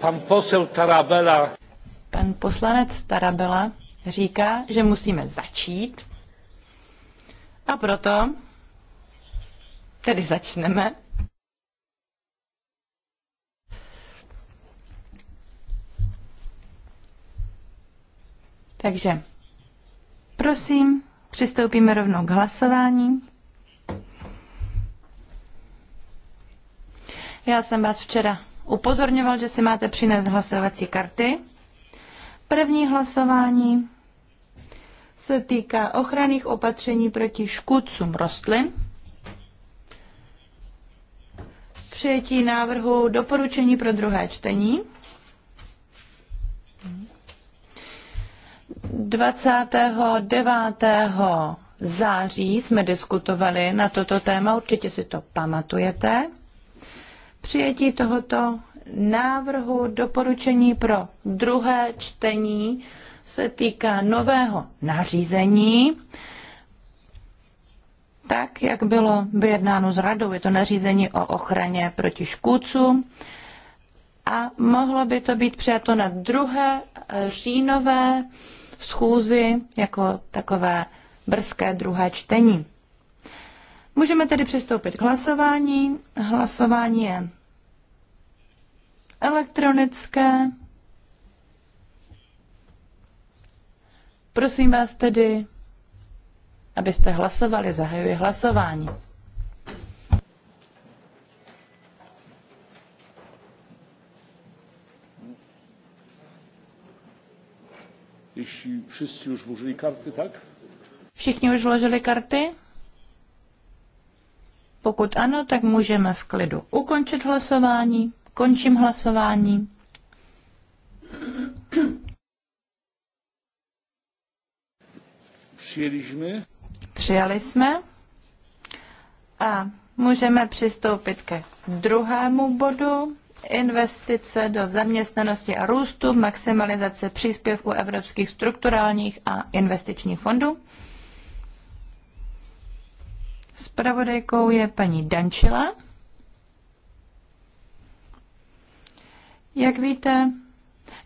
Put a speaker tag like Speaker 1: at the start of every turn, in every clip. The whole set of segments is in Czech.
Speaker 1: Pan posel Tarabela.
Speaker 2: Pan poslanec Tarabela říká, že musíme začít. A proto tedy začneme. Takže prosím, přistoupíme rovnou k hlasování. Já jsem vás včera upozorňoval, že si máte přinést hlasovací karty. První hlasování se týká ochranných opatření proti škůdcům rostlin. Přijetí návrhu doporučení pro druhé čtení. 29. září jsme diskutovali na toto téma, určitě si to pamatujete přijetí tohoto návrhu doporučení pro druhé čtení se týká nového nařízení, tak, jak bylo vyjednáno s radou. Je to nařízení o ochraně proti škůdcům a mohlo by to být přijato na druhé říjnové schůzi jako takové brzké druhé čtení. Můžeme tedy přistoupit k hlasování. Hlasování je elektronické. Prosím vás tedy, abyste hlasovali, zahajuji hlasování.
Speaker 3: Jeśli všichni už vložili karty, tak?
Speaker 2: Všichni už vložili karty? Pokud ano, tak můžeme v klidu ukončit hlasování. Končím hlasování.
Speaker 1: Přijeli jsme.
Speaker 2: Přijali jsme. A můžeme přistoupit ke druhému bodu. Investice do zaměstnanosti a růstu, maximalizace příspěvku evropských strukturálních a investičních fondů. Spravodajkou je paní Dančila. Jak víte,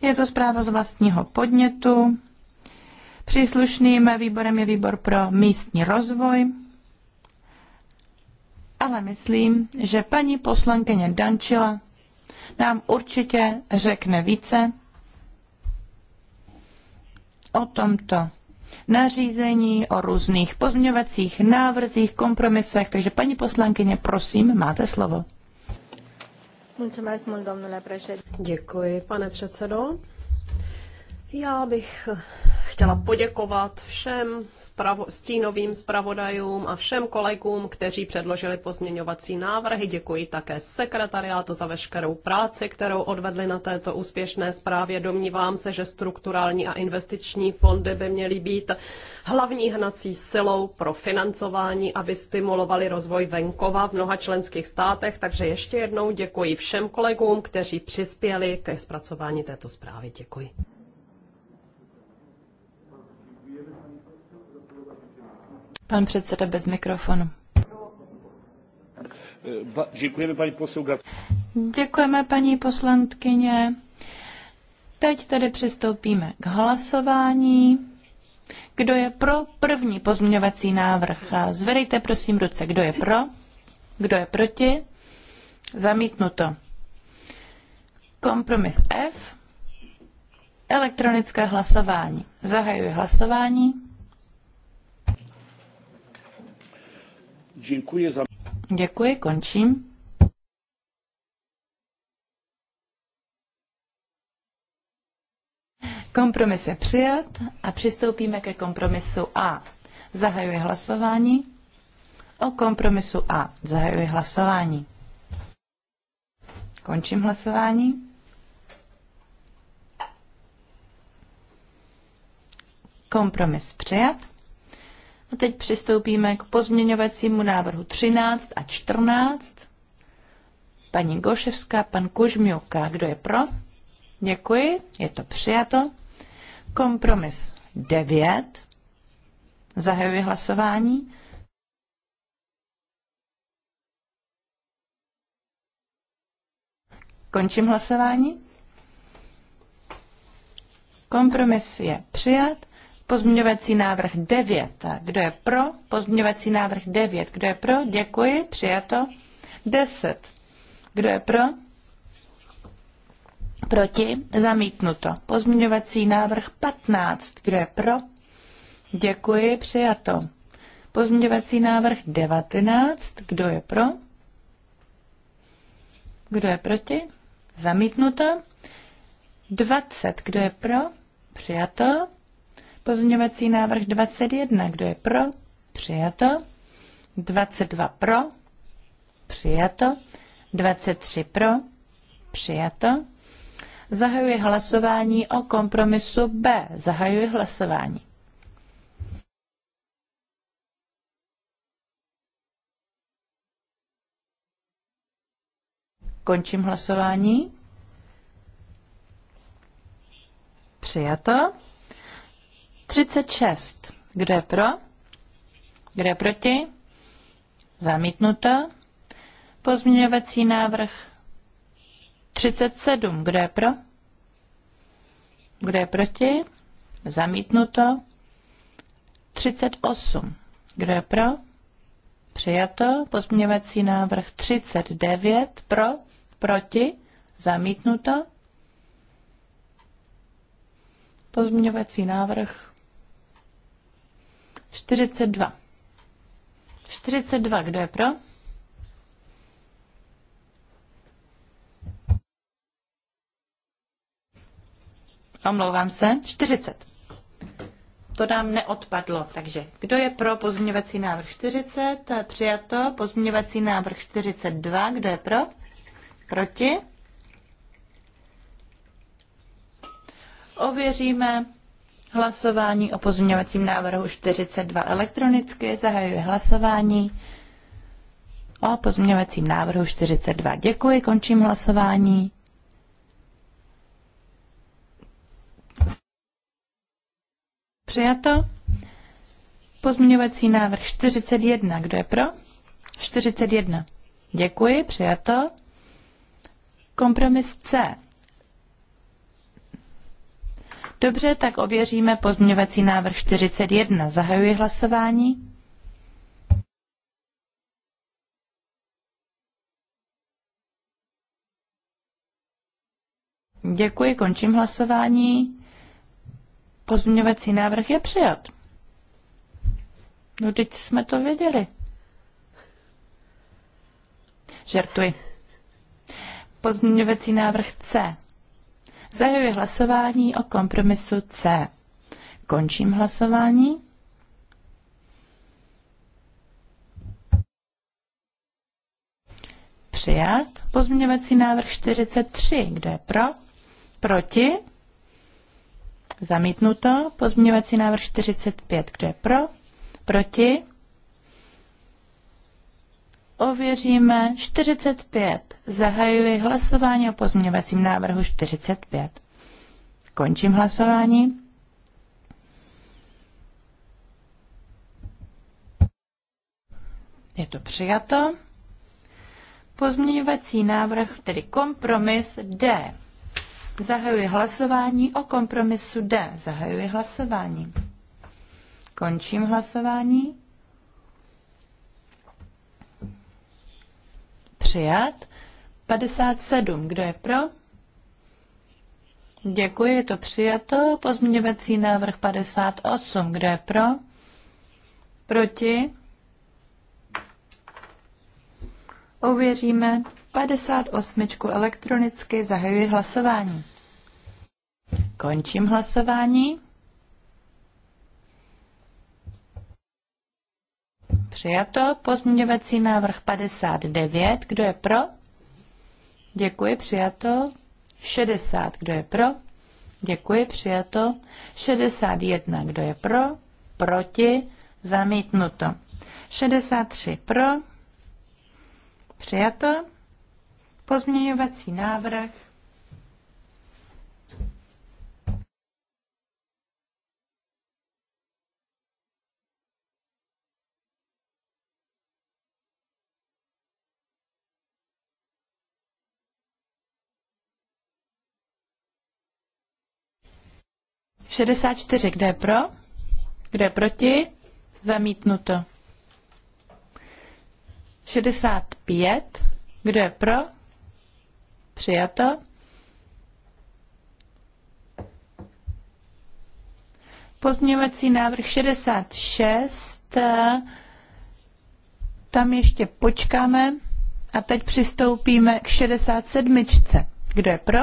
Speaker 2: je to zpráva z vlastního podnětu. Příslušným výborem je výbor pro místní rozvoj. Ale myslím, že paní poslankyně Dančila nám určitě řekne více o tomto nařízení, o různých pozměňovacích návrzích, kompromisech. Takže paní poslankyně, prosím, máte slovo.
Speaker 4: Děkuji, pane předsedo. Já bych chtěla poděkovat všem spravo, stínovým zpravodajům a všem kolegům, kteří předložili pozměňovací návrhy. Děkuji také sekretariátu za veškerou práci, kterou odvedli na této úspěšné zprávě. Domnívám se, že strukturální a investiční fondy by měly být hlavní hnací silou pro financování, aby stimulovali rozvoj venkova v mnoha členských státech. Takže ještě jednou děkuji všem kolegům, kteří přispěli ke zpracování této zprávy. Děkuji.
Speaker 2: Pan předseda bez mikrofonu. Děkujeme paní Děkujeme paní poslankyně. Teď tedy přistoupíme k hlasování. Kdo je pro první pozměňovací návrh? Zvedejte prosím ruce. Kdo je pro? Kdo je proti? Zamítnuto. Kompromis F. Elektronické hlasování. Zahajuji hlasování. Děkuji za... končím. Kompromis je přijat a přistoupíme ke kompromisu A. Zahajuji hlasování. O kompromisu A. Zahajuji hlasování. Končím hlasování. Kompromis přijat. A teď přistoupíme k pozměňovacímu návrhu 13 a 14. Paní Goševská, pan Kužmiuka, kdo je pro? Děkuji, je to přijato. Kompromis 9. Zahajuji hlasování. Končím hlasování. Kompromis je přijat. Pozměňovací návrh 9. Kdo je pro? Pozměňovací návrh 9. Kdo je pro? Děkuji. Přijato. 10. Kdo je pro? Proti? Zamítnuto. Pozměňovací návrh 15. Kdo je pro? Děkuji. Přijato. Pozměňovací návrh 19. Kdo je pro? Kdo je proti? Zamítnuto. 20. Kdo je pro? Přijato. Pozměňovací návrh 21. Kdo je pro? Přijato. 22 pro. Přijato. 23 pro. Přijato. Zahajuji hlasování o kompromisu B. Zahajuji hlasování. Končím hlasování. Přijato. 36. Kdo je pro? Kdo je proti? Zamítnuto. Pozměňovací návrh 37. Kdo je pro? Kdo je proti? Zamítnuto. 38. Kdo je pro? Přijato. Pozměňovací návrh 39. Pro? Proti? Zamítnuto. Pozměňovací návrh 42. 42, kdo je pro? Omlouvám se, 40. To nám neodpadlo, takže kdo je pro pozměňovací návrh 40? Přijato. Pozměňovací návrh 42, kdo je pro? Proti? Ověříme Hlasování o pozměňovacím návrhu 42 elektronicky. Zahajuji hlasování o pozměňovacím návrhu 42. Děkuji, končím hlasování. Přijato. Pozměňovací návrh 41. Kdo je pro? 41. Děkuji, přijato. Kompromis C. Dobře, tak ověříme pozměňovací návrh 41. Zahajuji hlasování. Děkuji, končím hlasování. Pozměňovací návrh je přijat. No teď jsme to věděli. Žertuji. Pozměňovací návrh C. Zahajuji hlasování o kompromisu C. Končím hlasování. Přijat. Pozměňovací návrh 43. Kdo je pro? Proti? Zamítnuto. Pozměňovací návrh 45. Kdo je pro? Proti? ověříme 45. Zahajuji hlasování o pozměňovacím návrhu 45. Končím hlasování. Je to přijato. Pozměňovací návrh, tedy kompromis D. Zahajuji hlasování o kompromisu D. Zahajuji hlasování. Končím hlasování. přijat. 57, kdo je pro? Děkuji, je to přijato. Pozměňovací návrh 58, kdo je pro? Proti? Ověříme 58 elektronicky, zahajuji hlasování. Končím hlasování. Přijato. Pozměňovací návrh 59. Kdo je pro? Děkuji. Přijato. 60. Kdo je pro? Děkuji. Přijato. 61. Kdo je pro? Proti. Zamítnuto. 63. Pro. Přijato. Pozměňovací návrh 64, Kdo je pro? Kdo je proti? Zamítnuto. 65, kdo je pro? Přijato. Pozměňovací návrh 66, tam ještě počkáme a teď přistoupíme k 67. Kdo je pro?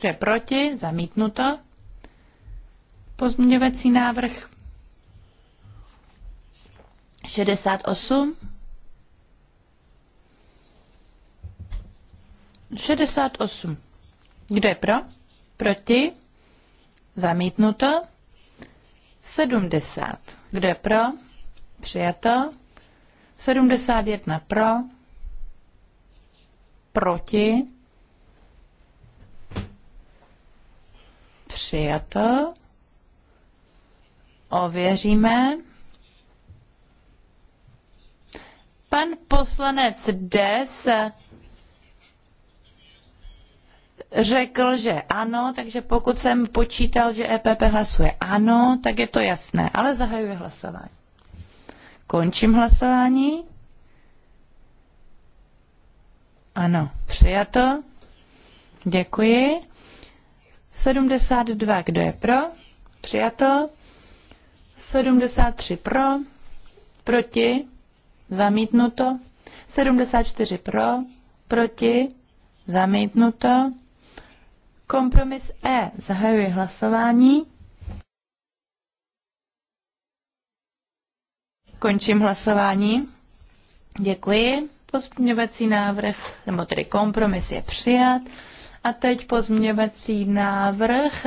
Speaker 2: Kdo je proti? Zamítnuto. Pozměňovací návrh 68. 68. Kdo je pro? Proti? Zamítnuto. 70. Kdo je pro? Přijato. 71 pro. Proti. Přijato ověříme. Pan poslanec Des řekl, že ano, takže pokud jsem počítal, že EPP hlasuje ano, tak je to jasné, ale zahajuje hlasování. Končím hlasování. Ano, přijato. Děkuji. 72, kdo je pro? Přijato. 73 pro, proti, zamítnuto. 74 pro, proti, zamítnuto. Kompromis E. Zahajuji hlasování. Končím hlasování. Děkuji. Pozměňovací návrh, nebo tedy kompromis je přijat. A teď pozměňovací návrh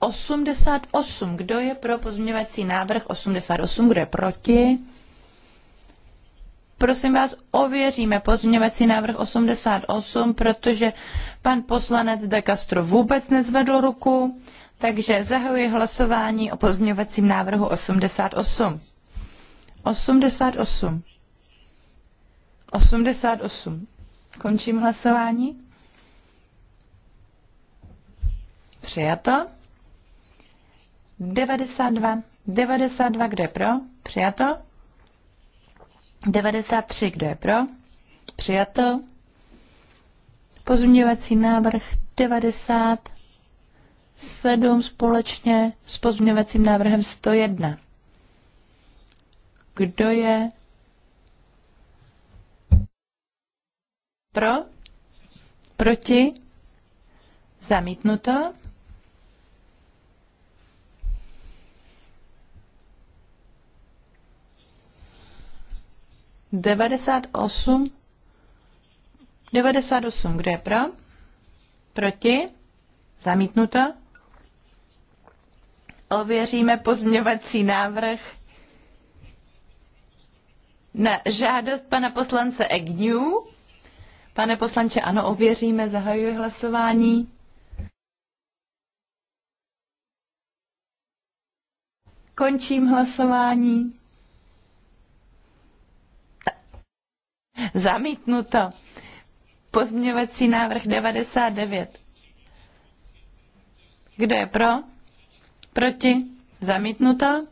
Speaker 2: 88. Kdo je pro pozměňovací návrh 88? Kdo je proti? Prosím vás, ověříme pozměňovací návrh 88, protože pan poslanec De Castro vůbec nezvedl ruku, takže zahajuji hlasování o pozměňovacím návrhu 88. 88. 88. Končím hlasování. Přijato. 92. 92, kdo je pro? Přijato. 93, kdo je pro? Přijato. Pozměňovací návrh 97 společně s pozměňovacím návrhem 101. Kdo je pro? Proti? Zamítnuto. 98, 98, Kdo je pro? Proti? Zamítnuto? Ověříme pozměňovací návrh na žádost pana poslance Egňů. Pane poslanče, ano, ověříme, zahajuji hlasování. Končím hlasování. Zamítnuto. Pozměňovací návrh 99. Kdo je pro? Proti? Zamítnuto.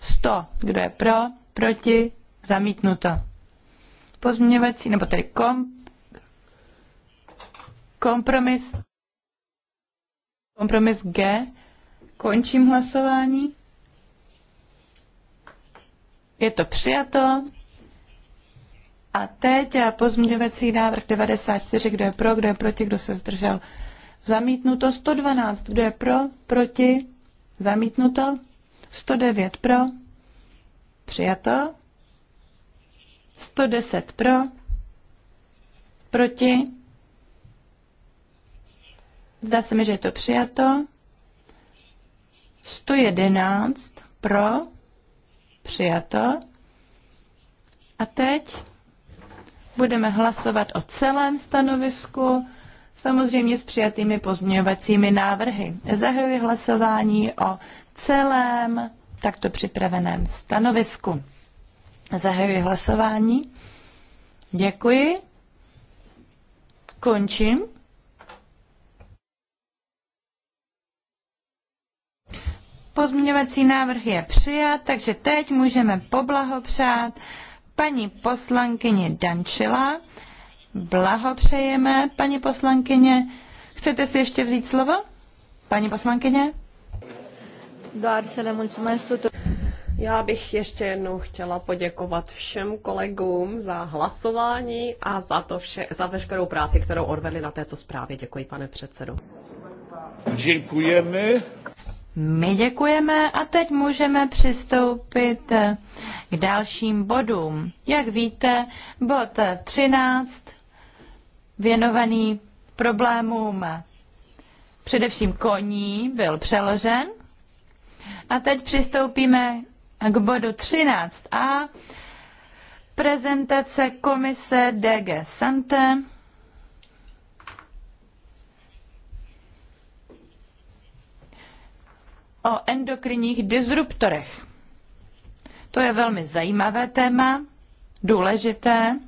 Speaker 2: 100. Kdo je pro? Proti? Zamítnuto. Pozměňovací, nebo tedy kom, kompromis, kompromis G. Končím hlasování. Je to přijato. A teď eh, pozměňovací návrh 94, kdo je pro, kdo je proti, kdo se zdržel. Zamítnuto 112, kdo je pro, proti, zamítnuto 109 pro, přijato 110 pro, proti, zdá se mi, že je to přijato, 111 pro, přijato. A teď budeme hlasovat o celém stanovisku, samozřejmě s přijatými pozměňovacími návrhy. Zahajuji hlasování o celém takto připraveném stanovisku. Zahajuji hlasování. Děkuji. Končím. Pozměňovací návrh je přijat, takže teď můžeme poblahopřát paní poslankyni Dančila. Blahopřejeme, paní poslankyně. Chcete si ještě vzít slovo? Paní poslankyně?
Speaker 4: Já bych ještě jednou chtěla poděkovat všem kolegům za hlasování a za, to vše, za veškerou práci, kterou odvedli na této zprávě. Děkuji, pane předsedo.
Speaker 1: Děkujeme.
Speaker 4: My děkujeme a teď můžeme přistoupit k
Speaker 2: dalším bodům. Jak víte, bod 13 věnovaný problémům především koní byl přeložen. A teď přistoupíme k bodu 13a prezentace komise DG Sante o endokrinních disruptorech. To je velmi zajímavé téma, důležité,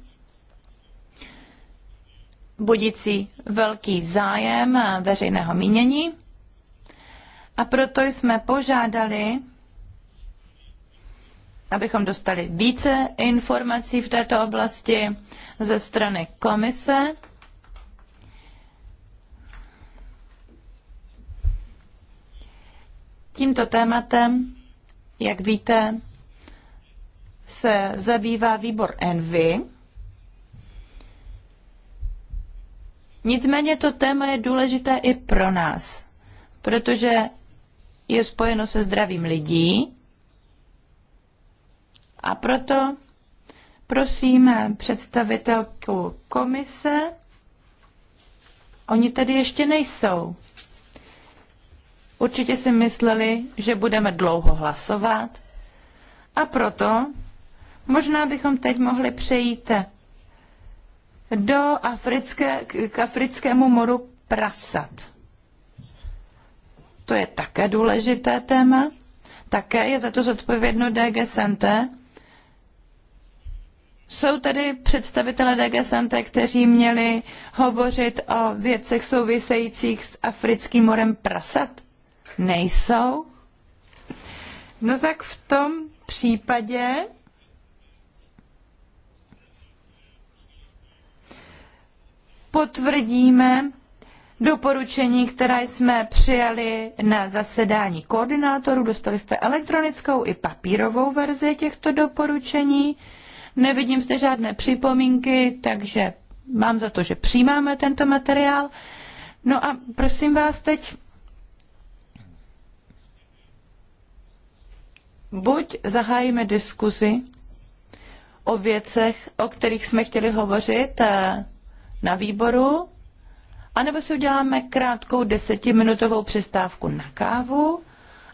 Speaker 2: budící velký zájem veřejného mínění. A proto jsme požádali, abychom dostali více informací v této oblasti ze strany komise Tímto tématem, jak víte, se zabývá výbor Envy. Nicméně to téma je důležité i pro nás, protože je spojeno se zdravím lidí a proto prosím představitelku komise, oni tady ještě nejsou. Určitě si mysleli, že budeme dlouho hlasovat a proto možná bychom teď mohli přejít do africké, k africkému moru prasat. To je také důležité téma. Také je za to zodpovědno DG Santé. Jsou tady představitelé DG Santé, kteří měli hovořit o věcech souvisejících s africkým morem prasat? nejsou, no tak v tom případě potvrdíme doporučení, která jsme přijali na zasedání koordinátorů. Dostali jste elektronickou i papírovou verzi těchto doporučení. Nevidím zde žádné připomínky, takže mám za to, že přijímáme tento materiál. No a prosím vás teď, buď zahájíme diskuzi o věcech, o kterých jsme chtěli hovořit eh, na výboru, anebo si uděláme krátkou desetiminutovou přestávku na kávu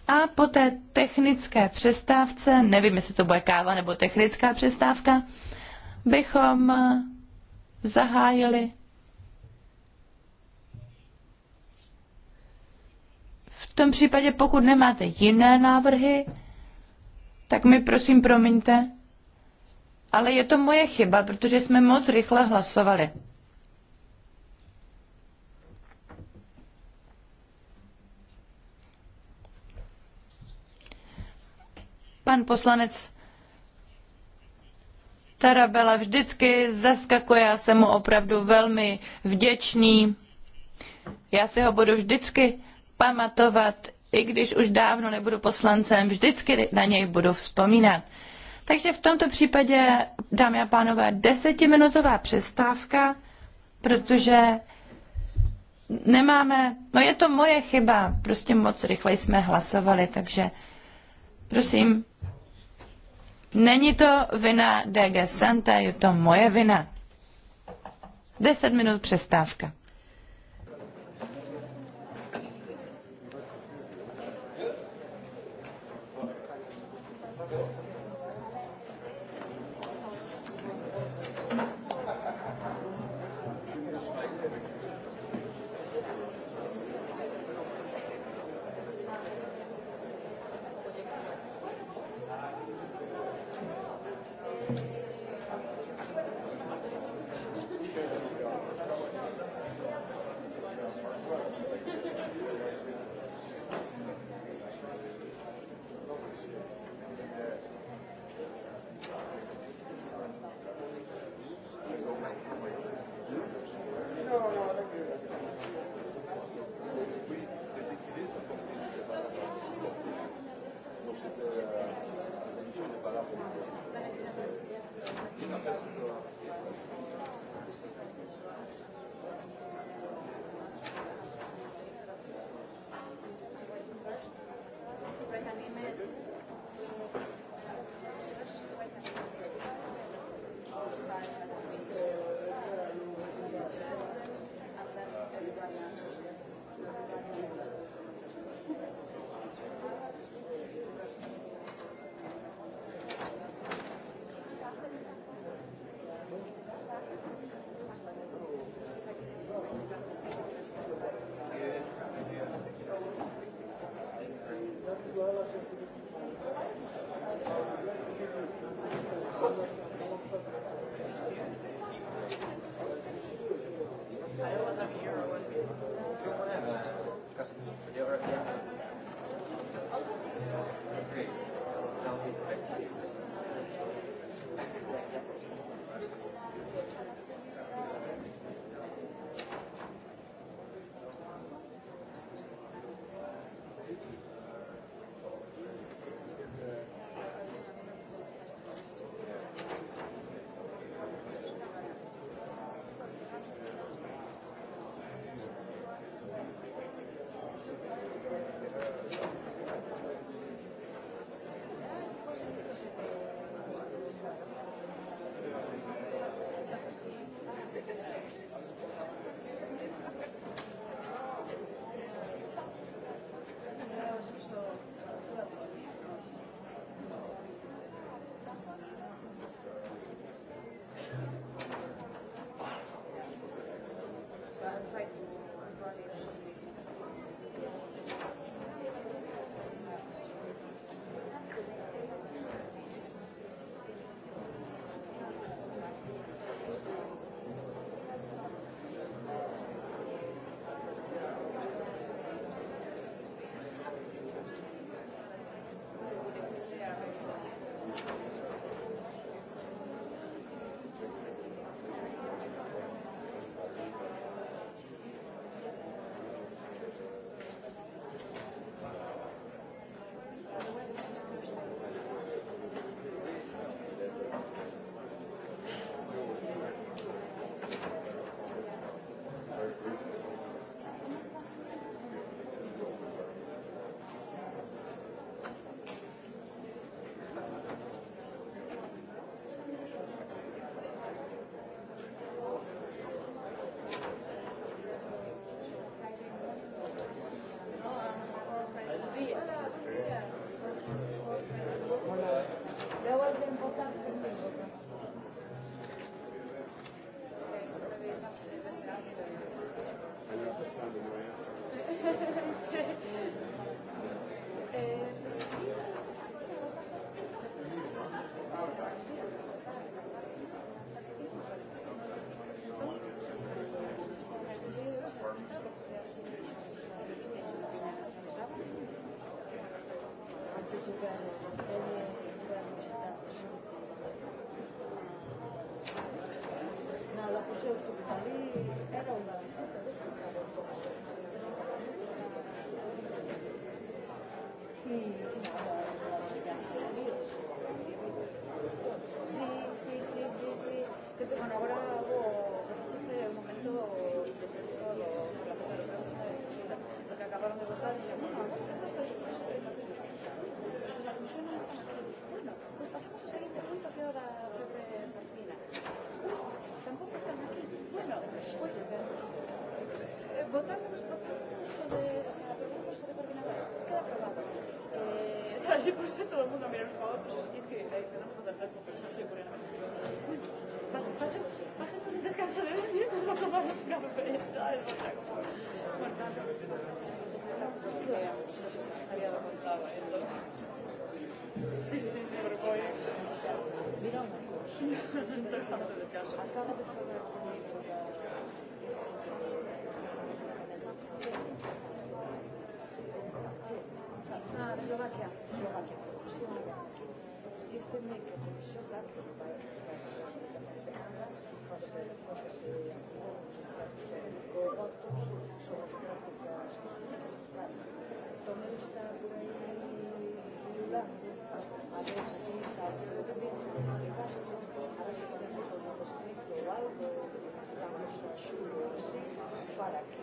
Speaker 2: a po té technické přestávce, nevím, jestli to bude káva nebo technická přestávka, bychom eh, zahájili V tom případě, pokud nemáte jiné návrhy, tak mi prosím promiňte, ale je to moje chyba, protože jsme moc rychle hlasovali. Pan poslanec Tarabela vždycky zaskakuje, já jsem mu opravdu velmi vděčný. Já si ho budu vždycky pamatovat i když už dávno nebudu poslancem, vždycky na něj budu vzpomínat. Takže v tomto případě, dámy a pánové, desetiminutová přestávka, protože nemáme, no je to moje chyba, prostě moc rychle jsme hlasovali, takže prosím, není to vina DG Santa, je to moje vina. Deset minut přestávka.
Speaker 3: Sí, sí, sí, sí, sí. acabaron de votar y votamos los profundos o de, o sea, profundos o de coordinadores. Queda aprobado. Eh, o sea, si por eso todo el mundo mira el favor, pues es que ahí tenemos otra plaza, pero no se ocurre nada. Bueno, bajemos un descanso de 10 minutos para tomar una conferencia. Bueno, nada, pues que no sé si había contado Sí, sí, sí, pero voy. Mira una cosa. Entonces estamos en descanso. Acaba de hablar conmigo. Ah, Slovakia. Slovakia. Jestli někdo přišel, tak to mi už ta a ver si ahora si ponemos un restricto o algo, estamos a su para que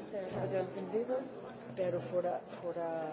Speaker 3: se ha trascendido, pero fuera, fuera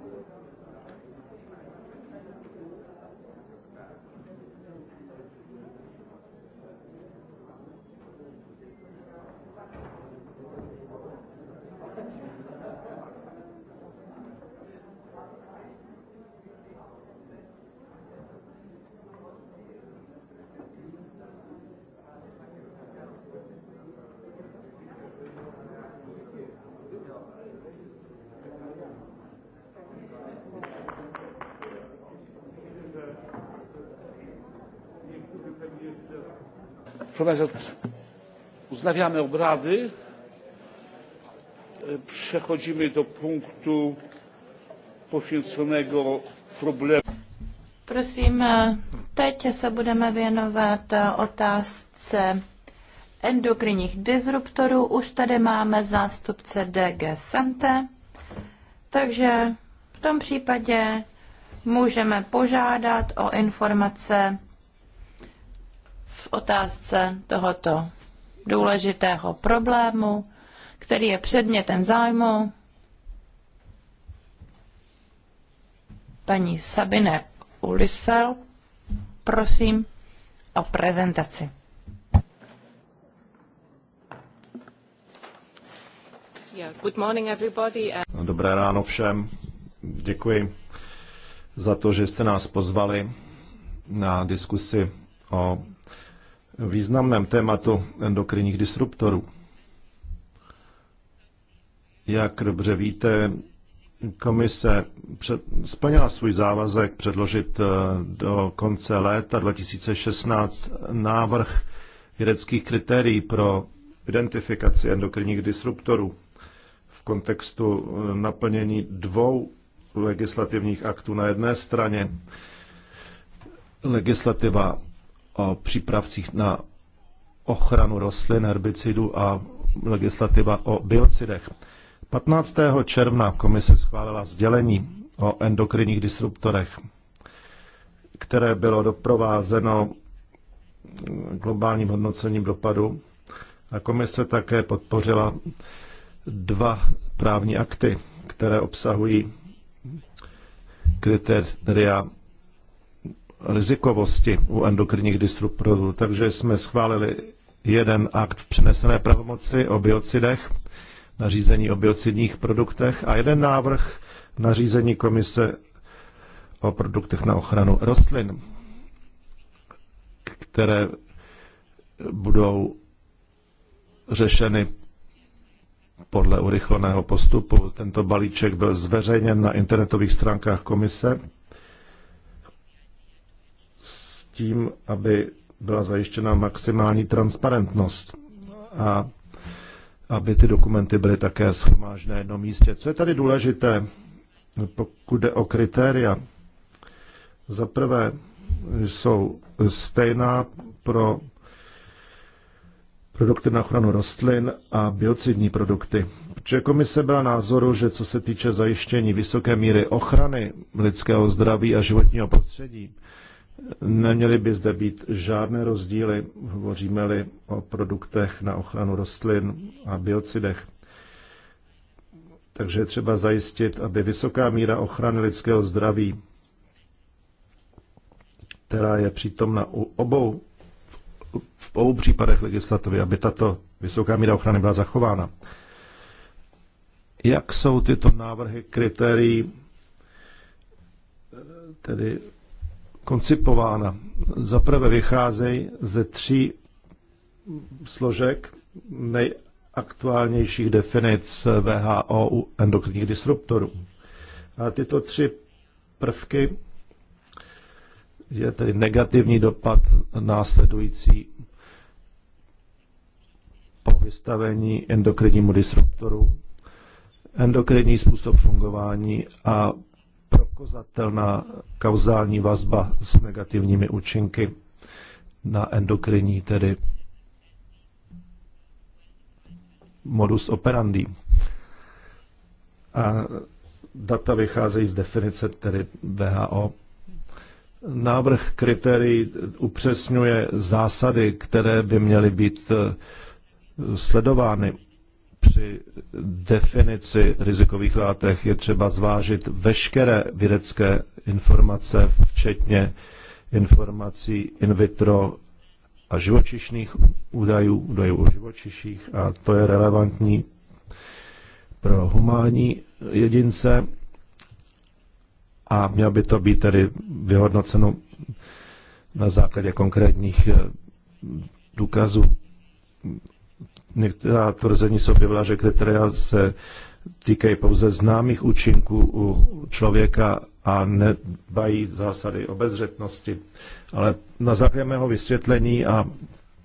Speaker 1: Uznawiamy obrady. E, przechodzimy do punktu poświęconego problemu.
Speaker 2: Prosím, e, teď se budeme věnovat e, otázce endokrinních disruptorů. Už tady máme zástupce DG Sante, takže v tom případě můžeme požádat o informace v otázce tohoto důležitého problému, který je předmětem zájmu paní Sabine Ulisel. Prosím o prezentaci.
Speaker 1: No, dobré ráno všem. Děkuji za to, že jste nás pozvali na diskusi o významném tématu endokrinních disruptorů. Jak dobře víte, komise před, splnila svůj závazek předložit eh, do konce léta 2016 návrh vědeckých kritérií pro identifikaci endokrinních disruptorů v kontextu eh, naplnění dvou legislativních aktů. Na jedné straně legislativa o přípravcích na ochranu rostlin, herbicidů a legislativa o biocidech. 15. června komise schválila sdělení o endokrinních disruptorech, které bylo doprovázeno globálním hodnocením dopadu a komise také podpořila dva právní akty, které obsahují kritéria rizikovosti u endokrinních disruptorů. Takže jsme schválili jeden akt v přenesené pravomoci o biocidech, nařízení o biocidních produktech a jeden návrh nařízení komise o produktech na ochranu rostlin, které budou řešeny podle urychleného postupu. Tento balíček byl zveřejněn na internetových stránkách komise tím, aby byla zajištěna maximální transparentnost a aby ty dokumenty byly také schromážděny na jednom místě. Co je tady důležité, pokud jde o kritéria? Za prvé jsou stejná pro produkty na ochranu rostlin a biocidní produkty. Protože komise byla názoru, že co se týče zajištění vysoké míry ochrany lidského zdraví a životního prostředí, Neměly by zde být žádné rozdíly, hovoříme-li o produktech na ochranu rostlin a biocidech. Takže je třeba zajistit, aby vysoká míra ochrany lidského zdraví, která je přítomna u obou, v obou případech legislativy, aby tato vysoká míra ochrany byla zachována. Jak jsou tyto návrhy kritérií tedy koncipována. Zaprvé vycházejí ze tří složek nejaktuálnějších definic VHO u endokrinních disruptorů. A tyto tři prvky je tedy negativní dopad následující po vystavení endokrinnímu disruptoru, endokrinní způsob fungování a prokazatelná kauzální vazba s negativními účinky na endokrinní, tedy modus operandi. A data vycházejí z definice, tedy VHO. Návrh kritérií upřesňuje zásady, které by měly být eh, sledovány při definici rizikových látek je třeba zvážit veškeré vědecké informace, včetně informací in vitro a živočišných údajů, údajů o živočiších a to je relevantní pro humánní jedince a mělo by to být tedy vyhodnoceno na základě konkrétních eh, důkazů Některá tvrzení se objevila, že kritéria se týkají pouze známých účinků u člověka a nebají zásady obezřetnosti. Ale na základě mého vysvětlení a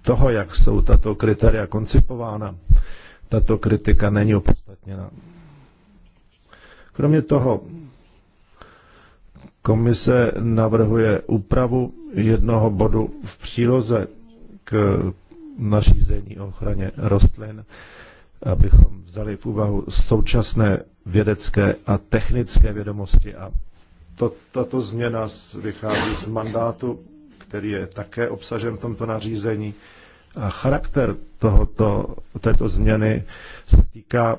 Speaker 1: toho, jak jsou tato kritéria koncipována, tato kritika není opodstatněna. Kromě toho, komise navrhuje úpravu jednoho bodu v příloze k nařízení o ochraně rostlin, abychom vzali v úvahu současné vědecké a technické vědomosti. A to, tato změna vychází z mandátu, který je také obsažen v tomto nařízení. A charakter tohoto, této změny se týká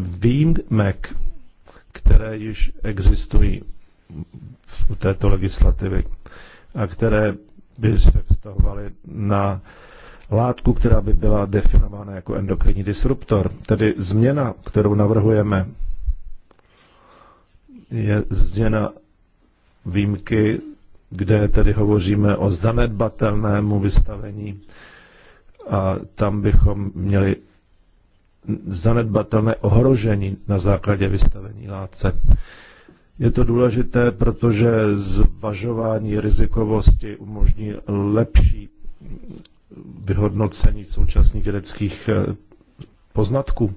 Speaker 1: výjimek, které již existují u této legislativy a které by se vztahovaly na látku, která by byla definována jako endokrinní disruptor. Tedy změna, kterou navrhujeme, je změna výjimky, kde tedy hovoříme o zanedbatelnému vystavení a tam bychom měli zanedbatelné ohrožení na základě vystavení látce. Je to důležité, protože zvažování rizikovosti umožní lepší vyhodnocení současných vědeckých eh, poznatků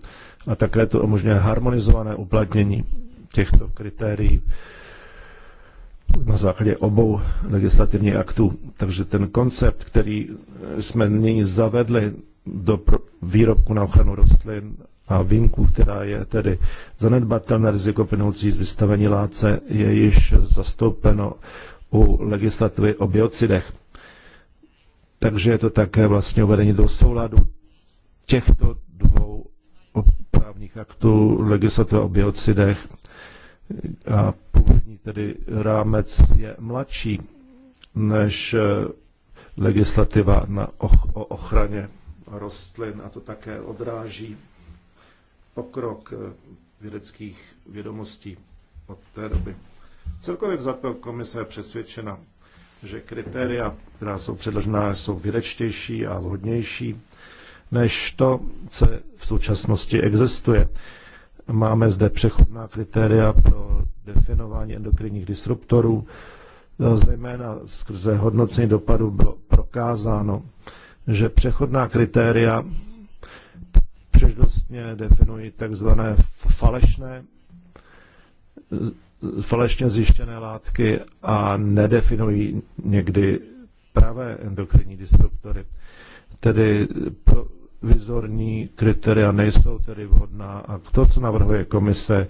Speaker 1: a také to umožňuje harmonizované uplatnění těchto kritérií na základě obou legislativních aktů. Takže ten koncept, který eh, jsme nyní zavedli do výrobku na ochranu rostlin a výjimku, která je tedy zanedbatelné riziko plynoucí z vystavení láce, je již zastoupeno u legislativy o biocidech. Takže je to také vlastně uvedení do souladu těchto dvou právních aktů, legislativa o biocidech a původní tedy rámec je mladší než eh, legislativa na och- o ochraně rostlin a to také odráží pokrok eh, vědeckých vědomostí od té doby. Celkově vzato komise je přesvědčena že kritéria, která jsou předložená, jsou vědečtější a vhodnější než to, co v současnosti existuje. Máme zde přechodná kritéria pro definování endokrinních disruptorů.
Speaker 5: Zejména skrze hodnocení
Speaker 1: dopadu bylo prokázáno, že přechodná kritéria přednostně definují takzvané falešné falešně zjištěné látky a nedefinují někdy pravé endokrinní disruptory. Tedy provizorní kritéria nejsou tedy vhodná a to, co navrhuje komise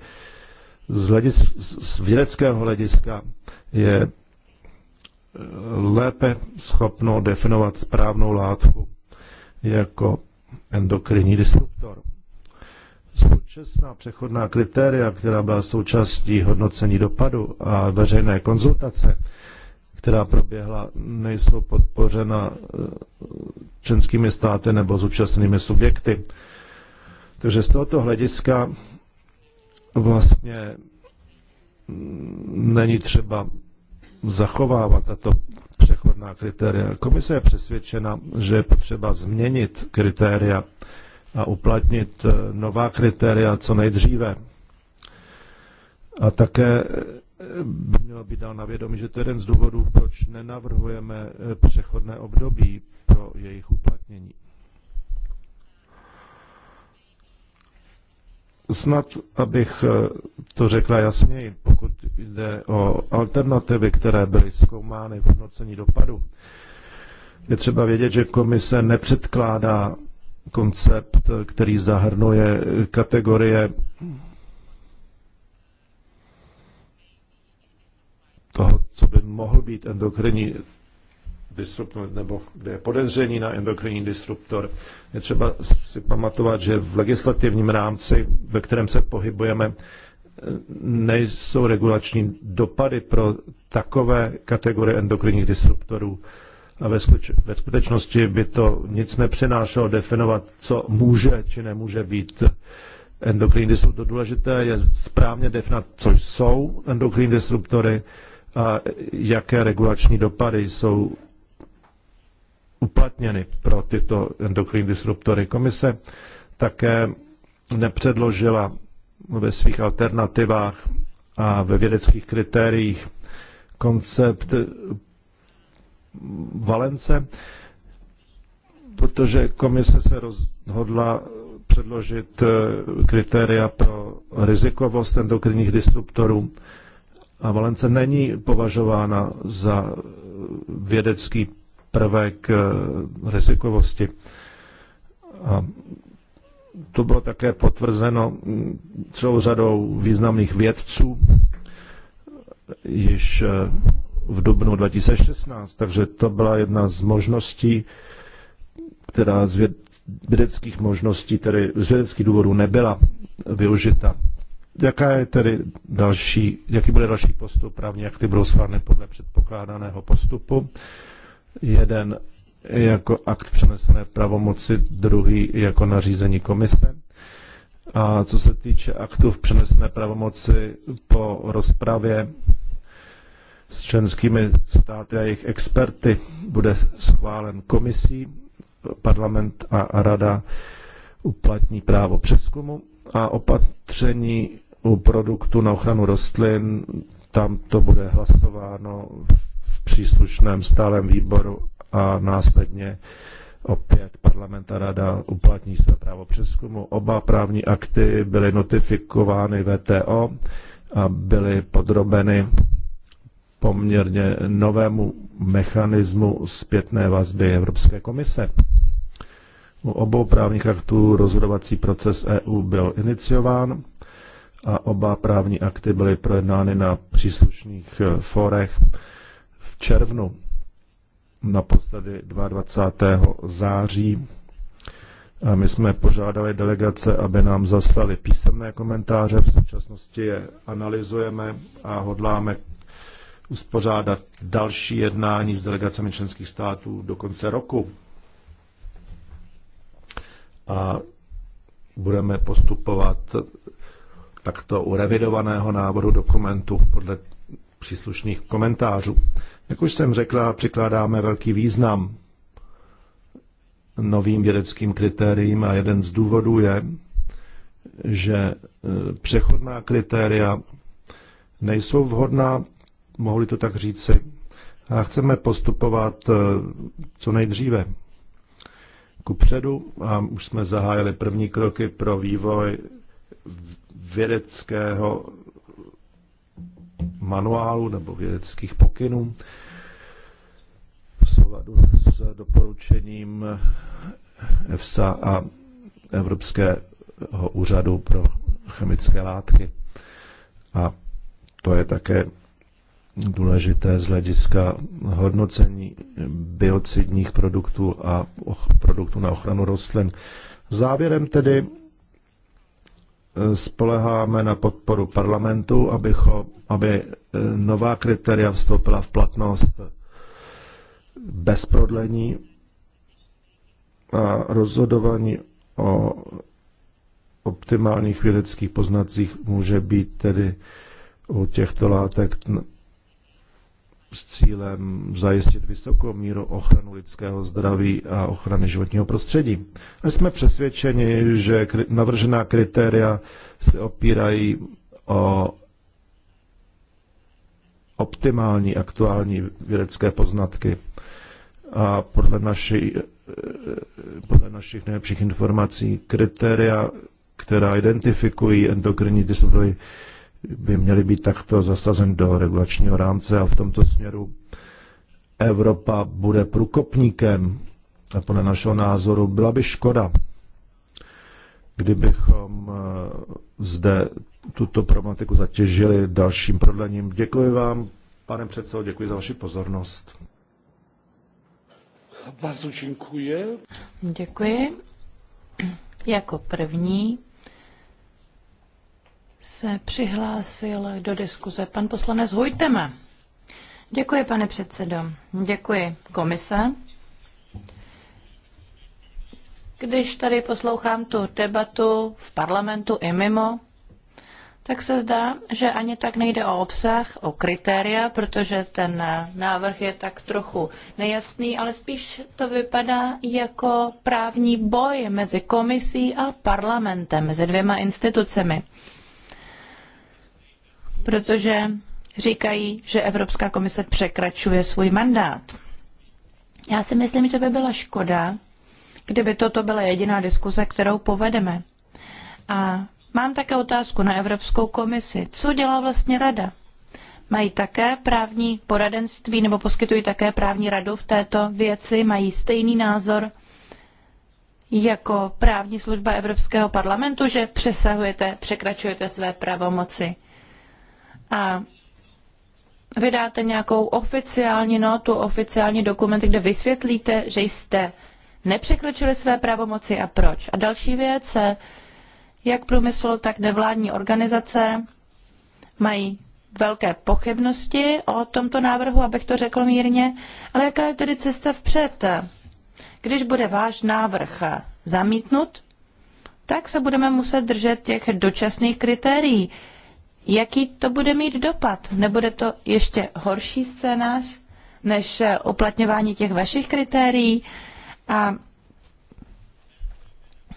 Speaker 1: z, hledis, z vědeckého hlediska, je eh, lépe schopno definovat správnou látku jako endokrinní disruptor. Současná přechodná kritéria, která byla součástí hodnocení dopadu a veřejné konzultace, která proběhla, nejsou podpořena eh, členskými státy nebo zúčastněnými subjekty. Takže z tohoto hlediska vlastně mm, není třeba zachovávat tato přechodná kritéria. Komise je přesvědčena, že je potřeba změnit kritéria a uplatnit eh, nová kritéria co nejdříve. A také eh, by mělo být dál na vědomí, že to je jeden z důvodů, proč nenavrhujeme eh, přechodné období pro jejich uplatnění. Snad, abych to řekla jasněji, pokud jde o alternativy, které byly zkoumány v hodnocení dopadu, je třeba vědět, že komise nepředkládá koncept, který zahrnuje kategorie toho, co by mohl být endokrinní disruptor, nebo kde je podezření na endokrinní disruptor. Je třeba si pamatovat, že v legislativním rámci, ve kterém se pohybujeme, nejsou regulační dopady pro takové kategorie endokrinních disruptorů, a ve, skuč, ve skutečnosti by to nic nepřinášelo definovat, co může či nemůže být endokrinní disruptor. Důležité je správně definovat, co jsou endokrinní disruptory a jaké regulační dopady jsou uplatněny pro tyto endokrinní disruptory. Komise také nepředložila ve svých alternativách a ve vědeckých kritériích koncept Valence, protože komise se rozhodla předložit eh, kritéria pro rizikovost endokrinních disruptorů. A Valence není považována za eh, vědecký prvek eh, rizikovosti. A to bylo také potvrzeno mm, celou řadou významných vědců, již v dubnu 2016, takže to byla jedna z možností, která z vědeckých možností, tedy z vědeckých důvodů nebyla využita. Jaká je tedy další, jaký bude další postup jak ty budou schváleny podle předpokládaného postupu? Jeden jako akt přenesené pravomoci, druhý jako nařízení komise. A co se týče aktů v přenesené pravomoci po rozpravě, s členskými státy a jejich experty bude schválen komisí, parlament a rada uplatní právo přeskumu a opatření u produktu na ochranu rostlin, tam to bude hlasováno v příslušném stálem výboru a následně opět parlament a rada uplatní své právo přeskumu. Oba právní akty byly notifikovány VTO a byly podrobeny poměrně novému mechanismu zpětné vazby Evropské komise. U obou právních aktů rozhodovací proces EU byl iniciován a oba právní akty byly projednány na příslušných eh, fórech v červnu, naposledy 22. září. A my jsme požádali delegace, aby nám zaslali písemné komentáře. V současnosti je analyzujeme a hodláme uspořádat další jednání s delegacemi členských států do konce roku. A budeme postupovat takto u revidovaného návrhu dokumentu podle příslušných komentářů. Jak už jsem řekla, přikládáme velký význam novým vědeckým kritériím a jeden z důvodů je, že přechodná kritéria nejsou vhodná mohli to tak říci. A chceme postupovat eh, co nejdříve ku předu a už jsme zahájili první kroky pro vývoj vědeckého manuálu nebo vědeckých pokynů v souladu s doporučením EFSA a Evropského úřadu pro chemické látky. A to je také důležité z hlediska hodnocení biocidních produktů a produktů na ochranu rostlin. Závěrem tedy eh, spoleháme na podporu parlamentu, abycho, aby eh, nová kritéria vstoupila v platnost bez prodlení a rozhodování o optimálních vědeckých poznacích může být tedy u těchto látek s cílem zajistit vysokou míru ochranu lidského zdraví a ochrany životního prostředí. My jsme přesvědčeni, že navržená kritéria se opírají o optimální aktuální vědecké poznatky. A podle, naši, eh, podle našich nejlepších informací kritéria, která identifikují endokrinní disruptory, by měly být takto zasazen do regulačního rámce a v tomto směru Evropa bude průkopníkem a podle našeho názoru byla by škoda, kdybychom eh, zde tuto problematiku zatěžili dalším prodlením. Děkuji vám, pane předsedo, děkuji za vaši pozornost. Bardzo děkuji.
Speaker 2: Děkuji. Jako první se přihlásil do diskuze pan poslanec Hojtema. Děkuji, pane předsedo. Děkuji, komise. Když tady poslouchám tu debatu v parlamentu i mimo, tak se zdá, že ani tak nejde o obsah, o kritéria, protože ten návrh je tak trochu nejasný, ale spíš to vypadá jako právní boj mezi komisí a parlamentem, mezi dvěma institucemi protože říkají, že Evropská komise překračuje svůj mandát. Já si myslím, že by byla škoda, kdyby toto byla jediná diskuze, kterou povedeme. A mám také otázku na Evropskou komisi. Co dělá vlastně rada? Mají také právní poradenství nebo poskytují také právní radu v této věci? Mají stejný názor jako právní služba Evropského parlamentu, že přesahujete, překračujete své pravomoci? a vydáte nějakou oficiální notu, oficiální dokument, kde vysvětlíte, že jste nepřekročili své pravomoci a proč. A další věc, jak průmysl, tak nevládní organizace mají velké pochybnosti o tomto návrhu, abych to řekl mírně, ale jaká je tedy cesta vpřed? Když bude váš návrh zamítnut, tak se budeme muset držet těch dočasných kritérií, jaký to bude mít dopad? Nebude to ještě horší scénář než eh, uplatňování těch vašich kritérií? A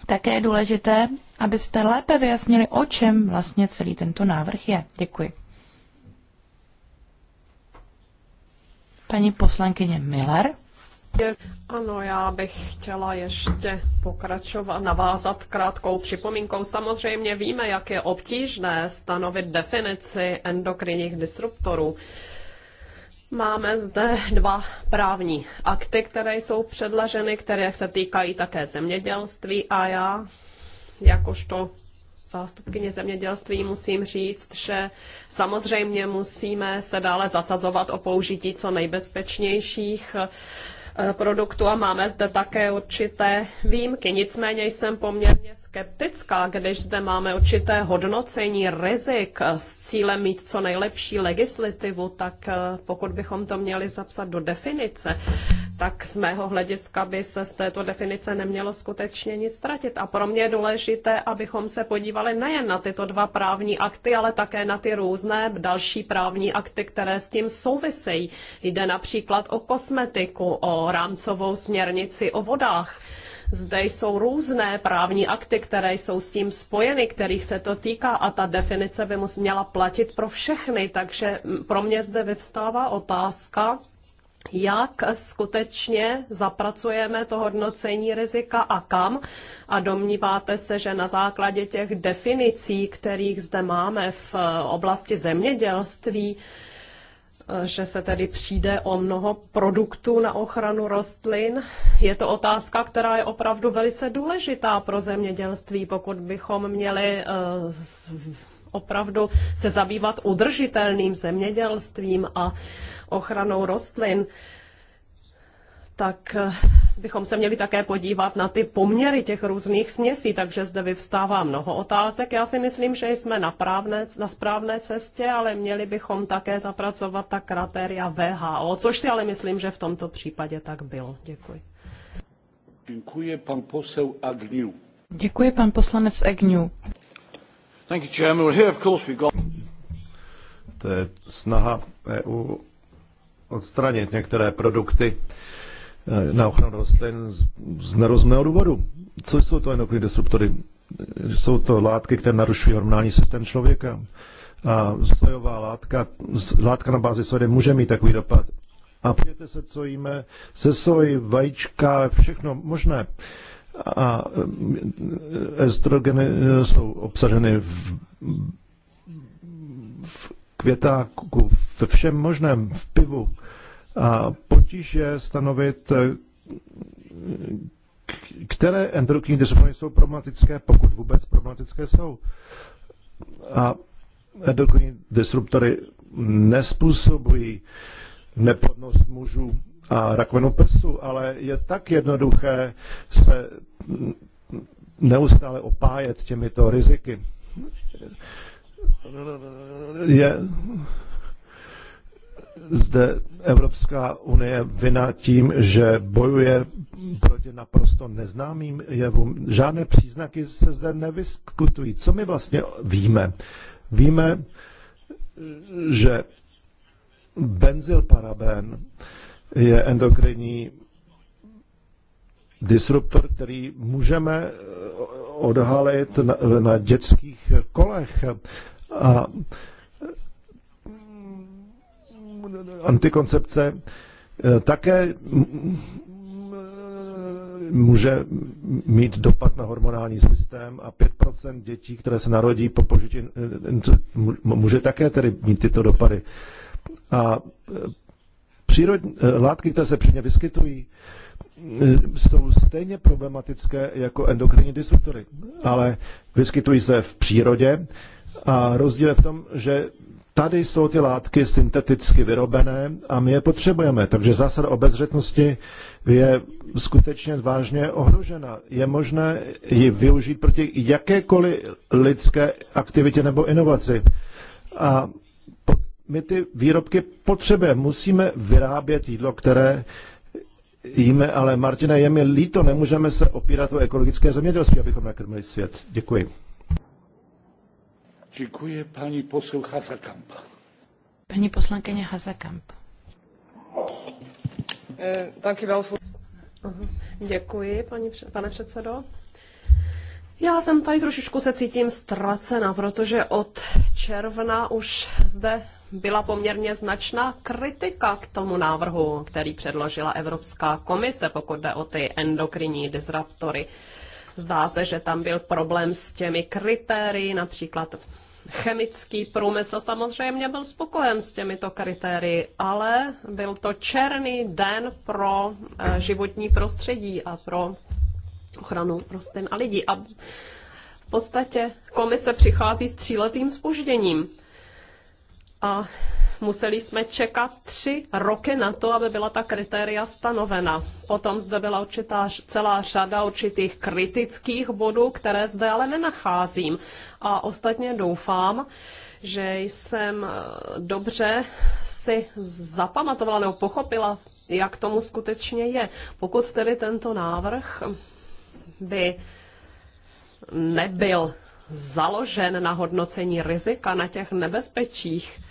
Speaker 2: také je důležité, abyste lépe vyjasnili, o čem vlastně celý tento návrh je. Děkuji. Paní poslankyně Miller.
Speaker 4: Ano, já bych chtěla ještě pokračovat, navázat krátkou připomínkou. Samozřejmě víme, jak je obtížné stanovit definici endokrinních disruptorů. Máme zde dva právní akty, které jsou předlaženy, které se týkají také zemědělství a já jakožto zástupkyně zemědělství musím říct, že samozřejmě musíme se dále zasazovat o použití co nejbezpečnějších Eh, produktů a máme zde také určité výjimky. Nicméně jsem poměrně skeptická, když zde máme určité hodnocení rizik eh, s cílem mít co nejlepší legislativu, tak eh, pokud bychom to měli zapsat do definice, tak z mého hlediska by se z této definice nemělo skutečně nic ztratit. A pro mě je důležité, abychom se podívali nejen na tyto dva právní akty, ale také na ty různé další právní akty, které s tím souvisejí. Jde například o kosmetiku, o rámcovou směrnici o vodách. Zde jsou různé právní akty, které jsou s tím spojeny, kterých se to týká a ta definice by měla platit pro všechny. Takže pro mě zde vyvstává otázka, jak skutečně zapracujeme to hodnocení rizika a kam. A domníváte se, že na základě těch definicí, kterých zde máme v eh, oblasti zemědělství, eh, že se tedy přijde o mnoho produktů na ochranu rostlin. Je to otázka, která je opravdu velice důležitá pro zemědělství, pokud bychom měli eh, opravdu se zabývat udržitelným zemědělstvím a ochranou rostlin, tak eh, bychom se měli také podívat na ty poměry těch různých směsí, takže zde vyvstává mnoho otázek. Já si myslím, že jsme na, právné, na správné cestě, ale měli bychom také zapracovat ta kritéria VHO, což si ale myslím, že v tomto případě tak bylo. Děkuji.
Speaker 3: Děkuji pan posel Agniu.
Speaker 4: Děkuji pan
Speaker 2: poslanec Agniu. Thank you, Chairman. here, of course, got...
Speaker 1: To je snaha EU odstranit některé produkty eh, na ochranu rostlin z, z nerozumného důvodu. Co jsou to endokrinní disruptory? Jsou to látky, které narušují hormonální systém člověka. A sojová látka, látka na bázi sody může mít takový dopad. A podívejte se, co jíme se soj, vajíčka, všechno možné. A eh, estrogeny eh, jsou obsaženy v květáku, ve všem možném, v pivu. A potíže stanovit, eh, které endokrinní disfunkce jsou problematické, pokud vůbec problematické jsou. A endokrinní disruptory nespůsobují neplodnost mužů a rakovinu prsu, ale je tak jednoduché se neustále opájet těmito riziky je zde Evropská unie vina tím, že bojuje proti naprosto neznámým jevům. Žádné příznaky se zde nevyskutují. Co my vlastně víme? Víme, že benzylparaben je endokrinní disruptor, který můžeme odhalit na, na dětských kolech a eh, antikoncepce eh, také může mít dopad na hormonální systém a 5% dětí, které se narodí po požití, eh, může také tedy mít tyto dopady. A přírod, látky, které se při ně vyskytují, jsou stejně problematické jako endokrinní disruptory, ale vyskytují se v přírodě, a rozdíl je v tom, že tady jsou ty látky synteticky vyrobené a my je potřebujeme. Takže zásada obezřetnosti je skutečně vážně ohrožena. Je možné ji využít proti jakékoliv lidské aktivitě nebo inovaci. A my ty výrobky potřebujeme. Musíme vyrábět jídlo, které jíme, ale Martina, je mi líto, nemůžeme se opírat o ekologické zemědělství, abychom nakrmili svět. Děkuji. Děkuji paní posel Hazakamp.
Speaker 2: Paní poslankyně Hazakamp.
Speaker 4: Eh, mhm. Děkuji, paní, pane předsedo. Já jsem tady trošičku se cítím ztracena, protože od června už zde byla poměrně značná kritika k tomu návrhu, který předložila Evropská komise, pokud jde o ty endokrinní disruptory. Zdá se, že tam byl problém s těmi kritérii, například chemický průmysl samozřejmě byl spokojen s těmito kritérii, ale byl to černý den pro eh, životní prostředí a pro ochranu rostlin a lidí. A v podstatě komise přichází s tříletým spožděním. A Museli jsme čekat tři roky na to, aby byla ta kritéria stanovena. Potom zde byla určitá, celá řada určitých kritických bodů, které zde ale nenacházím. A ostatně doufám, že jsem eh, dobře si zapamatovala nebo pochopila, jak tomu skutečně je. Pokud tedy tento návrh by nebyl založen na hodnocení rizika, na těch nebezpečích,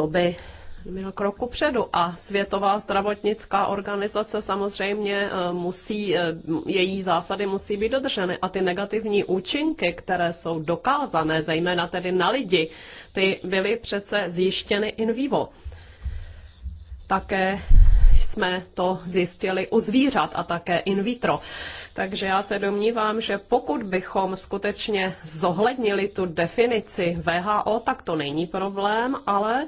Speaker 4: to by byl kroku předu a Světová zdravotnická organizace samozřejmě eh, musí, eh, její zásady musí být dodrženy a ty negativní účinky, které jsou dokázané, zejména tedy na lidi, ty byly přece zjištěny in vivo. Také jsme to zjistili u zvířat a také in vitro. Takže já se domnívám, že pokud bychom skutečně zohlednili tu definici VHO, tak to není problém, ale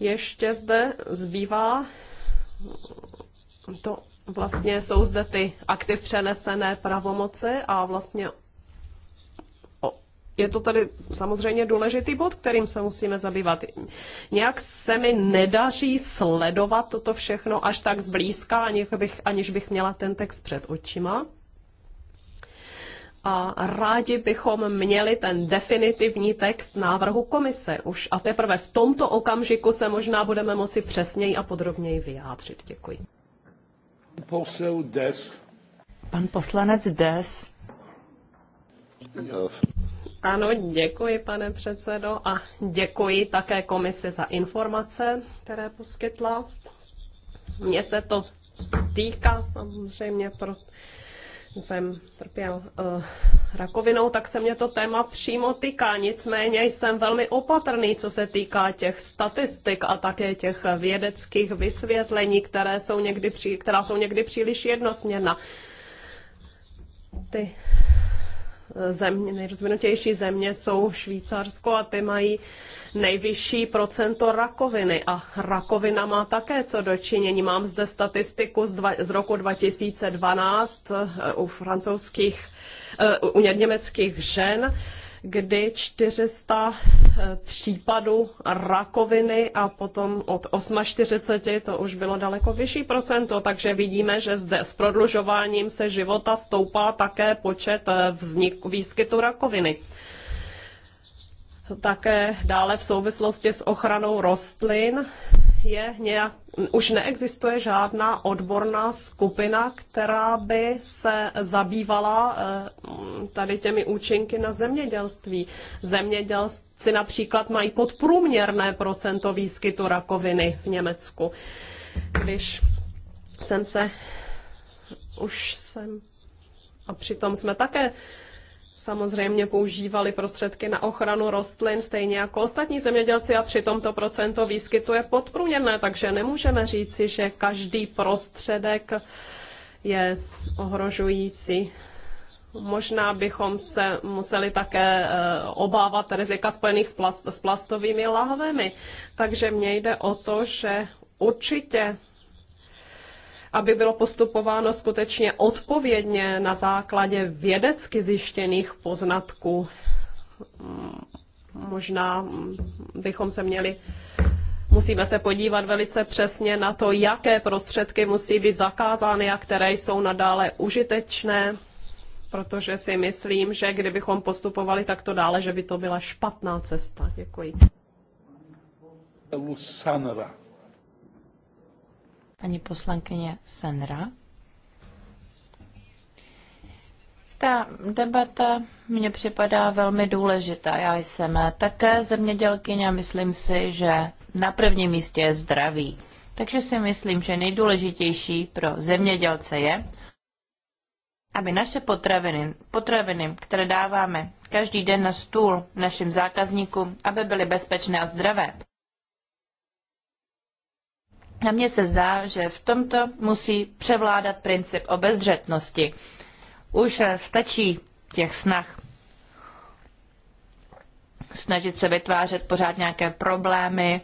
Speaker 4: ještě zde zbývá to vlastně jsou zde ty aktiv přenesené pravomoci a vlastně je to tady samozřejmě důležitý bod, kterým se musíme zabývat. Nějak se mi nedaří sledovat toto všechno až tak zblízka, aniž bych, aniž bych měla ten text před očima a rádi bychom měli ten definitivní text návrhu komise už. A teprve v tomto okamžiku se možná budeme moci přesněji a podrobněji vyjádřit. Děkuji. Des.
Speaker 2: Pan poslanec Des.
Speaker 4: Ano, děkuji, pane předsedo, a děkuji také komisi za informace, které poskytla. Mně se to týká samozřejmě, pro, jsem trpěl uh, rakovinou, tak se mě to téma přímo týká. Nicméně jsem velmi opatrný, co se týká těch statistik a také těch vědeckých vysvětlení, které jsou někdy která jsou někdy příliš jednosměrná. Ty země, nejrozvinutější země jsou Švýcarsko a ty mají nejvyšší procento rakoviny. A rakovina má také co dočinění. Mám zde statistiku z, dva, z roku 2012 eh, u francouzských, eh, u německých žen kdy 400 e, případů rakoviny a potom od 48 to už bylo daleko vyšší procento, takže vidíme, že zde s prodlužováním se života stoupá také počet e, vzniku výskytu rakoviny také dále v souvislosti s ochranou rostlin je nějak už neexistuje žádná odborná skupina, která by se zabývala eh, tady těmi účinky na zemědělství. Zemědělci například mají podprůměrné procento výskytu rakoviny v Německu. Když jsem se už jsem a přitom jsme také samozřejmě používali prostředky na ochranu rostlin stejně jako ostatní zemědělci a při tomto procento výskytu je podprůměrné, takže nemůžeme říci, že každý prostředek je ohrožující. Možná bychom se museli také eh, obávat rizika spojených s plastovými lahvemi. Takže mně jde o to, že určitě aby bylo postupováno skutečně odpovědně na základě vědecky zjištěných poznatků. Mm, možná mm, bychom se měli musíme se podívat velice přesně na to, jaké prostředky musí být zakázány a které jsou nadále užitečné, protože si myslím, že kdybychom postupovali takto dále, že by to byla špatná cesta. Děkuji.
Speaker 1: Lusanra
Speaker 4: paní poslankyně
Speaker 2: Senra. Ta debata mně připadá velmi důležitá. Já jsem také zemědělkyně a myslím si, že na prvním místě je zdraví. Takže si myslím, že nejdůležitější pro zemědělce je, aby naše potraviny, potraviny, které dáváme každý den na stůl našim zákazníkům, aby byly bezpečné a zdravé. Na mně se zdá, že v tomto musí převládat princip obezřetnosti. Už eh, stačí těch snah snažit se vytvářet pořád nějaké problémy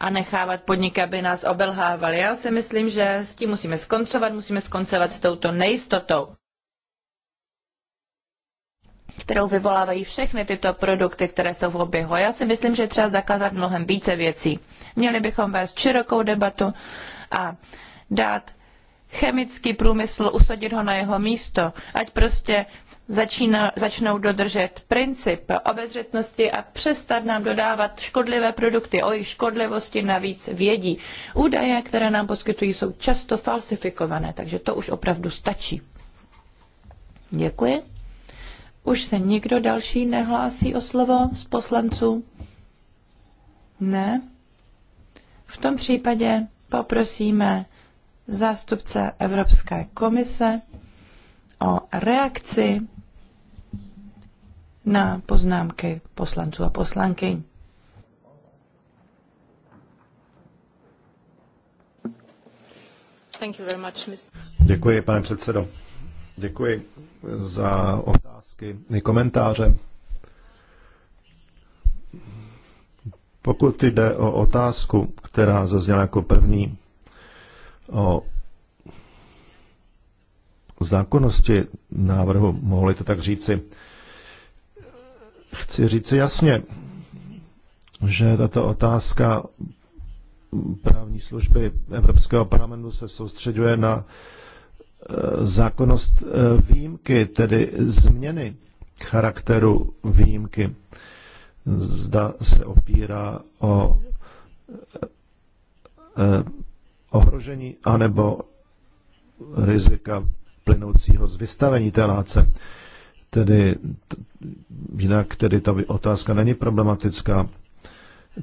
Speaker 2: a nechávat podniky, aby nás obelhávali. Já si myslím, že s tím musíme skoncovat, musíme skoncovat s touto nejistotou kterou vyvolávají všechny tyto produkty, které jsou v oběhu. A já si myslím, že třeba zakázat mnohem více věcí. Měli bychom vést širokou debatu a dát chemický průmysl, usadit ho na jeho místo, ať prostě začíná, začnou dodržet princip obezřetnosti a přestat nám dodávat škodlivé produkty. O jejich škodlivosti navíc vědí. Údaje, které nám poskytují, jsou často falsifikované, takže to už opravdu stačí. Děkuji. Už se nikdo další nehlásí o slovo z poslanců? Ne? V tom případě poprosíme zástupce Evropské komise o reakci na poznámky poslanců a poslanky.
Speaker 1: Děkuji, pane předsedo. Děkuji za otázky i komentáře. Pokud jde o otázku, která zazněla jako první, o zákonnosti návrhu, mohli to tak říci, chci říci jasně, že tato otázka právní služby Evropského parlamentu se soustředuje na Eh, zákonnost eh, výjimky, tedy změny charakteru výjimky. Zda se opírá o eh, ohrožení anebo rizika plynoucího z vystavení té láce. Tedy jinak tedy ta otázka není problematická.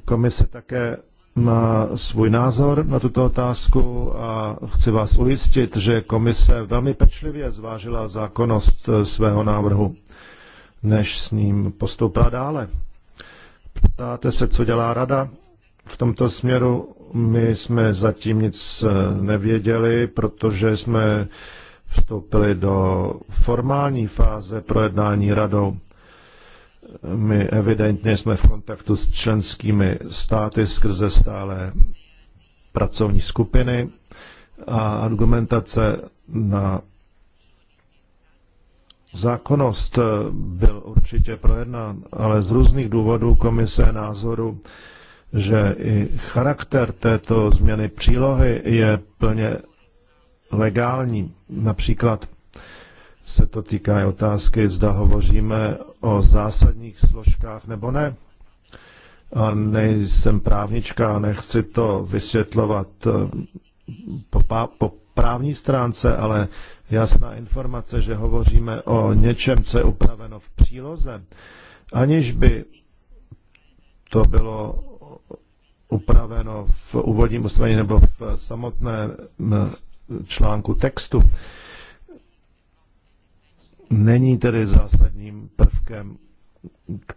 Speaker 1: Komise také na svůj názor na tuto otázku a chci vás ujistit, že komise velmi pečlivě zvážila zákonnost svého návrhu, než s ním postoupila dále. Ptáte se, co dělá rada? V tomto směru my jsme zatím nic nevěděli, protože jsme vstoupili do formální fáze projednání radou. My evidentně jsme v kontaktu s členskými státy skrze stále pracovní skupiny a argumentace na zákonnost byl určitě projednán, ale z různých důvodů komise názoru, že i charakter této změny přílohy je plně legální. Například se to týká i otázky, zda hovoříme o zásadních složkách nebo ne. A nejsem právnička, nechci to vysvětlovat eh, po, po právní stránce, ale jasná informace, že hovoříme o něčem, co je upraveno v příloze, aniž by to bylo
Speaker 5: upraveno v
Speaker 1: úvodním ustanovení nebo v samotném eh, článku textu, není tedy zásadním prvkem,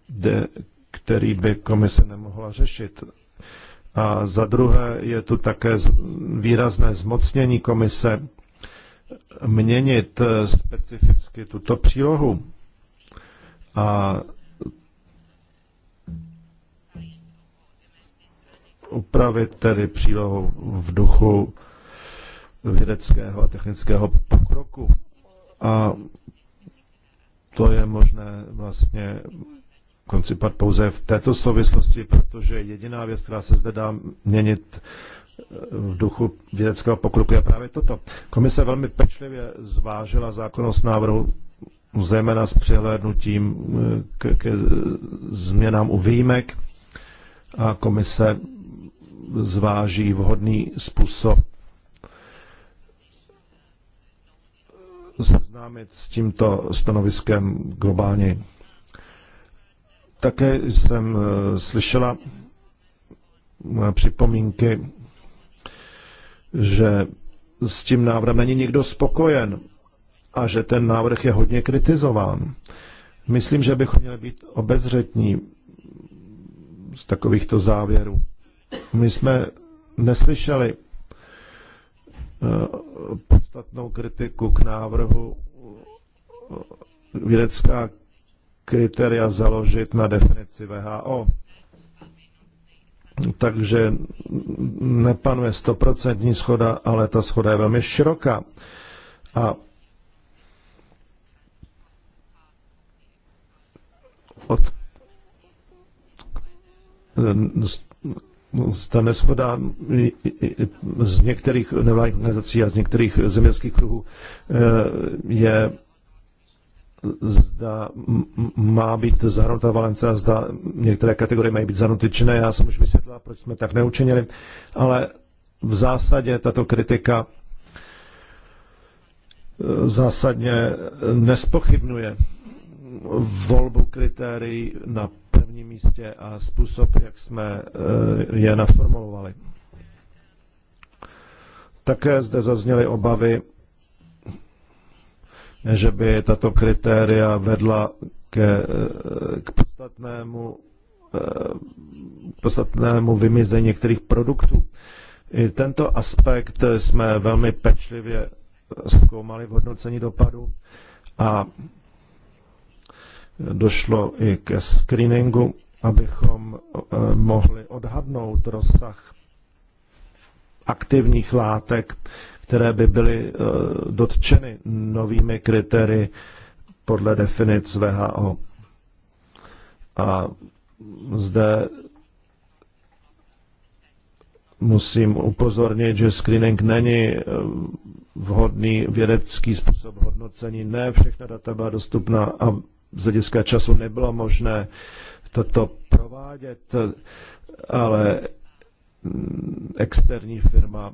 Speaker 1: kde, který by komise nemohla řešit. A za druhé je tu také výrazné zmocnění komise měnit eh, specificky tuto přílohu. A upravit tedy přílohu v duchu vědeckého a technického pokroku. A to je možné vlastně koncipat pouze v této souvislosti, protože jediná věc, která se zde dá měnit eh, v duchu vědeckého pokroku, je právě toto. Komise velmi pečlivě zvážila zákonnost návrhu zejména s přihlédnutím k, eh, k změnám u výjimek a komise zváží vhodný způsob seznámit s tímto stanoviskem globálně. Také jsem e, slyšela připomínky, že s tím návrhem není nikdo spokojen a že ten návrh je hodně kritizován. Myslím, že bychom měli být obezřetní z takovýchto závěrů. My jsme neslyšeli Eh, podstatnou kritiku k návrhu eh, vědecká kritéria založit na definici VHO. Takže nepanuje stoprocentní schoda, ale ta schoda je velmi široká. A od ta neschoda z některých nevládních organizací a z některých zemědělských kruhů eh, je zda má být zahrnutá Valence a zda některé kategorie mají být zahrnuty či ne. Já jsem už vysvětlil, proč jsme tak neučinili, ale v zásadě tato kritika eh, zásadně nespochybnuje volbu kritérií na prvním místě a způsob, jak jsme eh, je naformulovali. Také zde zazněly obavy, že by tato kritéria vedla ke, eh, k podstatnému, eh, podstatnému vymizení některých produktů. I tento aspekt jsme velmi pečlivě zkoumali v hodnocení dopadu a došlo i ke screeningu, abychom eh, mohli odhadnout rozsah aktivních látek, které by byly eh, dotčeny novými kritérii podle definic VHO. A zde musím upozornit, že screening není eh, vhodný vědecký způsob hodnocení. Ne všechna data byla dostupná a z hlediska času nebylo možné toto provádět, ale mm, externí firma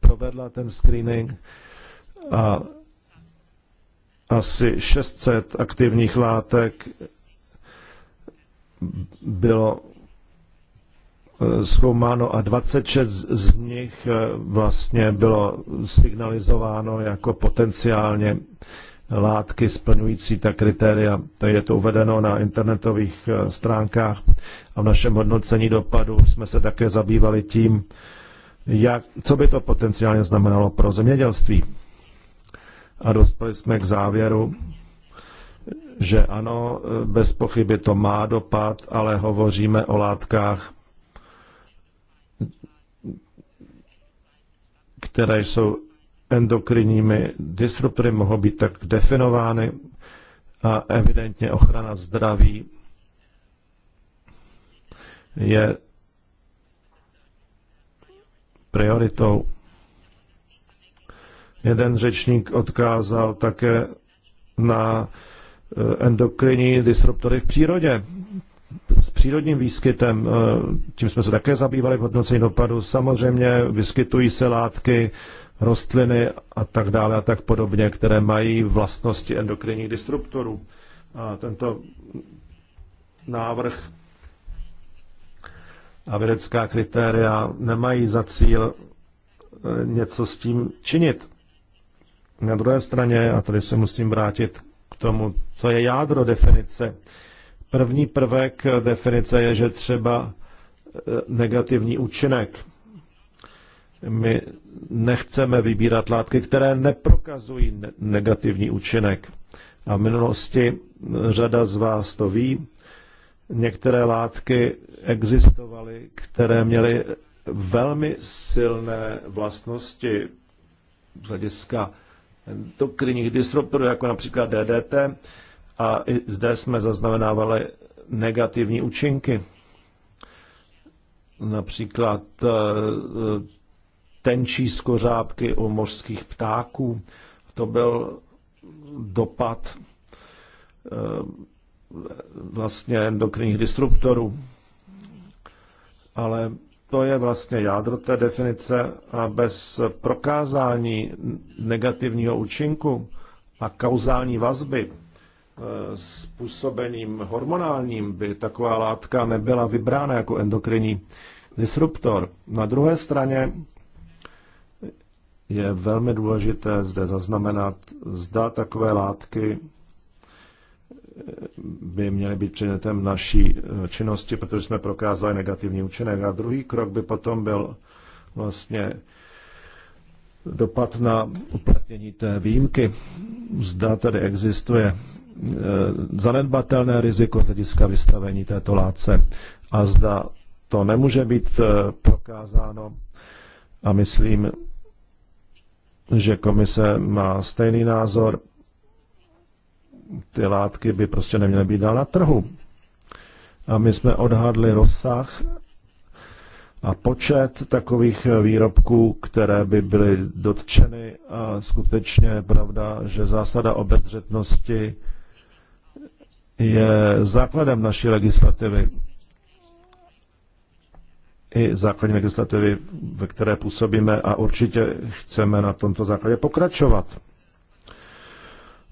Speaker 1: provedla ten screening a asi 600 aktivních látek bylo eh, zkoumáno a 26 z nich eh, vlastně bylo signalizováno jako potenciálně látky splňující ta kritéria. Tady je to uvedeno na internetových eh, stránkách a v našem hodnocení dopadu jsme se také zabývali tím, jak, co by to potenciálně znamenalo pro zemědělství. A dospěli jsme k závěru, že ano, eh, bez pochyby to má dopad, ale hovoříme o látkách, které jsou endokrinními disruptory mohou být tak definovány a evidentně ochrana zdraví je prioritou. Jeden řečník odkázal také na eh, endokrinní disruptory v přírodě. S přírodním výskytem, eh, tím jsme se také zabývali v hodnocení dopadu, samozřejmě vyskytují se látky, rostliny a tak dále a tak podobně, které mají vlastnosti endokrinních disruptorů. A tento návrh a vědecká kritéria nemají za cíl e, něco s tím činit. Na druhé straně, a tady se musím vrátit k tomu, co je jádro definice. První prvek definice je, že třeba e, negativní účinek my nechceme vybírat látky, které neprokazují negativní účinek. A v minulosti řada z vás to ví. Některé látky existovaly, které měly velmi silné vlastnosti z hlediska endokrinních disruptorů, jako například DDT, a i zde jsme zaznamenávali negativní účinky. Například eh, tenčí skořápky u mořských ptáků. To byl dopad eh, vlastně endokrinních disruptorů. Ale to je vlastně jádro té definice a bez prokázání negativního účinku a kauzální vazby způsobením eh, hormonálním by taková látka nebyla vybrána jako endokrinní disruptor. Na druhé straně je velmi důležité zde zaznamenat, zda takové látky eh, by měly být předmětem naší eh, činnosti, protože jsme prokázali negativní účinek. A druhý krok by potom byl vlastně dopad na uplatnění té výjimky. Zda tady existuje eh, zanedbatelné riziko z hlediska vystavení této látce a zda to nemůže být prokázáno a myslím, že komise má stejný názor. Ty látky by prostě neměly být dál na trhu. A my jsme odhadli rozsah a počet takových výrobků, které by byly dotčeny. A skutečně je pravda, že zásada obezřetnosti je základem naší legislativy i základní legislativy, ve které působíme a určitě chceme na tomto základě pokračovat.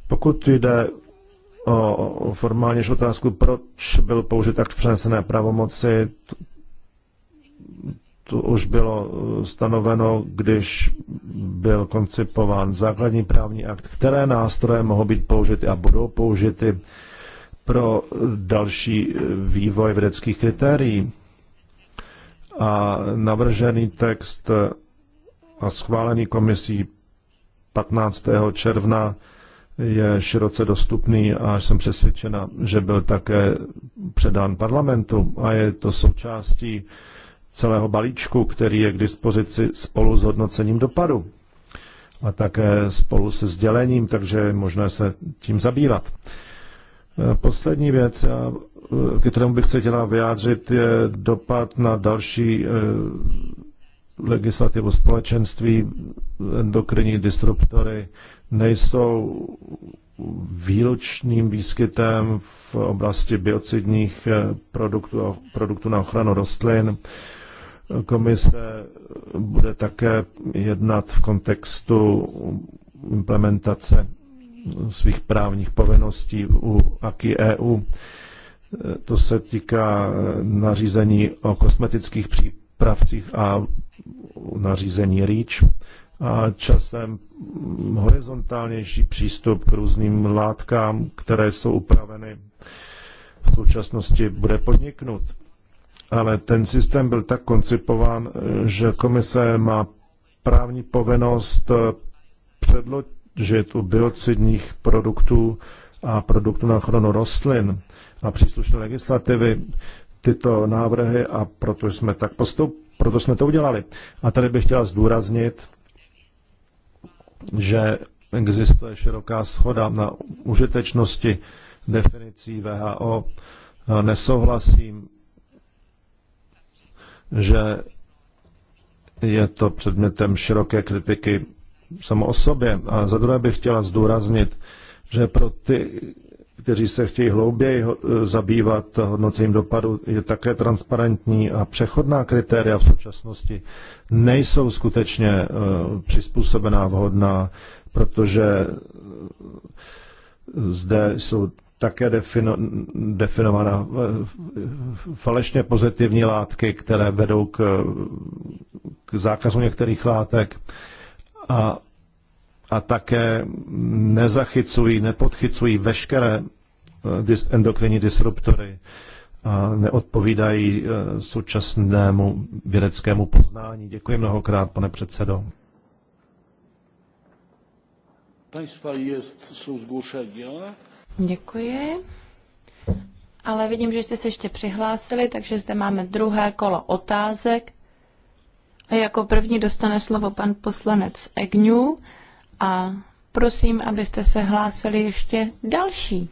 Speaker 1: Pokud jde o formálně otázku, proč byl použit akt přenesené pravomoci, to už bylo eh, stanoveno, když byl koncipován základní právní akt, které nástroje mohou být použity a budou použity pro další eh, vývoj vědeckých kritérií a navržený text a schválený komisí 15. června je široce dostupný a jsem přesvědčena, že byl také předán parlamentu a je to součástí celého balíčku, který je k dispozici spolu s hodnocením dopadu a také spolu se sdělením, takže je možné se tím zabývat. Poslední věc, já ke kterému bych se chtěla vyjádřit, je dopad na další eh, legislativu společenství. Endokrinní disruptory nejsou výlučným výskytem v oblasti biocidních eh, produktů a produktů na ochranu rostlin. Komise bude také jednat v kontextu implementace svých právních povinností u AKI EU. To se týká eh, nařízení o kosmetických přípravcích a nařízení REACH a časem horizontálnější přístup k různým látkám, které jsou upraveny v současnosti, bude podniknut. Ale ten systém byl tak koncipován, eh, že komise má právní povinnost eh, předložit u biocidních produktů a produktů na ochranu rostlin a příslušné legislativy tyto návrhy a proto jsme tak postup, proto jsme to udělali. A tady bych chtěla zdůraznit, že existuje široká schoda na užitečnosti definicí VHO. Nesouhlasím, že je to předmětem široké kritiky samo o sobě. A za druhé bych chtěla zdůraznit, že pro ty, kteří se chtějí hlouběji e, zabývat hodnocením dopadu, je také transparentní a přechodná kritéria v současnosti nejsou skutečně e, přizpůsobená vhodná, protože e, zde jsou také defino, definovaná falešně pozitivní látky, které vedou k, k zákazu některých látek. A a také nezachycují, nepodchycují veškeré eh, endokrinní disruptory a neodpovídají eh, současnému vědeckému poznání. Děkuji mnohokrát, pane předsedo.
Speaker 2: Děkuji. Ale vidím, že jste se ještě přihlásili, takže zde máme druhé kolo otázek. A jako první dostane slovo pan poslanec Egňů a prosím, abyste se hlásili ještě další.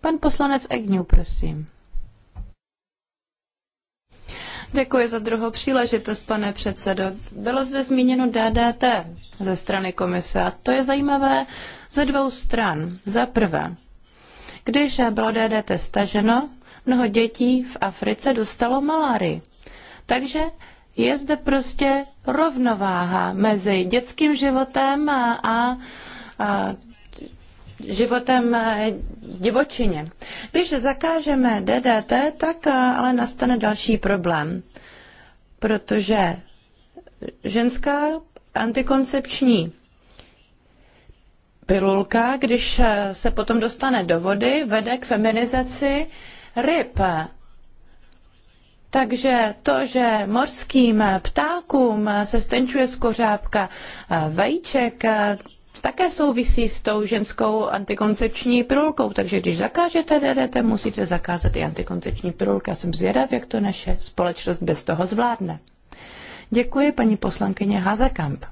Speaker 2: Pan poslanec Egňu, prosím. Děkuji za druhou příležitost, pane předsedo. Bylo zde zmíněno DDT ze strany komise a to je zajímavé ze dvou stran. Za prvé, když bylo DDT staženo, mnoho dětí v Africe dostalo malárii. Takže je zde prostě rovnováha mezi dětským životem a, a, a životem e, divočině. Když zakážeme DDT, tak e, ale nastane další problém, protože ženská antikoncepční pilulka, když e, se potom dostane do vody, vede k feminizaci ryb. Takže to, že mořským ptákům se stenčuje z kořápka eh, vajíček, eh, také souvisí s tou ženskou antikoncepční pilulkou. Takže když zakážete DDT, musíte zakázat i antikoncepční pilulky. Já jsem zvědav, jak to naše společnost bez toho zvládne. Děkuji paní poslankyně Hazekamp.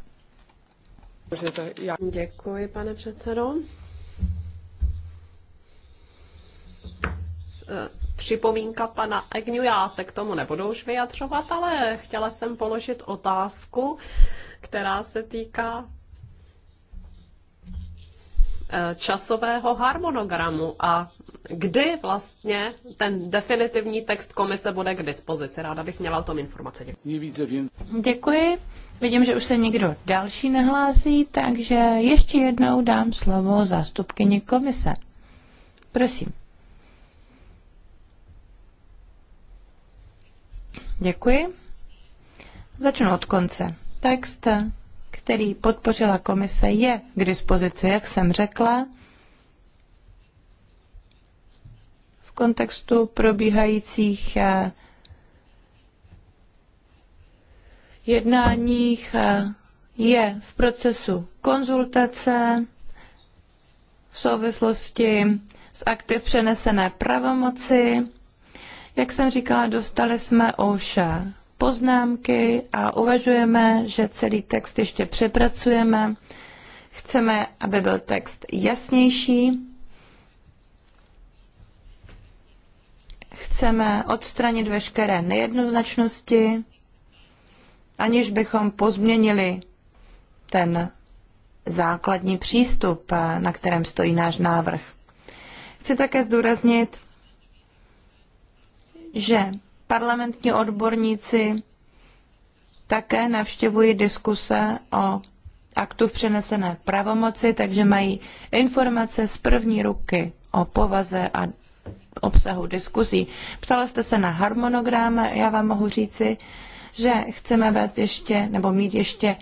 Speaker 4: Děkuji, pane předsedo eh, připomínka pana Egnu, já se k tomu nebudu už vyjadřovat, ale chtěla jsem položit otázku, která se týká eh, časového harmonogramu a kdy vlastně ten definitivní text komise bude k dispozici. Ráda bych měla o tom informace. Děkuji. Děkuji. Vidím, že už se
Speaker 2: nikdo další nehlásí, takže ještě jednou dám slovo zástupkyni komise. Prosím. Děkuji. Začnu od konce. Text, který podpořila komise, je k dispozici, jak jsem řekla, v kontextu probíhajících eh, jednáních eh, je v procesu konzultace v souvislosti s aktiv přenesené pravomoci jak jsem říkala, dostali jsme už poznámky a uvažujeme, že celý text ještě přepracujeme. Chceme, aby byl text jasnější. Chceme odstranit veškeré nejednoznačnosti, aniž bychom pozměnili ten základní přístup, na kterém stojí náš návrh. Chci také zdůraznit, že parlamentní odborníci také navštěvují diskuse o aktu v přenesené pravomoci, takže mají informace z první ruky o povaze a obsahu diskuzí. Ptala jste se na harmonogram, já vám mohu říci, že chceme vést ještě nebo mít ještě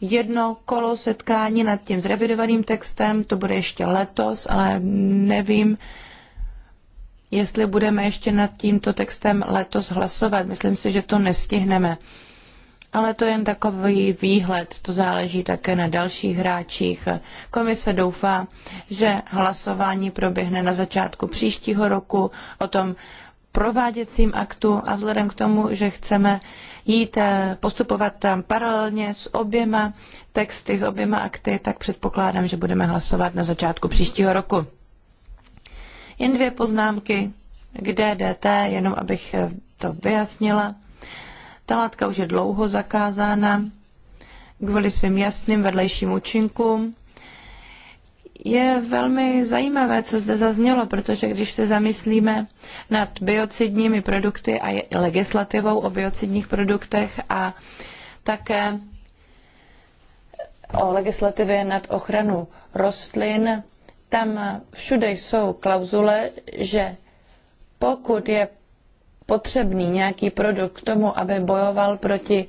Speaker 2: jedno kolo setkání nad tím zrevidovaným textem, to bude ještě letos, ale nevím, jestli budeme ještě nad tímto textem letos hlasovat. Myslím si, že to nestihneme. Ale to je jen takový výhled, to záleží také na dalších hráčích. Komise doufá, že hlasování proběhne na začátku příštího roku o tom prováděcím aktu a vzhledem k tomu, že chceme jít eh, postupovat tam paralelně s oběma texty, s oběma akty, tak předpokládám, že budeme hlasovat na začátku příštího roku. Jen dvě poznámky k DDT, jenom abych eh, to vyjasnila. Ta látka už je dlouho zakázána kvůli svým jasným vedlejším účinkům. Je velmi zajímavé, co zde zaznělo, protože když se zamyslíme nad biocidními produkty a legislativou o biocidních produktech a také o legislativě nad ochranu rostlin, tam všude jsou klauzule, že pokud je potřebný nějaký produkt k tomu, aby bojoval proti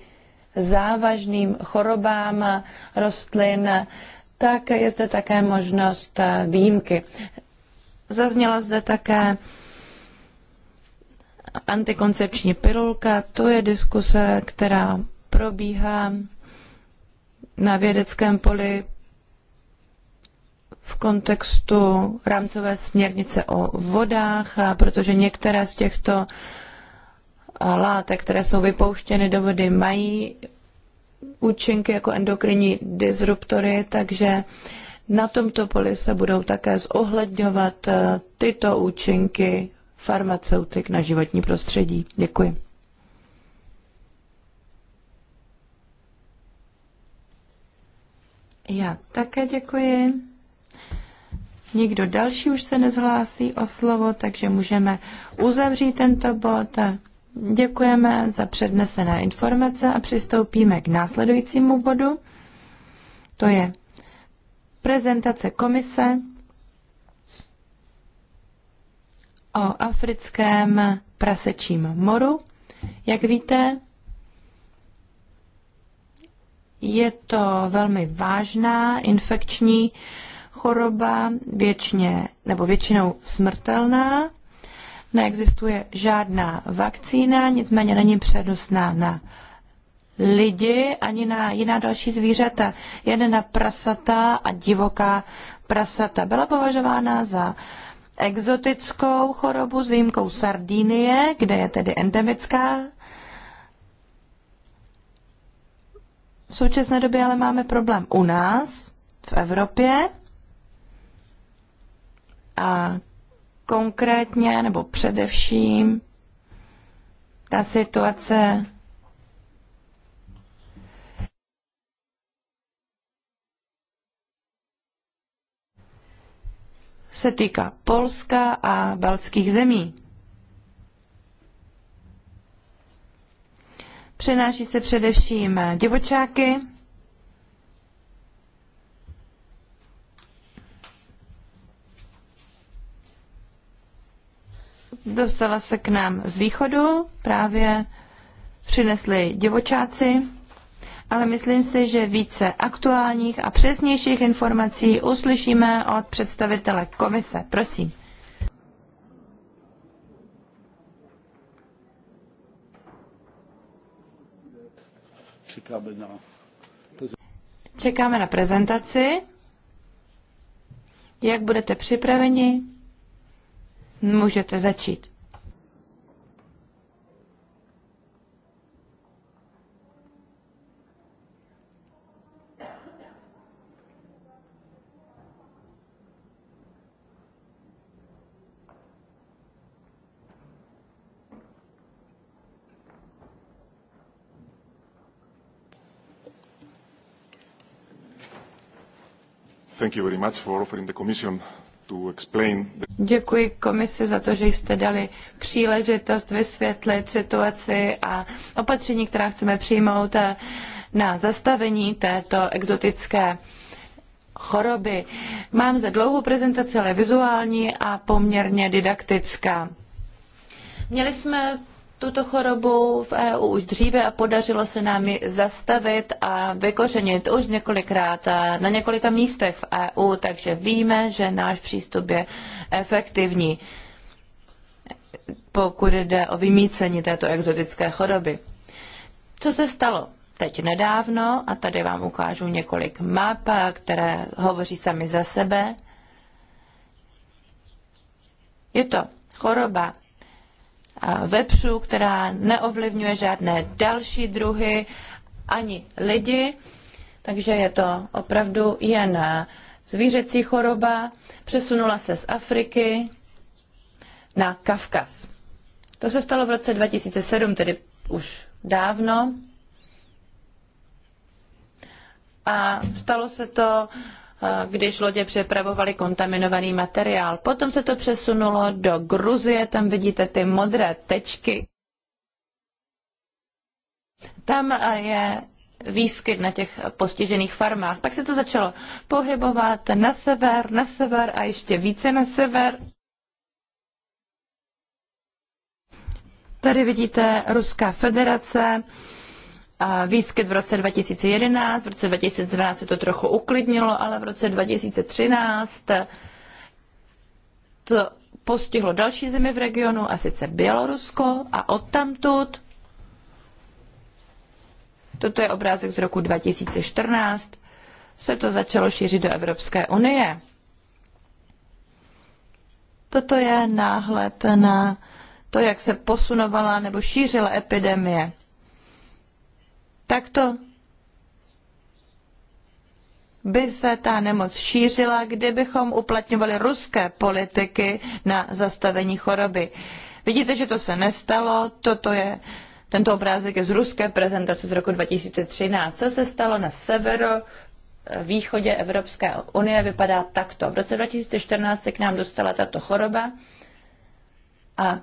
Speaker 2: závažným chorobám rostlin, tak je zde také možnost výjimky. Zazněla zde také antikoncepční pilulka. To je diskuse, která probíhá na vědeckém poli v kontextu rámcové směrnice o vodách, protože některé z těchto látek, které jsou vypouštěny do vody, mají účinky jako endokrinní disruptory, takže na tomto poli se budou také zohledňovat eh, tyto účinky farmaceutik na životní prostředí. Děkuji. Já také děkuji. Nikdo další už se nezhlásí o slovo, takže můžeme uzavřít tento bod. Děkujeme za přednesené informace a přistoupíme k následujícímu bodu. To je prezentace komise o africkém prasečím moru. Jak víte, je to velmi vážná infekční choroba, věčně nebo většinou smrtelná. Neexistuje žádná vakcína, nicméně není přednostná na lidi ani na jiná další zvířata, jen na prasata a divoká prasata. Byla považována za exotickou chorobu s výjimkou Sardínie, kde je tedy endemická. V současné době ale máme problém u nás, v Evropě. A konkrétně nebo především ta situace se týká Polska a baltských zemí. Přenáší se především divočáky dostala se k nám z východu, právě přinesli divočáci, ale myslím si, že více aktuálních a přesnějších informací uslyšíme od představitele komise. Prosím.
Speaker 1: Čekáme
Speaker 3: na, Čekáme na prezentaci.
Speaker 2: Jak budete připraveni? Můžete začít.
Speaker 1: Thank you very much for offering the Commission
Speaker 2: Děkuji komisi za to, že jste dali příležitost vysvětlit situaci a opatření, která chceme přijmout eh, na zastavení této exotické choroby. Mám zde dlouhou prezentaci, ale vizuální a poměrně didaktická. Měli jsme tuto chorobu v EU už dříve a podařilo se nám ji zastavit a vykořenit už několikrát eh, na několika místech v EU, takže víme, že náš přístup je efektivní, pokud jde o vymícení této exotické choroby. Co se stalo? Teď nedávno, a tady vám ukážu několik map, eh, které hovoří sami za sebe. Je to choroba vepřů, která neovlivňuje žádné další druhy ani lidi, takže je to opravdu jen zvířecí choroba. Přesunula se z Afriky na Kavkaz. To se stalo v roce 2007, tedy už dávno. A stalo se to Eh, když lodě přepravovaly kontaminovaný materiál. Potom se to přesunulo do Gruzie, tam vidíte ty modré tečky. Tam eh, je výskyt na těch postižených farmách. Pak se to začalo pohybovat na sever, na sever a ještě více na sever. Tady vidíte Ruská federace výskyt v roce 2011, v roce 2012 se to trochu uklidnilo, ale v roce 2013 to postihlo další zemi v regionu, a sice Bělorusko, a odtamtud, toto je obrázek z roku 2014, se to začalo šířit do Evropské unie. Toto je náhled na to, jak se posunovala nebo šířila epidemie. Takto by se ta nemoc šířila, kdybychom uplatňovali ruské politiky na zastavení choroby. Vidíte, že to se nestalo, toto je, tento obrázek je z ruské prezentace z roku 2013. Co se stalo na severo východě Evropské unie vypadá takto. V roce 2014 se k nám dostala tato choroba a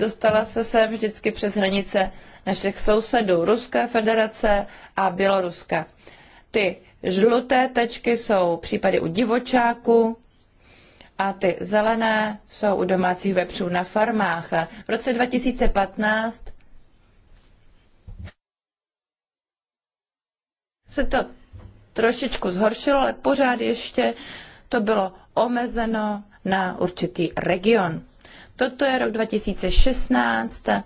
Speaker 2: Dostala se sem vždycky přes hranice našich sousedů Ruské federace a Běloruska. Ty žluté tečky jsou případy u divočáku a ty zelené jsou u domácích vepřů na farmách. V roce 2015 se to trošičku zhoršilo, ale pořád ještě to bylo omezeno na určitý region. Toto je rok 2016,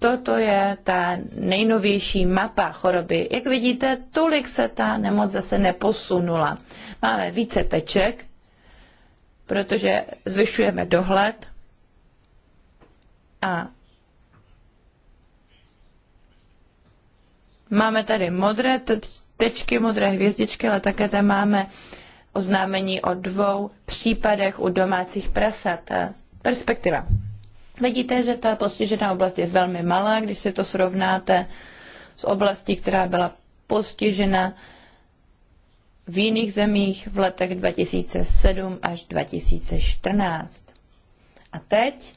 Speaker 2: toto je ta nejnovější mapa choroby. Jak vidíte, tolik se ta nemoc zase neposunula. Máme více teček, protože zvyšujeme dohled a máme tady modré tečky, modré hvězdičky, ale také tam máme oznámení o dvou případech u domácích prasat perspektiva. Vidíte, že ta postižená oblast je velmi malá, když si to srovnáte s oblastí, která byla postižena v jiných zemích v letech 2007 až 2014. A teď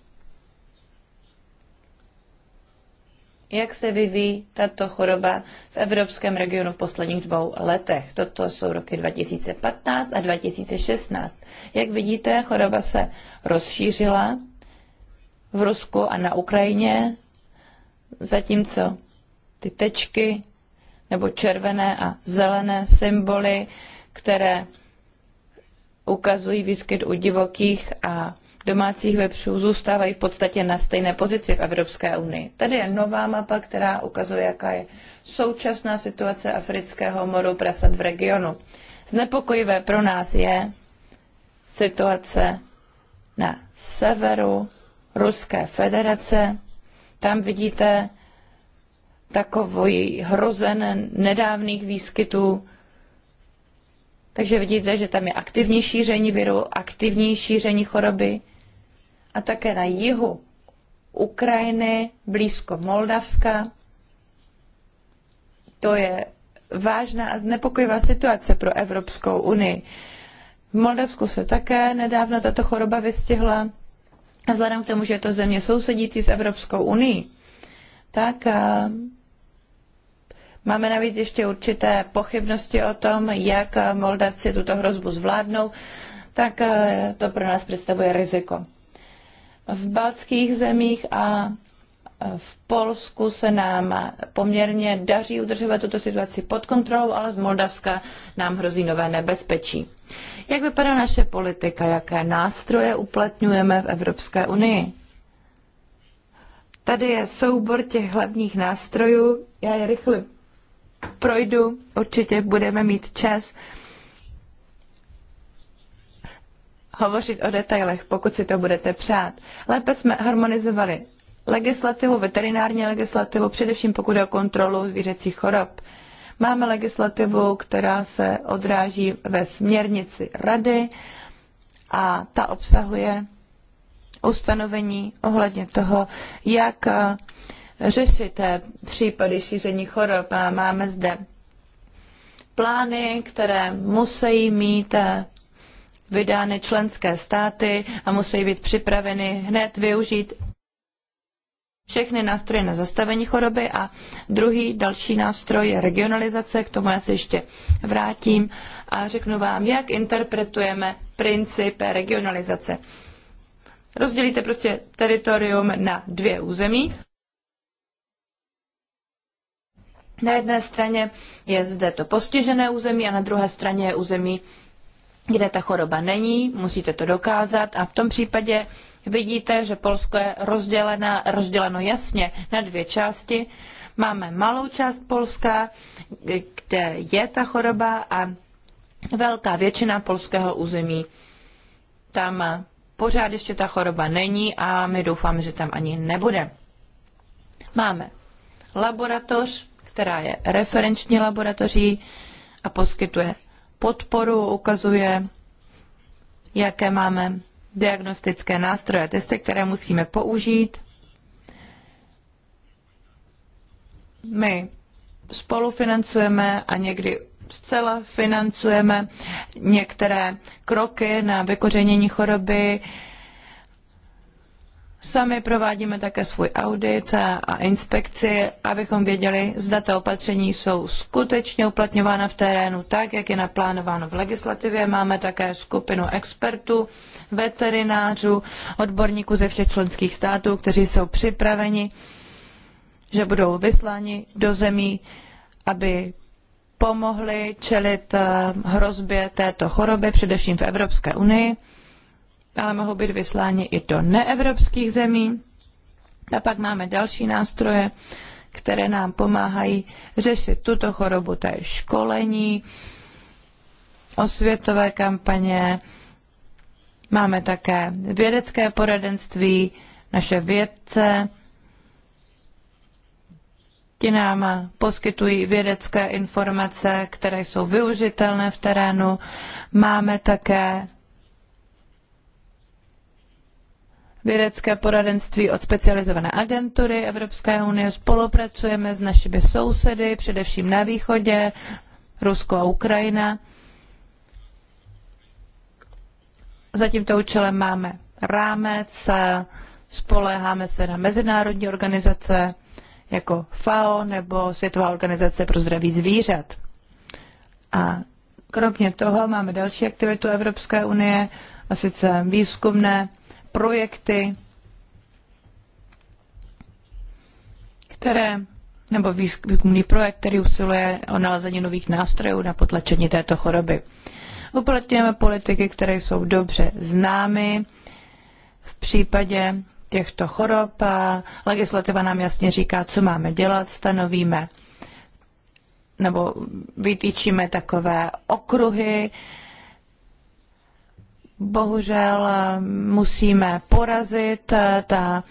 Speaker 2: jak se vyvíjí tato choroba v evropském regionu v posledních dvou letech. Toto jsou roky 2015 a 2016. Jak vidíte, choroba se rozšířila v Rusku a na Ukrajině, zatímco ty tečky nebo červené a zelené symboly, které ukazují výskyt u divokých a domácích vepřů zůstávají v podstatě na stejné pozici v Evropské unii. Tady je nová mapa, která ukazuje, jaká je současná situace afrického moru prasat v regionu. Znepokojivé pro nás je situace na severu Ruské federace. Tam vidíte takový hrozen nedávných výskytů. Takže vidíte, že tam je aktivní šíření viru, aktivní šíření choroby a také na jihu Ukrajiny, blízko Moldavska. To je vážná a znepokojivá situace pro Evropskou unii. V Moldavsku se také nedávno tato choroba vystihla. A vzhledem k tomu, že je to země sousedící s Evropskou unii, tak máme navíc ještě určité pochybnosti o tom, jak Moldavci tuto hrozbu zvládnou, tak to pro nás představuje riziko. V baltských zemích a v Polsku se nám poměrně daří udržovat tuto situaci pod kontrolou, ale z Moldavska nám hrozí nové nebezpečí. Jak vypadá naše politika? Jaké nástroje uplatňujeme v Evropské unii? Tady je soubor těch hlavních nástrojů. Já je rychle projdu. Určitě budeme mít čas hovořit o detailech, pokud si to budete přát. Lépe jsme harmonizovali legislativu, veterinární legislativu, především pokud je o kontrolu zvířecích chorob. Máme legislativu, která se odráží ve směrnici rady a ta obsahuje ustanovení ohledně toho, jak eh, řešit eh, případy šíření chorob. Máme zde plány, které musí mít eh, vydány členské státy a musí být připraveny hned využít všechny nástroje na zastavení choroby a druhý další nástroj je regionalizace, k tomu já se ještě vrátím a řeknu vám, jak interpretujeme princip regionalizace. Rozdělíte prostě teritorium na dvě území. Na jedné straně je zde to postižené území a na druhé straně je území kde ta choroba není, musíte to dokázat a v tom případě vidíte, že Polsko je rozdělena, rozděleno jasně na dvě části. Máme malou část Polska, kde je ta choroba a velká většina polského území tam pořád ještě ta choroba není a my doufáme, že tam ani nebude. Máme laboratoř, která je referenční laboratoří a poskytuje podporu, ukazuje, jaké máme diagnostické nástroje, testy, které musíme použít. My spolufinancujeme a někdy zcela financujeme některé kroky na vykořenění choroby, Sami provádíme také svůj audit a inspekci, abychom věděli, zda ta opatření jsou skutečně uplatňována v terénu tak, jak je naplánováno v legislativě. Máme také skupinu expertů, veterinářů, odborníků ze všech členských států, kteří jsou připraveni, že budou vysláni do zemí, aby pomohli čelit eh, hrozbě této choroby, především v Evropské unii ale mohou být vysláni i do neevropských zemí. A pak máme další nástroje, které nám pomáhají řešit tuto chorobu, to je školení, osvětové kampaně, máme také vědecké poradenství, naše vědce, ti nám poskytují vědecké informace, které jsou využitelné v terénu. Máme také vědecké poradenství od specializované agentury Evropské unie. Spolupracujeme s našimi sousedy, především na východě, Rusko a Ukrajina. Za tímto účelem máme rámec, spoléháme se na mezinárodní organizace jako FAO nebo Světová organizace pro zdraví zvířat. A kromě toho máme další aktivitu Evropské unie, a sice výzkumné projekty, které nebo výzkumný projekt, který usiluje o nalezení nových nástrojů na potlačení této choroby. Uplatňujeme politiky, které jsou dobře známy v případě těchto chorob. Legislativa nám jasně říká, co máme dělat, stanovíme nebo vytýčíme takové okruhy, bohužel eh, musíme porazit eh, ta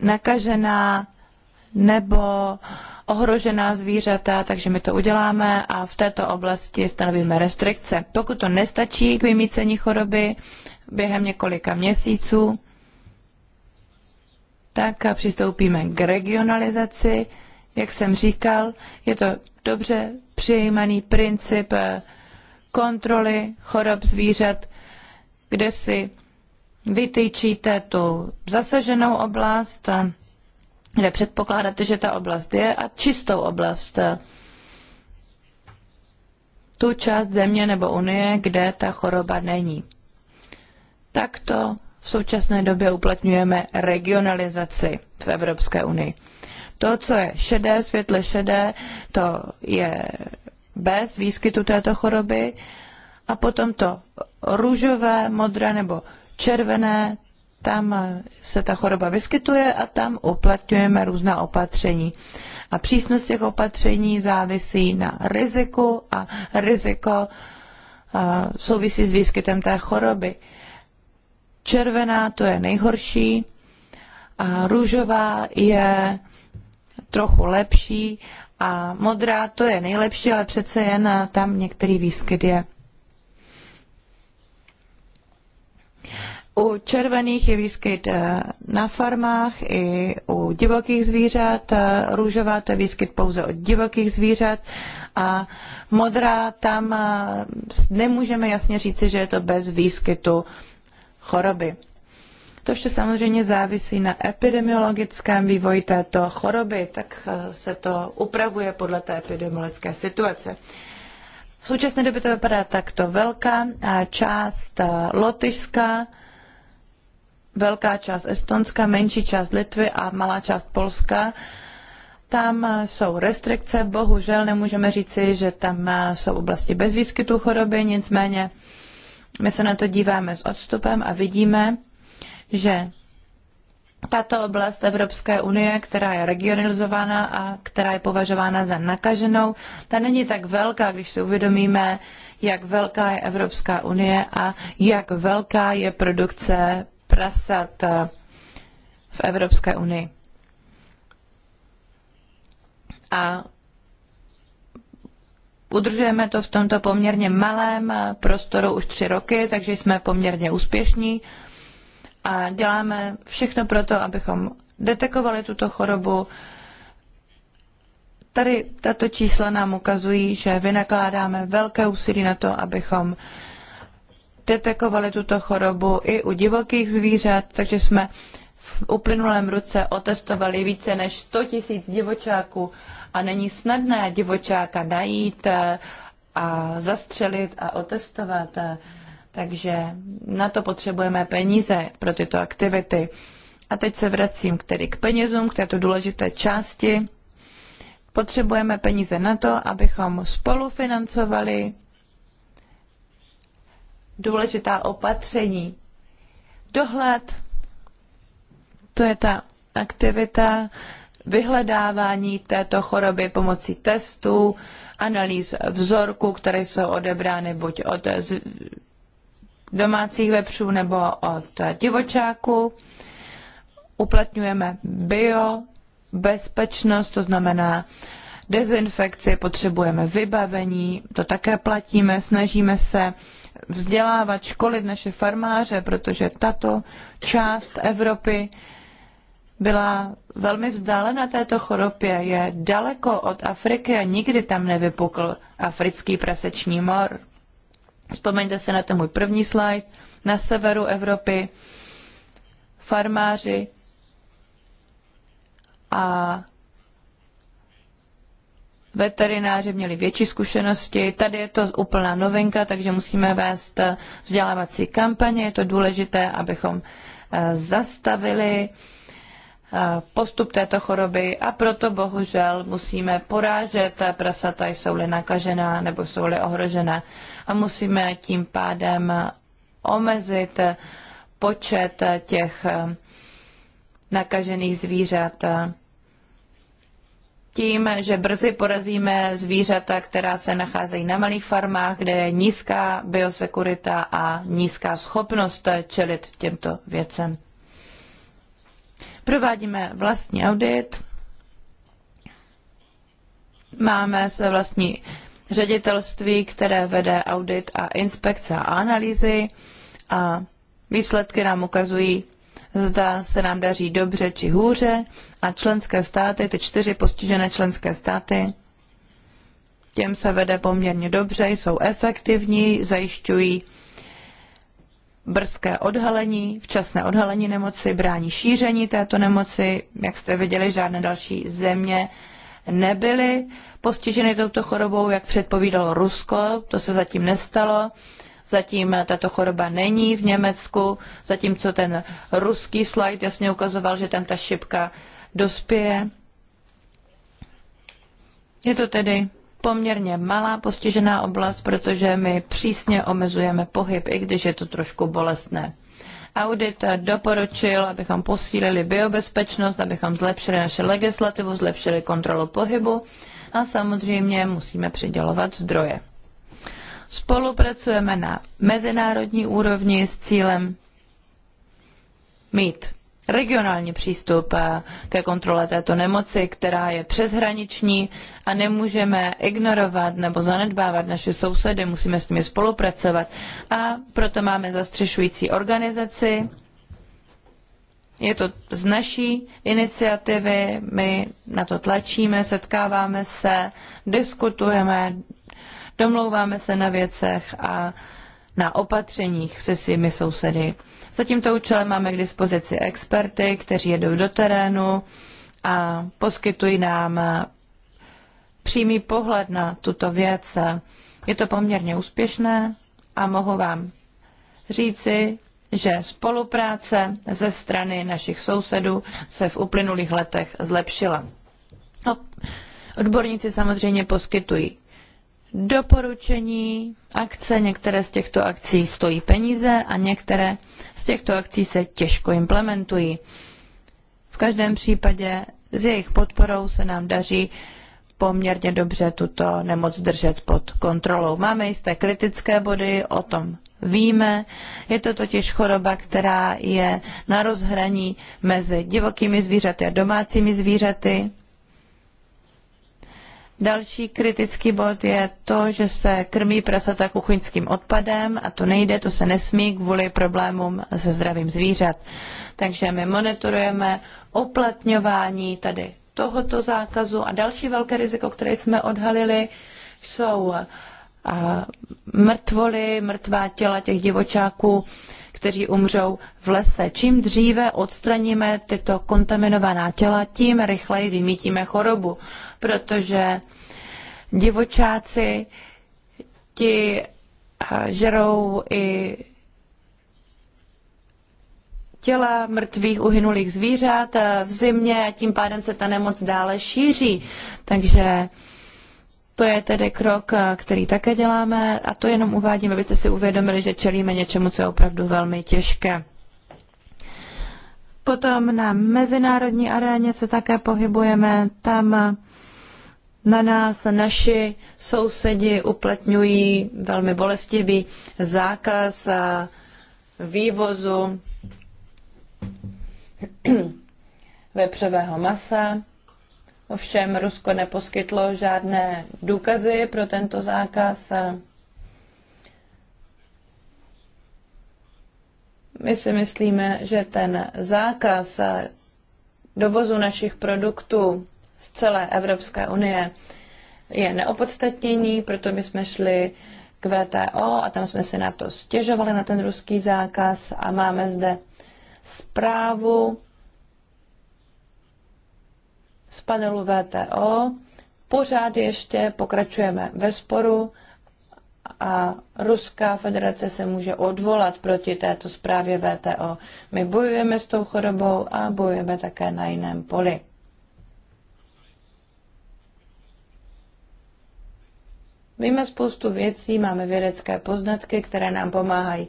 Speaker 2: nakažená nebo ohrožená zvířata, takže my to uděláme a v této oblasti stanovíme restrikce. Pokud to nestačí k vymícení choroby během několika měsíců, tak přistoupíme k regionalizaci. Jak jsem říkal, je to dobře přijímaný princip eh, kontroly chorob zvířat, kde si vytyčíte tu zasaženou oblast, kde předpokládáte, že ta oblast je, a čistou oblast, tu část země nebo unie, kde ta choroba není. Takto v současné době uplatňujeme regionalizaci v Evropské unii. To, co je šedé, světle šedé, to je bez výskytu této choroby a potom to růžové, modré nebo červené, tam se ta choroba vyskytuje a tam uplatňujeme různá opatření. A přísnost těch opatření závisí na riziku a riziko souvisí s výskytem té choroby. Červená to je nejhorší a růžová je trochu lepší a modrá to je nejlepší, ale přece jen eh, tam některý výskyt je. U červených je výskyt eh, na farmách i u divokých zvířat, eh, růžová to je výskyt pouze od divokých zvířat a modrá tam nemůžeme jasně říci, že je to bez výskytu choroby. To vše samozřejmě závisí na epidemiologickém vývoji této choroby, tak eh, se to upravuje podle té epidemiologické situace. V současné době to vypadá takto. Velká eh, část eh, Lotyšska, velká část Estonska, menší část Litvy a malá část Polska. Tam jsou restrikce, bohužel nemůžeme říci, že tam jsou oblasti bez výskytu choroby, nicméně my se na to díváme s odstupem a vidíme, že tato oblast Evropské unie, která je regionalizována a která je považována za nakaženou, ta není tak velká, když si uvědomíme, jak velká je Evropská unie a jak velká je produkce prasat eh, v Evropské unii. A udržujeme to v tomto poměrně malém eh, prostoru už tři roky, takže jsme poměrně úspěšní a děláme všechno pro to, abychom detekovali tuto chorobu. Tady tato čísla nám ukazují, že vynakládáme velké úsilí na to, abychom detekovali tuto chorobu i u divokých zvířat, takže jsme v uplynulém roce otestovali více než 100 tisíc divočáků a není snadné divočáka najít a zastřelit a otestovat. Takže na to potřebujeme peníze pro tyto aktivity. A teď se vracím k tedy k penězům, k této důležité části. Potřebujeme peníze na to, abychom spolufinancovali důležitá opatření. Dohled, to je ta aktivita vyhledávání této choroby pomocí testů, analýz vzorků, které jsou odebrány buď od domácích vepřů nebo od divočáků. Uplatňujeme bio, bezpečnost, to znamená dezinfekci, potřebujeme vybavení, to také platíme, snažíme se vzdělávat, školit naše farmáře, protože tato část Evropy byla velmi vzdálená této chorobě, je daleko od Afriky a nikdy tam nevypukl africký praseční mor. Vzpomeňte si na ten můj první slide. Na severu Evropy farmáři a veterináři měli větší zkušenosti. Tady je to úplná novinka, takže musíme vést vzdělávací kampaně. Je to důležité, abychom eh, zastavili eh, postup této choroby a proto bohužel musíme porážet prasata, jsou-li nakažená nebo jsou-li ohrožena a musíme tím pádem omezit počet těch nakažených zvířat tím, že brzy porazíme zvířata, která se nacházejí na malých farmách, kde je nízká biosekurita a nízká schopnost čelit těmto věcem. Provádíme vlastní audit, máme své vlastní ředitelství, které vede audit a inspekce a analýzy a výsledky nám ukazují, zda se nám daří dobře či hůře a členské státy, ty čtyři postižené členské státy, těm se vede poměrně dobře, jsou efektivní, zajišťují brzké odhalení, včasné odhalení nemoci, brání šíření této nemoci. Jak jste viděli, žádné další země nebyly postiženy touto chorobou, jak předpovídalo Rusko, to se zatím nestalo. Zatím tato choroba není v Německu, zatímco ten ruský slide jasně ukazoval, že tam ta šipka dospěje. Je to tedy poměrně malá postižená oblast, protože my přísně omezujeme pohyb, i když je to trošku bolestné. Audit doporučil, abychom posílili biobezpečnost, abychom zlepšili naše legislativu, zlepšili kontrolu pohybu a samozřejmě musíme přidělovat zdroje. Spolupracujeme na mezinárodní úrovni s cílem mít regionální přístup eh, ke kontrole této nemoci, která je přeshraniční a nemůžeme ignorovat nebo zanedbávat naše sousedy, musíme s nimi spolupracovat. A proto máme zastřešující organizaci. Je to z naší iniciativy, my na to tlačíme, setkáváme se, diskutujeme, domlouváme se na věcech a na opatřeních se svými sousedy. Za tímto účelem máme k dispozici experty, kteří jedou do terénu a poskytují nám přímý pohled na tuto věc. Je to poměrně úspěšné a mohu vám říci, že spolupráce ze strany našich sousedů se v uplynulých letech zlepšila. Odborníci samozřejmě poskytují doporučení, akce, některé z těchto akcí stojí peníze a některé z těchto akcí se těžko implementují. V každém případě s jejich podporou se nám daří poměrně dobře tuto nemoc držet pod kontrolou. Máme jisté kritické body, o tom víme. Je to totiž choroba, která je na rozhraní mezi divokými zvířaty a domácími zvířaty. Další kritický bod je to, že se krmí prasata kuchyňským odpadem a to nejde, to se nesmí kvůli problémům se zdravím zvířat. Takže my monitorujeme uplatňování tady tohoto zákazu a další velké riziko, které jsme odhalili, jsou eh, mrtvoly, mrtvá těla těch divočáků, kteří umřou v lese. Čím dříve odstraníme tyto kontaminovaná těla, tím rychleji vymítíme chorobu protože divočáci ti eh, žerou i těla mrtvých uhynulých zvířat eh, v zimě a tím pádem se ta nemoc dále šíří. Takže to je tedy krok, eh, který také děláme a to jenom uvádím, abyste si uvědomili, že čelíme něčemu, co je opravdu velmi těžké. Potom na mezinárodní aréně se také pohybujeme. Tam na nás naši sousedi uplatňují velmi bolestivý zákaz vývozu vepřového masa. Ovšem Rusko neposkytlo žádné důkazy pro tento zákaz. My si myslíme, že ten zákaz dovozu našich produktů z celé Evropské unie je neopodstatnění, proto my jsme šli k VTO a tam jsme si na to stěžovali, na ten ruský zákaz a máme zde zprávu z panelu VTO. Pořád ještě pokračujeme ve sporu a Ruská federace se může odvolat proti této zprávě VTO. My bojujeme s tou chorobou a bojujeme také na jiném poli. Víme spoustu věcí, máme vědecké poznatky, které nám pomáhají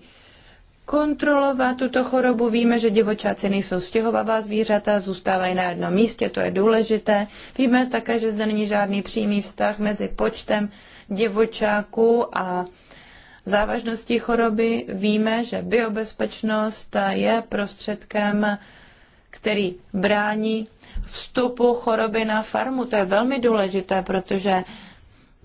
Speaker 2: kontrolovat tuto chorobu. Víme, že divočáci nejsou stěhovavá zvířata, zůstávají na jednom místě, to je důležité. Víme také, že zde není žádný přímý vztah mezi počtem divočáků a závažností choroby. Víme, že biobezpečnost je prostředkem, který brání vstupu choroby na farmu. To je velmi důležité, protože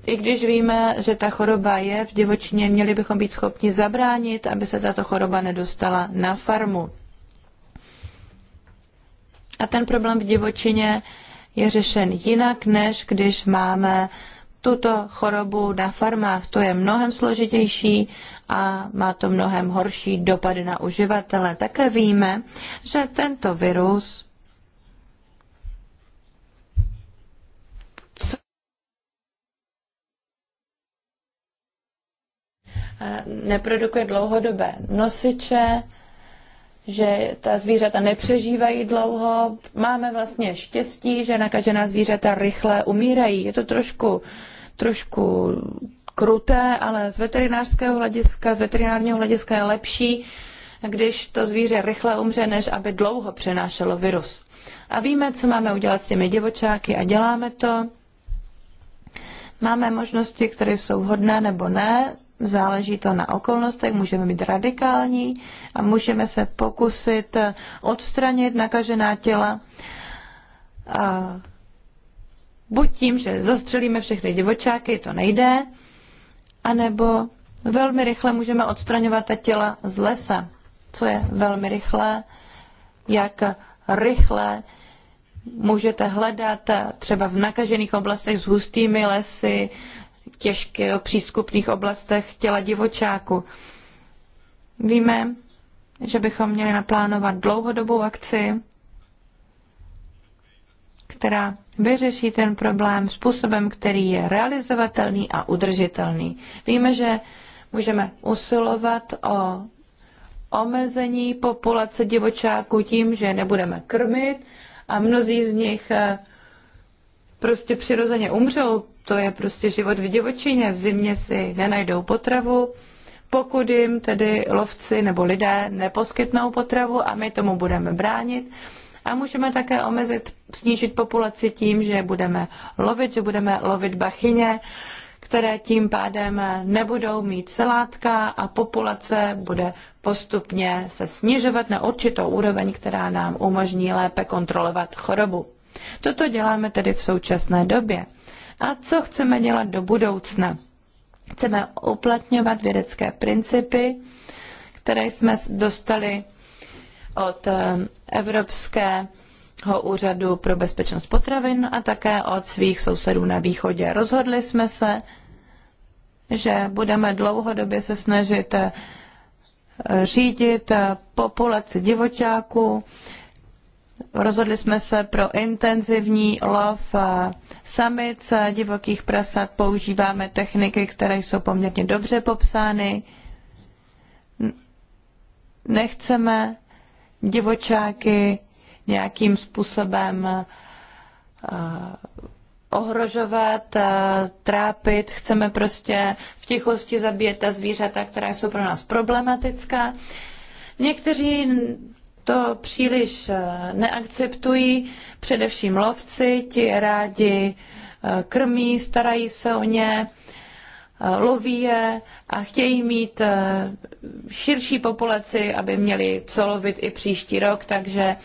Speaker 2: i když víme, že ta choroba je v divočině, měli bychom být schopni zabránit, aby se tato choroba nedostala na farmu. A ten problém v divočině je řešen jinak, než když máme tuto chorobu na farmách. To je mnohem složitější a má to mnohem horší dopady na uživatele. Také víme, že tento virus Eh, neprodukuje dlouhodobé nosiče, že ta zvířata nepřežívají dlouho. Máme vlastně štěstí, že nakažená zvířata rychle umírají. Je to trošku, trošku kruté, ale z veterinářského hlediska, z veterinárního hlediska je lepší, když to zvíře rychle umře, než aby dlouho přenášelo virus. A víme, co máme udělat s těmi divočáky a děláme to. Máme možnosti, které jsou hodné nebo ne, záleží to na okolnostech, můžeme být radikální a můžeme se pokusit odstranit nakažená těla. A buď tím, že zastřelíme všechny divočáky, to nejde, anebo velmi rychle můžeme odstraňovat ta těla z lesa, co je velmi rychlé, jak rychle můžete hledat eh, třeba v nakažených oblastech s hustými lesy, těžké přístupných oblastech těla divočáku. Víme, že bychom měli naplánovat dlouhodobou akci, která vyřeší ten problém způsobem, který je realizovatelný a udržitelný. Víme, že můžeme usilovat o omezení populace divočáků tím, že nebudeme krmit a mnozí z nich eh, prostě přirozeně umřou, to je prostě život v divočině. V zimě si nenajdou potravu, pokud jim tedy lovci nebo lidé neposkytnou potravu a my tomu budeme bránit. A můžeme také omezit, snížit populaci tím, že budeme lovit, že budeme lovit bachyně, které tím pádem nebudou mít celátka a populace bude postupně se snižovat na určitou úroveň, která nám umožní lépe kontrolovat chorobu. Toto děláme tedy v současné době a co chceme dělat do budoucna. Chceme uplatňovat vědecké principy, které jsme dostali od eh, Evropského úřadu pro bezpečnost potravin a také od svých sousedů na východě. Rozhodli jsme se, že budeme dlouhodobě se snažit eh, řídit eh, populaci divočáků, Rozhodli jsme se pro intenzivní lov eh, samic eh, divokých prasat. Používáme techniky, které jsou poměrně dobře popsány. Nechceme divočáky nějakým způsobem eh, ohrožovat, trápit, chceme prostě v tichosti zabíjet ta zvířata, která jsou pro nás problematická. Někteří to příliš eh, neakceptují, především lovci, ti je rádi eh, krmí, starají se o ně, eh, loví je a chtějí mít širší populaci, aby měli co lovit i příští rok, takže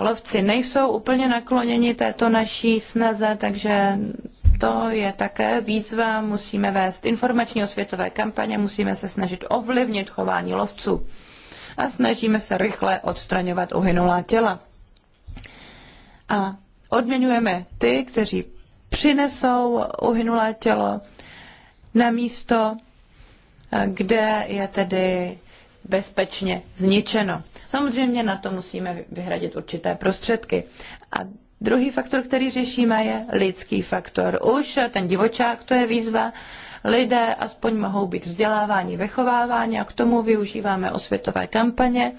Speaker 2: lovci nejsou úplně nakloněni této naší snaze, takže to je také výzva, musíme vést informační osvětové kampaně, musíme se snažit ovlivnit chování lovců a snažíme se rychle odstraňovat uhynulá těla. A odměňujeme ty, kteří přinesou uhynulé tělo na místo, kde je tedy bezpečně zničeno. Samozřejmě na to musíme vyhradit určité prostředky. A druhý faktor, který řešíme, je lidský faktor. Už ten divočák, to je výzva, lidé aspoň mohou být vzděláváni, vychováváni a k tomu využíváme osvětové kampaně.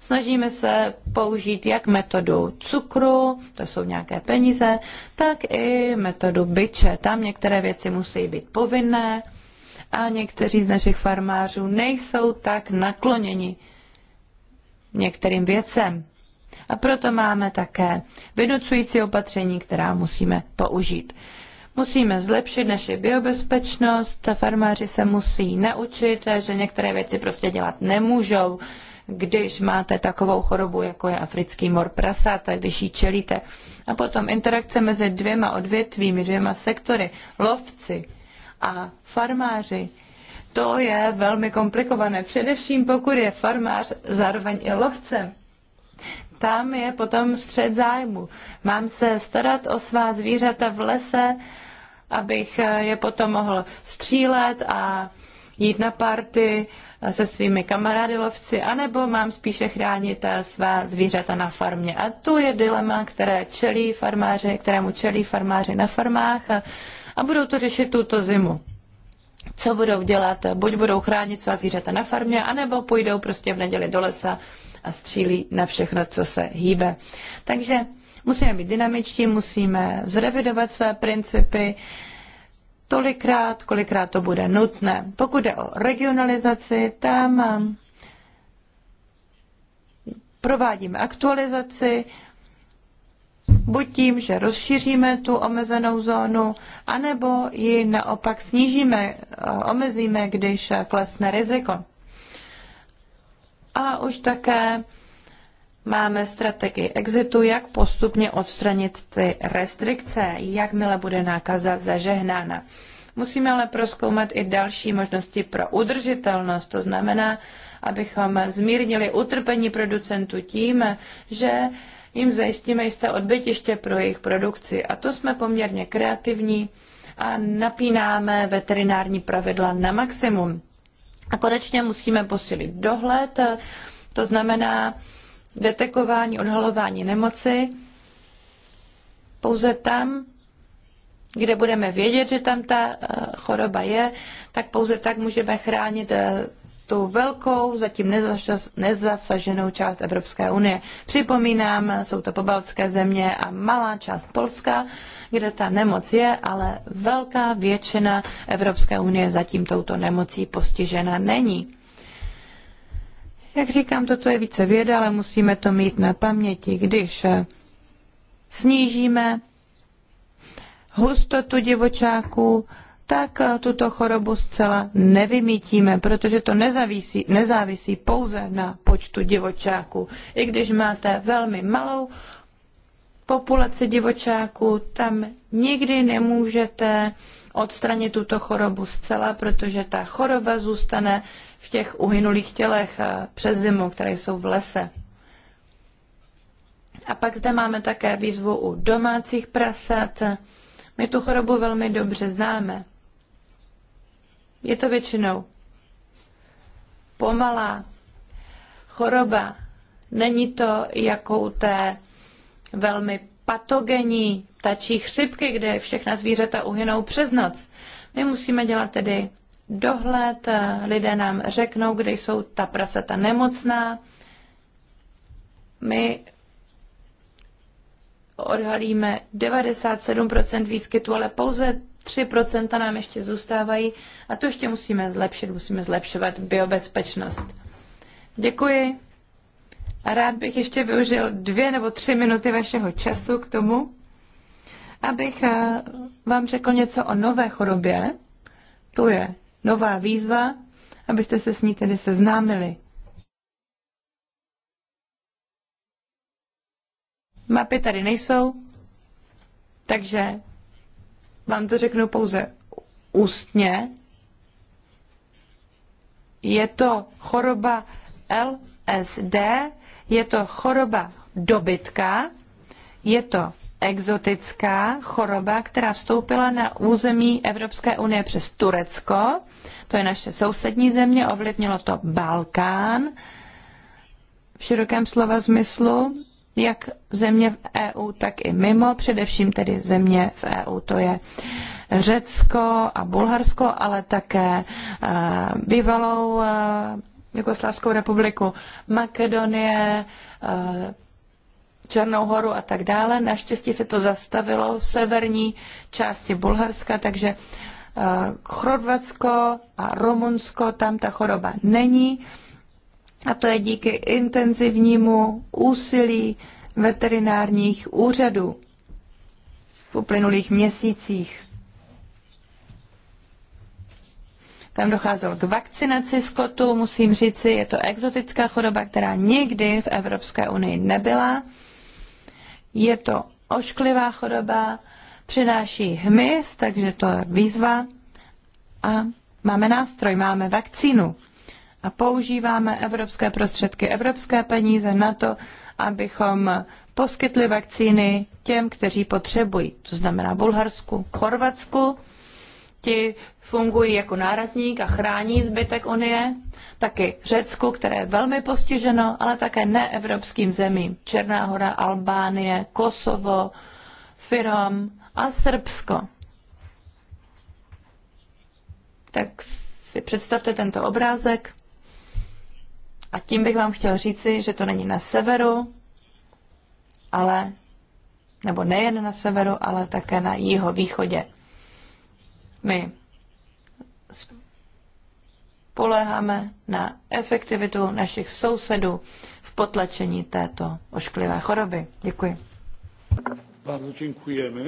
Speaker 2: Snažíme se použít jak metodu cukru, to jsou nějaké peníze, tak i metodu byče. Tam některé věci musí být povinné a někteří z našich farmářů nejsou tak nakloněni některým věcem. A proto máme také vynucující opatření, která musíme použít. Musíme zlepšit naši biobezpečnost, farmáři se musí naučit, že některé věci prostě dělat nemůžou, když máte takovou chorobu, jako je africký mor prasata, když ji čelíte. A potom interakce mezi dvěma odvětvími, dvěma sektory, lovci a farmáři. To je velmi komplikované, především pokud je farmář zároveň i lovcem tam je potom střed zájmu. Mám se starat o svá zvířata v lese, abych je potom mohl střílet a jít na party se svými kamarády lovci, anebo mám spíše chránit svá zvířata na farmě. A tu je dilema, které čelí farmáři, kterému čelí farmáři na farmách a, a budou to řešit tuto zimu. Co budou dělat? Buď budou chránit svá zvířata na farmě, anebo půjdou prostě v neděli do lesa a střílí na všechno, co se hýbe. Takže musíme být dynamičtí, musíme zrevidovat své principy, tolikrát, kolikrát to bude nutné. Pokud jde o regionalizaci, tam um, provádíme aktualizaci, buď tím, že rozšíříme tu omezenou zónu, anebo ji naopak snížíme, uh, omezíme, když uh, klesne riziko a už také máme strategii exitu, jak postupně odstranit ty restrikce, jakmile bude nákaza zažehnána. Musíme ale proskoumat i další možnosti pro udržitelnost, to znamená, abychom zmírnili utrpení producentů tím, že jim zajistíme jisté odbytiště pro jejich produkci. A to jsme poměrně kreativní a napínáme veterinární pravidla na maximum. A konečně musíme posílit dohled, to znamená detekování, odhalování nemoci pouze tam, kde budeme vědět, že tam ta eh, choroba je, tak pouze tak můžeme chránit eh, tu velkou, zatím nezasaženou část Evropské unie. Připomínám, jsou to pobaltské země a malá část Polska, kde ta nemoc je, ale velká většina Evropské unie zatím touto nemocí postižena není. Jak říkám, toto je více věda, ale musíme to mít na paměti. Když eh, snížíme hustotu divočáků, tak eh, tuto chorobu zcela nevymítíme, protože to nezávisí, nezávisí pouze na počtu divočáků. I když máte velmi malou populaci divočáků, tam nikdy nemůžete odstranit tuto chorobu zcela, protože ta choroba zůstane v těch uhynulých tělech eh, přes zimu, které jsou v lese. A pak zde máme také výzvu u domácích prasat. My tu chorobu velmi dobře známe je to většinou pomalá choroba. Není to jako u té velmi patogenní tačí chřipky, kde všechna zvířata uhynou přes noc. My musíme dělat tedy dohled, lidé nám řeknou, kde jsou ta prasata nemocná. My odhalíme 97% výskytu, ale pouze 3% nám ještě zůstávají a to ještě musíme zlepšit, musíme zlepšovat biobezpečnost. Děkuji. A rád bych ještě využil dvě nebo tři minuty vašeho času k tomu, abych eh, vám řekl něco o nové chorobě. Tu je nová výzva, abyste se s ní tedy seznámili. Mapy tady nejsou, takže vám to řeknu pouze ústně, je to choroba LSD, je to choroba dobytka, je to exotická choroba, která vstoupila na území Evropské unie přes Turecko, to je naše sousední země, ovlivnilo to Balkán v širokém slova smyslu jak země v EU, tak i mimo, především tedy země v EU, to je Řecko a Bulharsko, ale také eh, bývalou eh, Jugoslávskou republiku, Makedonie, eh, Černou horu a tak dále. Naštěstí se to zastavilo v severní části Bulharska, takže Chorvatsko a Rumunsko, tam ta choroba není. A to je díky intenzivnímu úsilí veterinárních úřadů v uplynulých měsících. Tam docházelo k vakcinaci skotu, musím říci, je to exotická choroba, která nikdy v Evropské unii nebyla. Je to ošklivá choroba, přináší hmyz, takže to je výzva. A máme nástroj, máme vakcínu a používáme evropské prostředky, evropské peníze na to, abychom poskytli vakcíny těm, kteří potřebují. To znamená Bulharsku, Chorvatsku. Ti fungují jako nárazník a chrání zbytek Unie. Taky Řecku, které je velmi postiženo, ale také neevropským zemím. Černá hora, Albánie, Kosovo, Firom a Srbsko. Tak si představte tento obrázek. A tím bych vám chtěl říci, že to není na severu, ale, nebo nejen na severu, ale také na jeho východě. My poléháme na efektivitu našich sousedů v potlačení této ošklivé choroby. Děkuji.
Speaker 1: Bardzo děkujeme.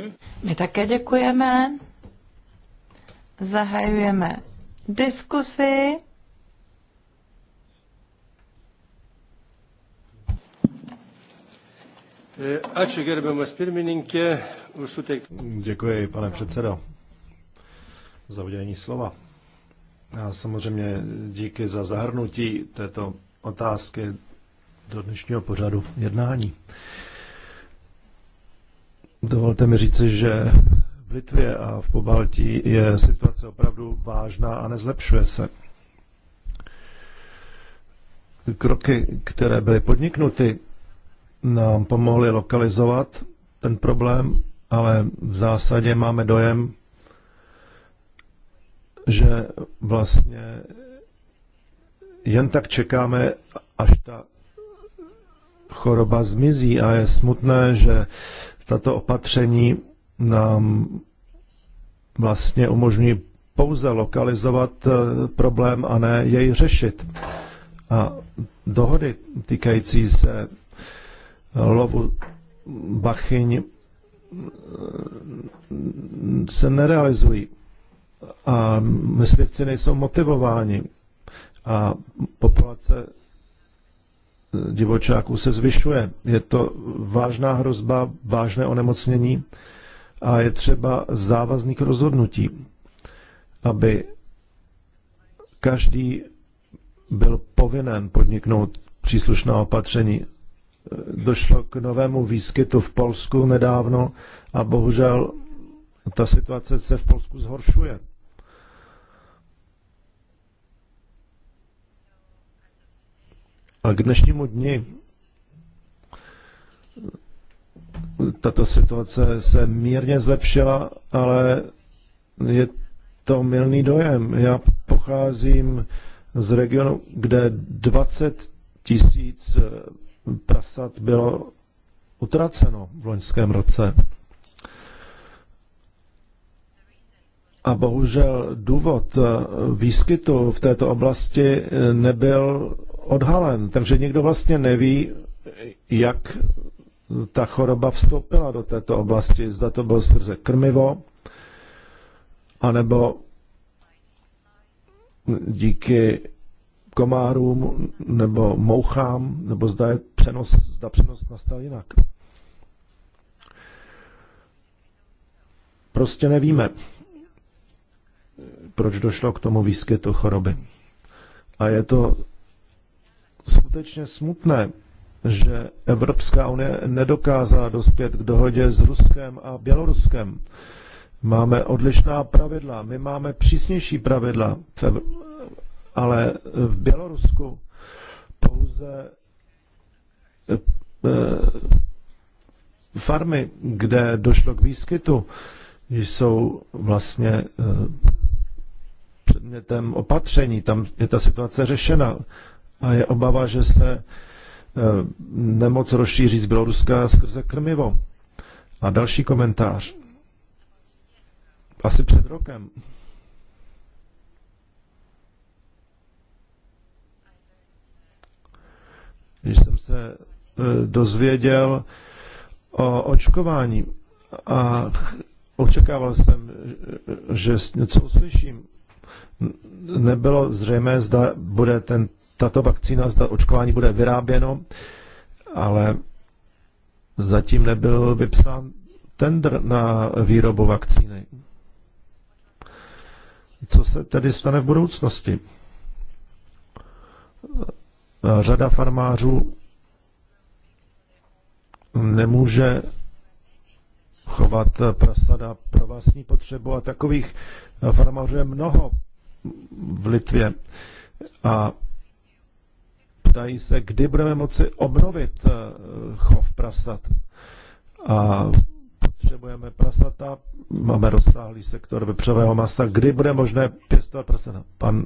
Speaker 1: My
Speaker 2: také děkujeme. Zahajujeme diskusi.
Speaker 1: E, ačiū gerbiamas pirmininkė už suteiktą. Děkuji, pane předsedo, za udělení slova. A samozřejmě díky za zahrnutí této otázky do dnešního pořadu jednání. Dovolte mi říci, že v Litvě a v Pobaltí je situace opravdu vážná a nezlepšuje se. Kroky, které byly podniknuty nám pomohli lokalizovat ten problém, ale v zásadě máme dojem, že vlastně jen tak čekáme, až ta choroba zmizí a je smutné, že tato opatření nám vlastně umožní pouze lokalizovat eh, problém a ne jej řešit. A dohody týkající se lovu bachyň eh, se nerealizují a myslivci nejsou motivováni a populace eh, divočáků se zvyšuje. Je to vážná hrozba, vážné onemocnění a je třeba závazných rozhodnutí, aby každý byl povinen podniknout příslušná opatření došlo k novému výskytu v Polsku nedávno a bohužel ta situace se v Polsku zhoršuje. A k dnešnímu dni tato situace se mírně zlepšila, ale je to milný dojem. Já pocházím z regionu, kde 20 tisíc prasat bylo utraceno v loňském roce. A bohužel důvod eh, výskytu v této oblasti nebyl odhalen, takže nikdo vlastně neví, jak ta choroba vstoupila do této oblasti. Zda to bylo skrze krmivo, anebo díky komárům nebo mouchám, nebo zda je přenos, zda přenos nastal jinak. Prostě nevíme, proč došlo k tomu výskytu choroby. A je to skutečně smutné, že Evropská unie nedokázala dospět k dohodě s Ruskem a Běloruskem. Máme odlišná pravidla, my máme přísnější pravidla, ale v Bělorusku pouze Eh, eh, farmy, kde došlo k výskytu, jsou vlastně eh, předmětem opatření. Tam je ta situace řešena a je obava, že se nemoc rozšíří z Běloruska skrze krmivo. A další komentář. Asi před rokem. Když jsem se Eh, dozvěděl o očkování a očekával jsem, že něco uslyším. Nebylo zřejmé, zda bude ten, tato vakcína, zda očkování bude vyráběno, ale zatím nebyl vypsán tender na výrobu vakcíny. Co se tedy stane v budoucnosti? Řada farmářů nemůže chovat prasada pro vlastní potřebu a takových farmářů je mnoho v Litvě. A ptají se, kdy budeme moci obnovit eh, chov prasat. A potřebujeme prasata, máme rozsáhlý sektor vepřového masa, kdy bude možné pěstovat prasata? Pan,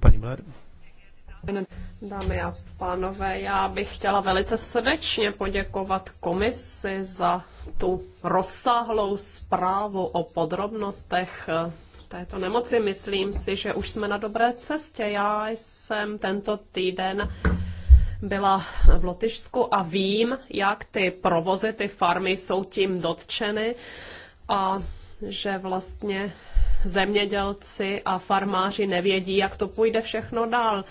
Speaker 1: paní Mler?
Speaker 4: Dámy a pánové, já bych chtěla velice srdečně poděkovat komisi za tu rozsáhlou zprávu o podrobnostech eh, této nemoci. Myslím si, že už jsme na dobré cestě. Já jsem tento týden byla v Lotyšsku a vím, jak ty provozy, ty farmy jsou tím dotčeny a že vlastně zemědělci a farmáři nevědí, jak to půjde všechno dál.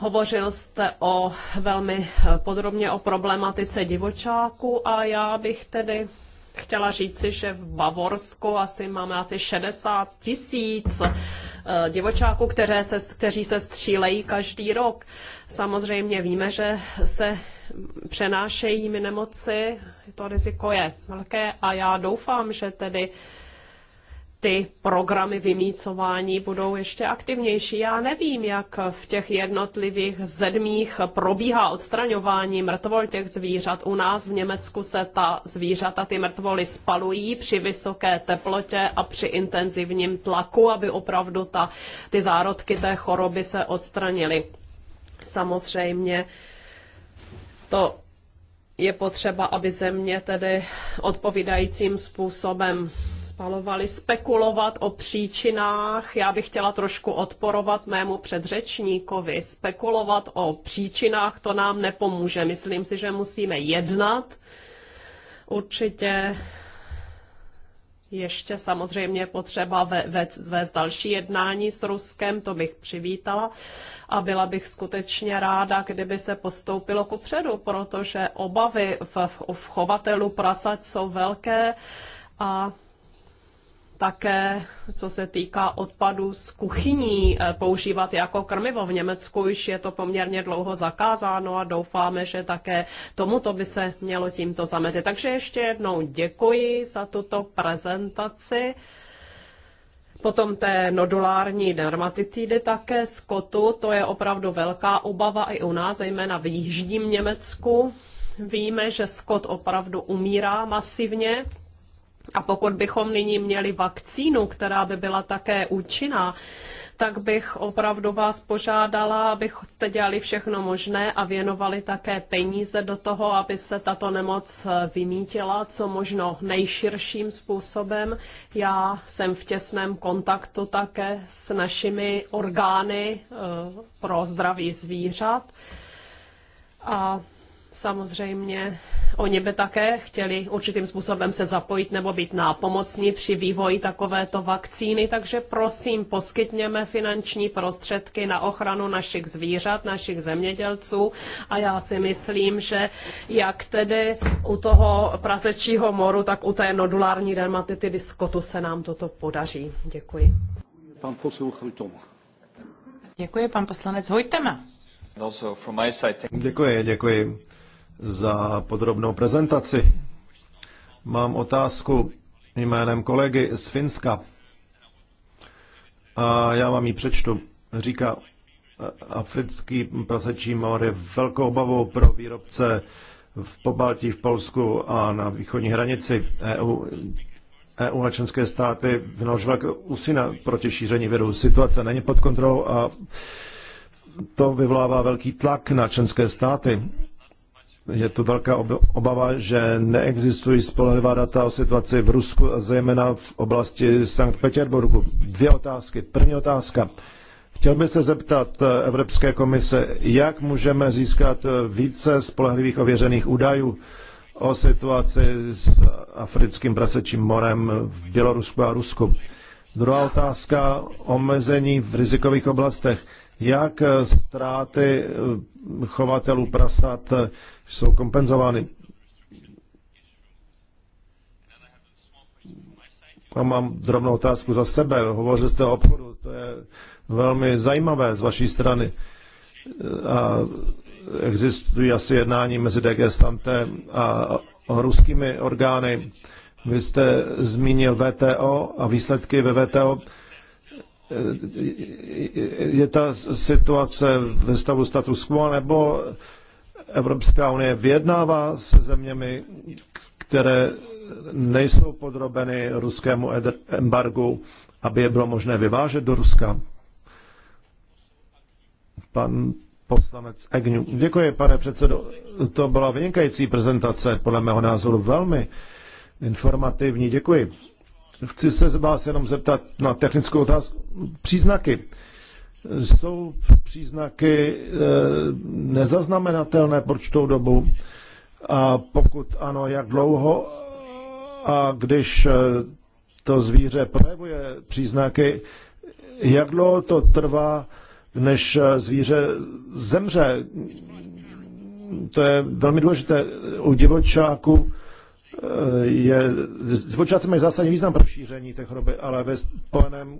Speaker 4: Hovořil jste o velmi eh, podrobně o problematice divočáku a já bych tedy chtěla říci, že v Bavorsku asi máme asi 60 tisíc eh, divočáků, které se, kteří se střílejí každý rok. Samozřejmě víme, že se přenášejí mi nemoci, to riziko je velké a já doufám, že tedy ty programy vymícování budou ještě aktivnější. Já nevím, jak v těch jednotlivých zemích probíhá odstraňování mrtvol těch zvířat. U nás v Německu se ta zvířata, ty mrtvoly spalují při vysoké teplotě a při intenzivním tlaku, aby opravdu ta, ty zárodky té choroby se odstranily. Samozřejmě to je potřeba, aby země tedy odpovídajícím způsobem plánovali spekulovat o příčinách. Já bych chtěla trošku odporovat mému předřečníkovi. Spekulovat o příčinách to nám nepomůže. Myslím si, že musíme jednat. Určitě ještě samozřejmě potřeba vést další jednání s Ruskem, to bych přivítala a byla bych skutečně ráda, kdyby se postoupilo ku předu, protože obavy v, v chovatelů prasat jsou velké a také, co se týká odpadu z kuchyní, eh, používat jako krmivo. V Německu už je to poměrně dlouho zakázáno a doufáme, že také tomuto by se mělo tímto zamezit. Takže ještě jednou děkuji za tuto prezentaci. Potom té nodulární dermatitidy také z kotu, to je opravdu velká obava i u nás, zejména v jižním Německu. Víme, že skot opravdu umírá masivně, a pokud bychom nyní měli vakcínu, která by byla také účinná, tak bych opravdu vás požádala, abyste dělali všechno možné a věnovali také peníze do toho, aby se tato nemoc vymítila co možno nejširším způsobem. Já jsem v těsném kontaktu také s našimi orgány eh, pro zdraví zvířat. A Samozřejmě oni by také chtěli určitým způsobem se zapojit nebo být nápomocní při vývoji takovéto vakcíny, takže prosím, poskytněme finanční prostředky na ochranu našich zvířat, našich zemědělců a já si myslím, že jak tedy u toho prasečího moru, tak u té nodulární dermatitidy skotu se nám toto podaří. Děkuji.
Speaker 1: Pan poslanec Hojtema.
Speaker 4: Děkuji, pan poslanec Hojtema.
Speaker 1: Děkuji, děkuji za podrobnou prezentaci. Mám otázku jménem kolegy z Finska. A já vám ji přečtu. Říká, africký prasečí mor je velkou obavou pro výrobce v Pobaltí, v Polsku a na východní hranici EU. EU a členské státy vynaložila úsilí proti šíření viru. Situace není pod kontrolou a to vyvolává velký tlak na členské státy je tu velká obava, že neexistují spolehlivá data o situaci v Rusku, zejména v oblasti Sankt Petersburgu. Dvě otázky. První otázka. Chtěl bych se zeptat eh, Evropské komise, jak můžeme získat eh, více spolehlivých ověřených údajů o situaci s africkým prasečím morem v Bělorusku a Rusku. Druhá otázka, omezení v rizikových oblastech jak eh, ztráty eh, chovatelů prasat eh, jsou kompenzovány. A mám drobnou otázku za sebe. Hovořil jste o obchodu, to je velmi zajímavé z vaší strany. A existují asi jednání mezi DG Sante a ruskými orgány. Vy jste zmínil VTO a výsledky ve VTO. Eh, je ta situace ve stavu status quo, nebo Evropská unie vyjednává se zeměmi, které nejsou podrobeny ruskému embargu, aby je bylo možné vyvážet do Ruska. Pan poslanec Egnu. Děkuji, pane předsedo. To byla vynikající prezentace, podle mého názoru velmi informativní. Děkuji. Chci se vás jenom zeptat na technickou otázku. Příznaky. Jsou příznaky eh, nezaznamenatelné po určitou dobu? A pokud ano, jak dlouho? A když eh, to zvíře projevuje příznaky, jak dlouho to trvá, než eh, zvíře zemře? To je velmi důležité. U divočáku Eh, je, divočáci mají zásadní význam pro šíření té choroby, ale ve Spojeném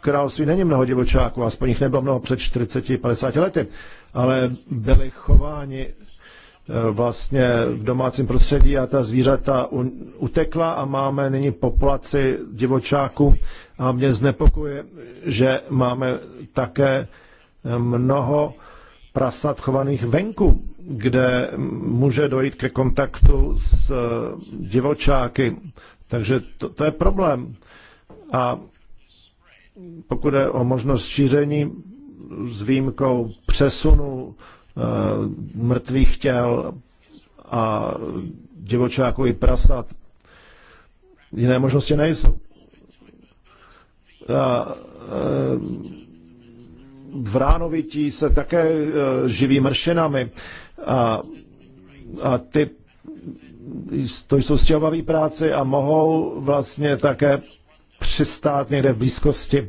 Speaker 1: království není mnoho divočáků, aspoň jich nebylo mnoho před 40-50 lety, ale byli chováni eh, vlastně v domácím prostředí a ta zvířata utekla a máme nyní populaci divočáků a mě znepokuje, že máme také eh, mnoho prasat chovaných venku kde může dojít ke kontaktu s eh, divočáky. Takže to, to je problém. A pokud je o možnost šíření s výjimkou přesunu e, mrtvých těl a divočáků i prasat, jiné možnosti nejsou. A, e, v ránovití se také živí mršinami a, a ty to jsou stěhovavý práci a mohou vlastně také přistát někde v blízkosti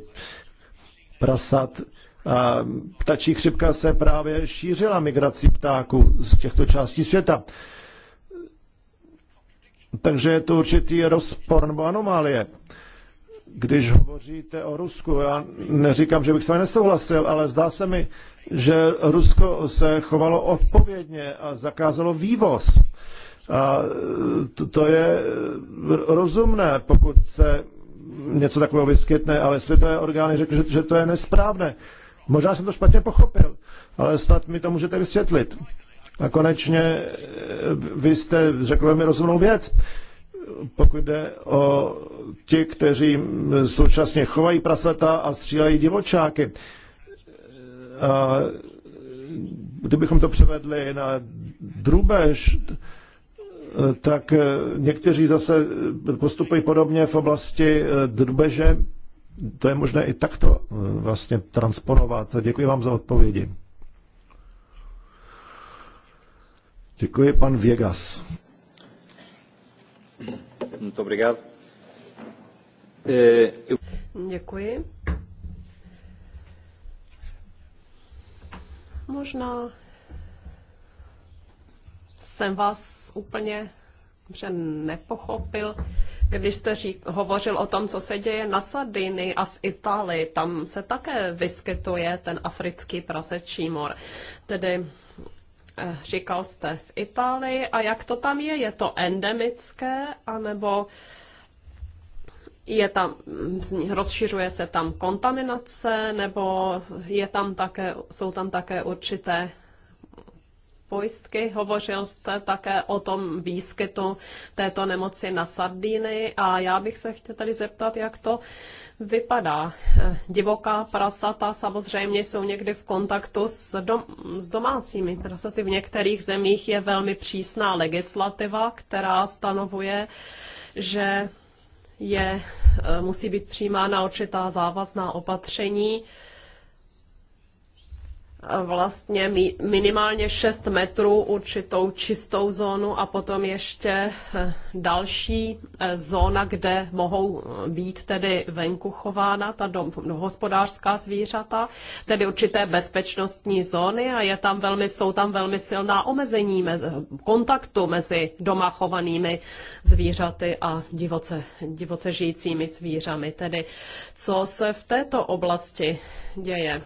Speaker 1: prasat. A ptačí chřipka se právě šířila migrací ptáků z těchto částí světa. Takže je to určitý rozpor nebo anomálie. Když hovoříte o Rusku, já neříkám, že bych s vámi nesouhlasil, ale zdá se mi, že Rusko se chovalo odpovědně a zakázalo vývoz. A to je rozumné, pokud se něco takového vyskytne, ale světové orgány řekly, že to je nesprávné. Možná jsem to špatně pochopil, ale snad mi to můžete vysvětlit. A konečně vy jste řekl velmi rozumnou věc. Pokud jde o ti, kteří současně chovají prasata a střílejí divočáky, kdybychom to převedli na drubež, tak někteří zase postupují podobně v oblasti drubeže. To je možné i takto e, vlastně transponovat. Děkuji vám za odpovědi. Děkuji, pan Věgas. Eh,
Speaker 4: Děkuji. Možná jsem vás úplně že nepochopil, když jste řík, hovořil o tom, co se děje na Sardinii a v Itálii. Tam se také vyskytuje ten africký prasečí mor. Tedy eh, říkal jste v Itálii a jak to tam je? Je to endemické anebo je tam, rozšiřuje se tam kontaminace, nebo je tam také, jsou tam také určité pojistky. Hovořil jste také o tom výskytu této nemoci na Sardíny a já bych se chtěl tady zeptat, jak to vypadá. Divoká prasata samozřejmě jsou někdy v kontaktu s, dom- s domácími prasaty. V některých zemích je velmi přísná legislativa, která stanovuje, že je, e, musí být přijímána určitá závazná opatření, vlastně minimálně 6 metrů určitou čistou zónu a potom ještě eh, další eh, zóna, kde mohou být tedy venku chována ta dom, hospodářská zvířata, tedy určité bezpečnostní zóny a je tam velmi, jsou tam velmi silná omezení mezi, kontaktu mezi doma chovanými zvířaty a divoce, divoce žijícími zvířami. Tedy co se v této oblasti děje?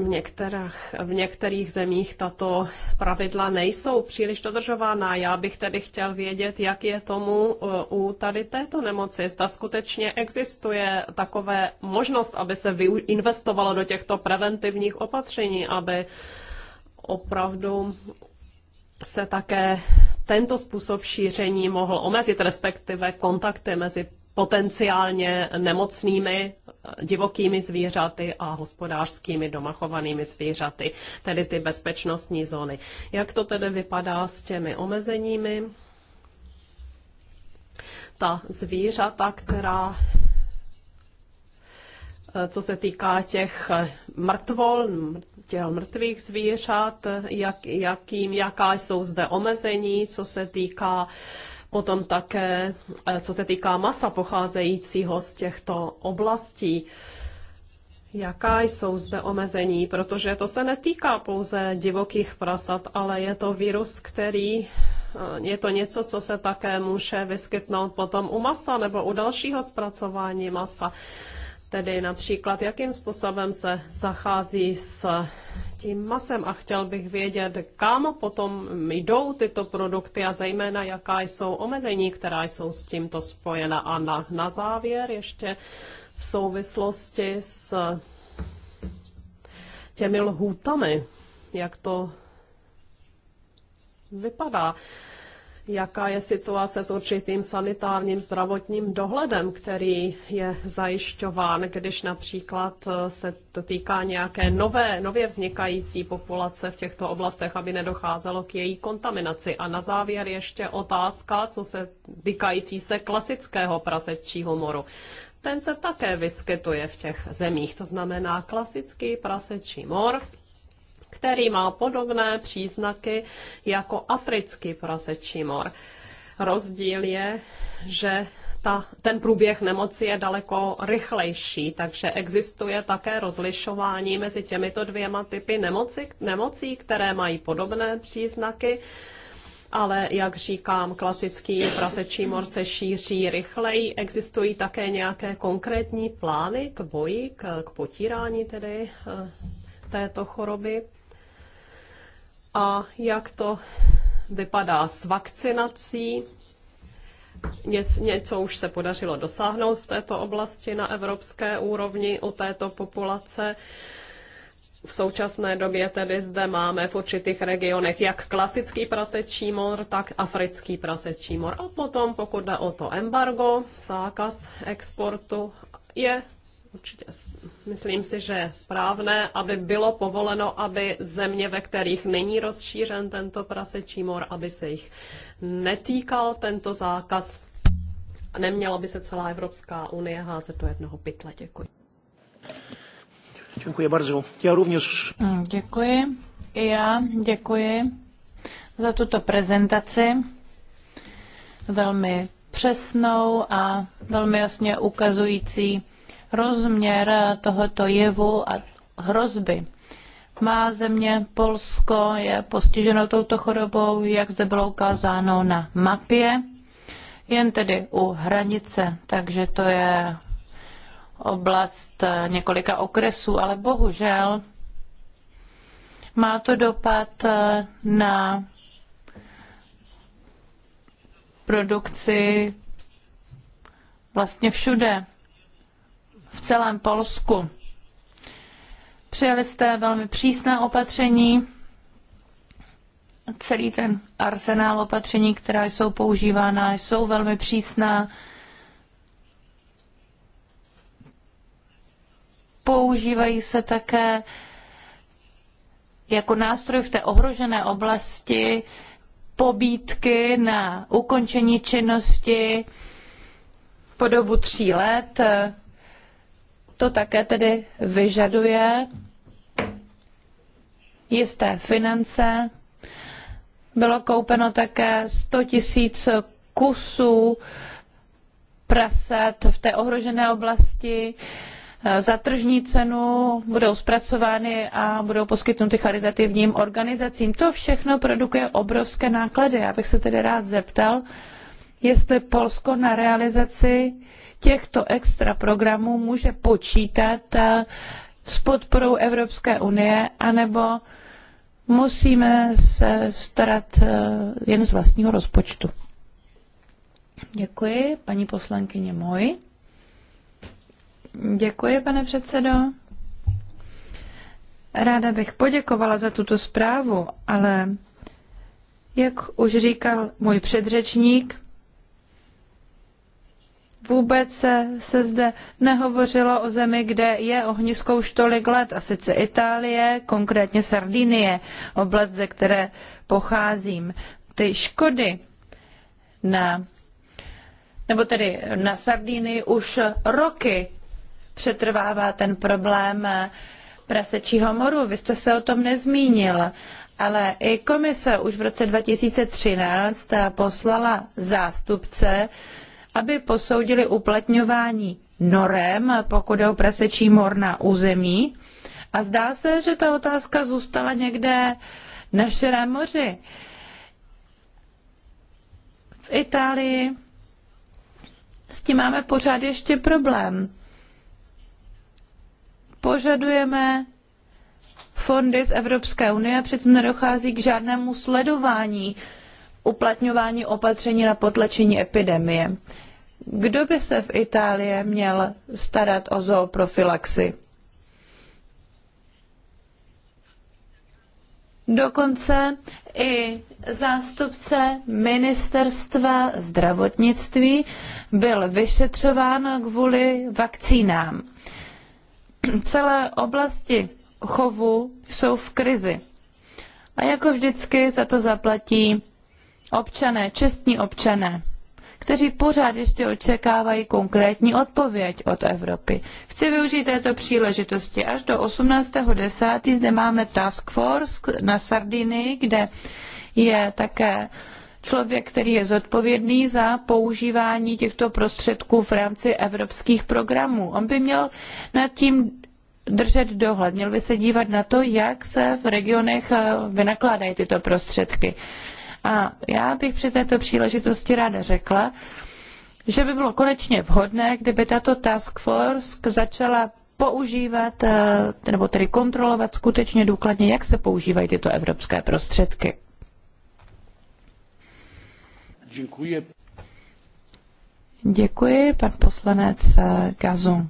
Speaker 4: v některých, v některých zemích tato pravidla nejsou příliš dodržována. Já bych tedy chtěl vědět, jak je tomu eh, u tady této nemoci. Zda skutečně existuje takové možnost, aby se investovalo do těchto preventivních opatření, aby opravdu se také tento způsob šíření mohl omezit, respektive kontakty mezi potenciálně nemocnými eh, divokými zvířaty a hospodářskými domachovanými zvířaty, tedy ty bezpečnostní zóny. Jak to tedy vypadá s těmi omezeními? Ta zvířata, která eh, co se týká těch eh, mrtvol, těch mrtvých zvířat, jak, jakým, jaká jsou zde omezení, co se týká uh, Potom také, eh, co se týká masa pocházejícího z těchto oblastí, Jaká jsou zde omezení? Protože to se netýká pouze divokých prasat, ale je to virus, který eh, je to něco, co se také může vyskytnout potom u masa nebo u dalšího zpracování masa tedy například jakým způsobem se zachází s tím masem a chtěl bych vědět, kam potom jdou tyto produkty a zejména jaká jsou omezení, která jsou s tímto spojena. A na, na závěr ještě v souvislosti s těmi lhůtami, jak to vypadá jaká je situace s určitým sanitárním zdravotním dohledem, který je zajišťován, když například eh, se to týká nějaké nové, nově vznikající populace v těchto oblastech, aby nedocházelo k její kontaminaci. A na závěr ještě otázka, co se týkající se klasického prasečího moru. Ten se také vyskytuje v těch zemích, to znamená klasický prasečí mor který má podobné příznaky jako africký prasečí mor. Rozdíl je, že ta, ten průběh nemoci je daleko rychlejší, takže existuje také rozlišování mezi těmito dvěma typy nemoci, nemocí, které mají podobné příznaky ale jak říkám, klasický prasečí mor se šíří rychleji. Existují také nějaké konkrétní plány k boji, k, k potírání tedy eh, této choroby? A jak to vypadá s vakcinací? Něco, něco už se podařilo dosáhnout v této oblasti na evropské úrovni u této populace. V současné době tedy zde máme v určitých regionech jak klasický prasečí mor, tak africký prasečí mor. A potom, pokud jde o to embargo, zákaz exportu, je Určitě myslím si, že je správné, aby bylo povoleno, aby země, ve kterých není rozšířen tento prasečí mor, aby se jich netýkal tento zákaz. A neměla by se celá Evropská unie házet do jednoho pytle. Děkuji.
Speaker 1: Děkuji bardzo. Já rovněž. Mm,
Speaker 2: děkuji. I já děkuji za tuto prezentaci. Velmi přesnou a velmi jasně ukazující rozměr tohoto jevu a hrozby. Má země Polsko je postiženo touto chorobou, jak zde bylo ukázáno na mapě, jen tedy u hranice, takže to je oblast několika okresů, ale bohužel má to dopad na produkci vlastně všude v celém Polsku. Přijali jste velmi přísná opatření, celý ten arzenál opatření, která jsou používána, jsou velmi přísná. Používají se také jako nástroj v té ohrožené oblasti pobídky na ukončení činnosti po dobu tří let. To také tedy vyžaduje jisté finance. Bylo koupeno také 100 tisíc kusů prasat v té ohrožené oblasti za tržní cenu, budou zpracovány a budou poskytnuty charitativním organizacím. To všechno produkuje obrovské náklady. Já bych se tedy rád zeptal, jestli Polsko na realizaci těchto extra programů může počítat eh, s podporou Evropské unie, anebo musíme se starat eh, jen z vlastního rozpočtu. Děkuji, paní poslankyně Moj. Děkuji, pane předsedo. Ráda bych poděkovala za tuto zprávu, ale jak už říkal můj předřečník, Vůbec se zde nehovořilo o zemi, kde je ohnisko už tolik let, a sice Itálie, konkrétně Sardinie, oblast, ze které pocházím. Ty škody na, nebo tedy na Sardínii už roky přetrvává ten problém eh, prasečího moru. Vy jste se o tom nezmínil, ale i komise už v roce 2013 poslala zástupce aby posoudili uplatňování norem, pokud je o prasečí mor na území. A zdá se, že ta otázka zůstala někde na širém moři. V Itálii s tím máme pořád ještě problém. Požadujeme fondy z Evropské unie, přitom nedochází k žádnému sledování uplatňování opatření na potlačení epidemie. Kdo by se v Itálii měl starat o zooprofilaxi? Dokonce i zástupce ministerstva zdravotnictví byl vyšetřován kvůli vakcínám. Celé oblasti chovu jsou v krizi. A jako vždycky za to zaplatí občané, čestní občané, kteří pořád ještě očekávají konkrétní odpověď od Evropy. Chci využít této příležitosti. Až do 18.10. zde máme Task Force na Sardinii, kde je také člověk, který je zodpovědný za používání těchto prostředků v rámci evropských programů. On by měl nad tím držet dohled, měl by se dívat na to, jak se v regionech eh, vynakládají tyto prostředky. A já bych při této příležitosti ráda řekla, že by bylo konečně vhodné, kdyby tato task force začala používat, eh, nebo tedy kontrolovat skutečně důkladně, jak se používají tyto evropské prostředky.
Speaker 5: Děkuji.
Speaker 2: Děkuji, pan poslanec eh, Gazon.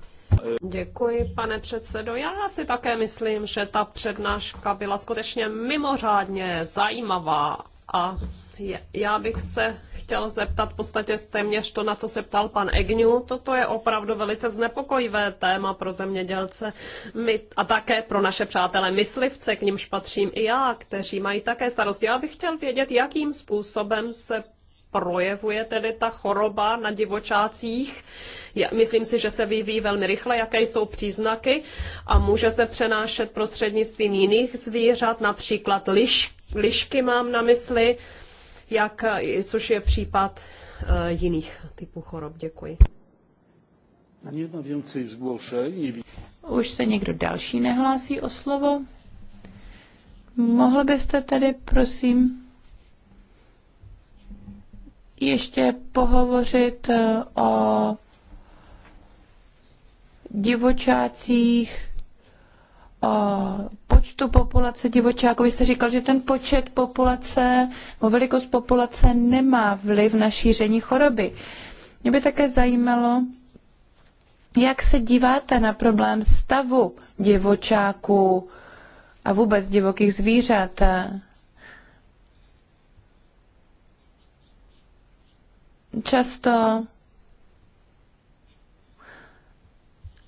Speaker 4: Děkuji, pane předsedo. Já si také myslím, že ta přednáška byla skutečně mimořádně zajímavá a já bych se chtěl zeptat v podstatě téměř to, na co se ptal pan Egňu. Toto je opravdu velice znepokojivé téma pro zemědělce my, a také pro naše přátelé myslivce, k nimž patřím i já, kteří mají také starosti. Já bych chtěl vědět, jakým způsobem se projevuje tedy ta choroba na divočácích. Já myslím si, že se vyvíjí velmi rychle, jaké jsou příznaky a může se přenášet prostřednictvím jiných zvířat, například lišky lišky mám na mysli, jak, což je případ eh, jiných typů chorob. Děkuji.
Speaker 1: Už se někdo další
Speaker 4: nehlásí o slovo?
Speaker 2: Mohl byste tedy, prosím, ještě pohovořit eh, o divočácích počtu populace divočáků. Vy jste říkal, že ten počet populace, o velikost populace nemá vliv na šíření choroby. Mě by také zajímalo, jak se díváte na problém stavu divočáků a vůbec divokých zvířat? Často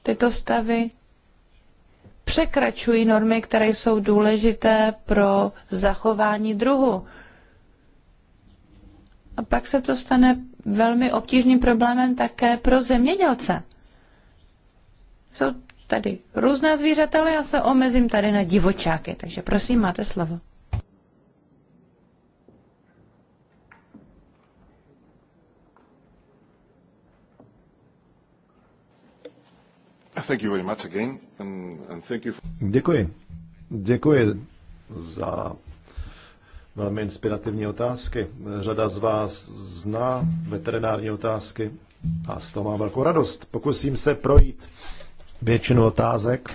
Speaker 2: tyto stavy překračují normy, které jsou důležité pro zachování druhu. A pak se to stane velmi obtížným problémem také pro zemědělce. Jsou tady různá zvířata, ale já se omezím tady na divočáky, takže prosím, máte slovo.
Speaker 1: Děkuji. Děkuji za velmi inspirativní otázky. Řada z vás zná veterinární otázky a z toho mám velkou radost. Pokusím se projít většinu otázek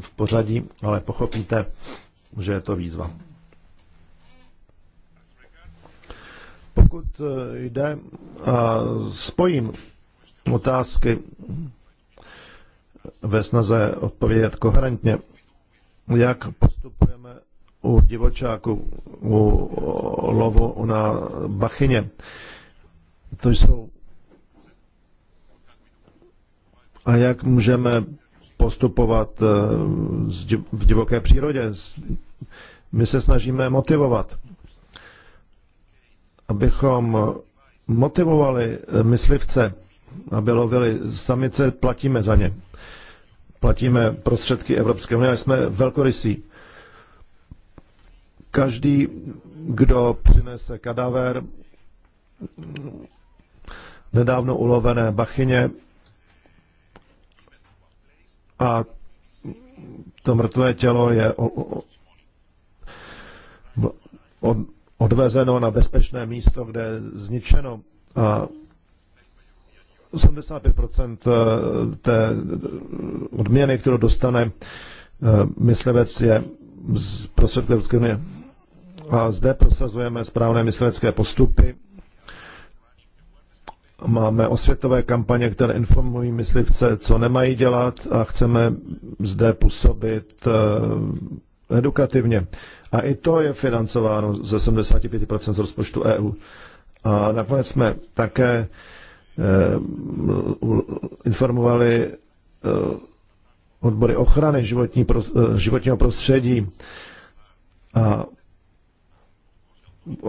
Speaker 1: v pořadí, ale pochopíte, že je to výzva. Pokud jde a spojím otázky ve snaze odpovědět koherentně. Jak postupujeme u divočáku, u lovu na bachyně? To jsou a jak můžeme postupovat eh, v divoké přírodě. My se snažíme motivovat, abychom motivovali eh, myslivce, aby lovili samice, platíme za ně. Platíme prostředky Evropské unie jsme velkorysí. Každý, kdo přinese kadaver, nedávno ulovené bachyně a to mrtvé tělo je odvezeno na bezpečné místo, kde je zničeno a 85% eh, té odměny, kterou dostane eh, myslivec, je z prostředků Evropské unie. A zde prosazujeme správné myslivecké postupy. Máme osvětové kampaně, které informují myslivce, co nemají dělat a chceme zde působit eh, edukativně. A i to je financováno ze 75% z rozpočtu EU. A nakonec jsme také Eh, informovali eh, odbory ochrany životní, eh, životního prostředí a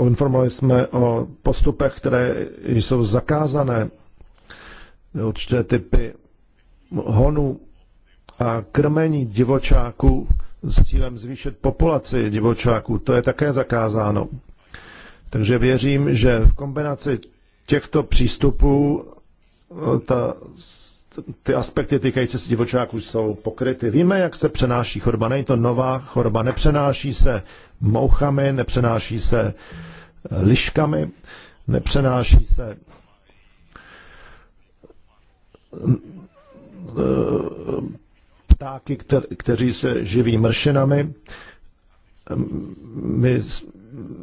Speaker 1: informovali jsme o postupech, které jsou zakázané, určité typy honu a krmení divočáků s cílem zvýšit populaci divočáků. To je také zakázáno. Takže věřím, že v kombinaci těchto přístupů eh, ta, ty aspekty týkající se divočáků jsou pokryty. Víme, jak se přenáší choroba. Není to nová choroba. Nepřenáší se mouchami, nepřenáší se eh, liškami, nepřenáší se eh, ptáky, kteří se živí mršinami. My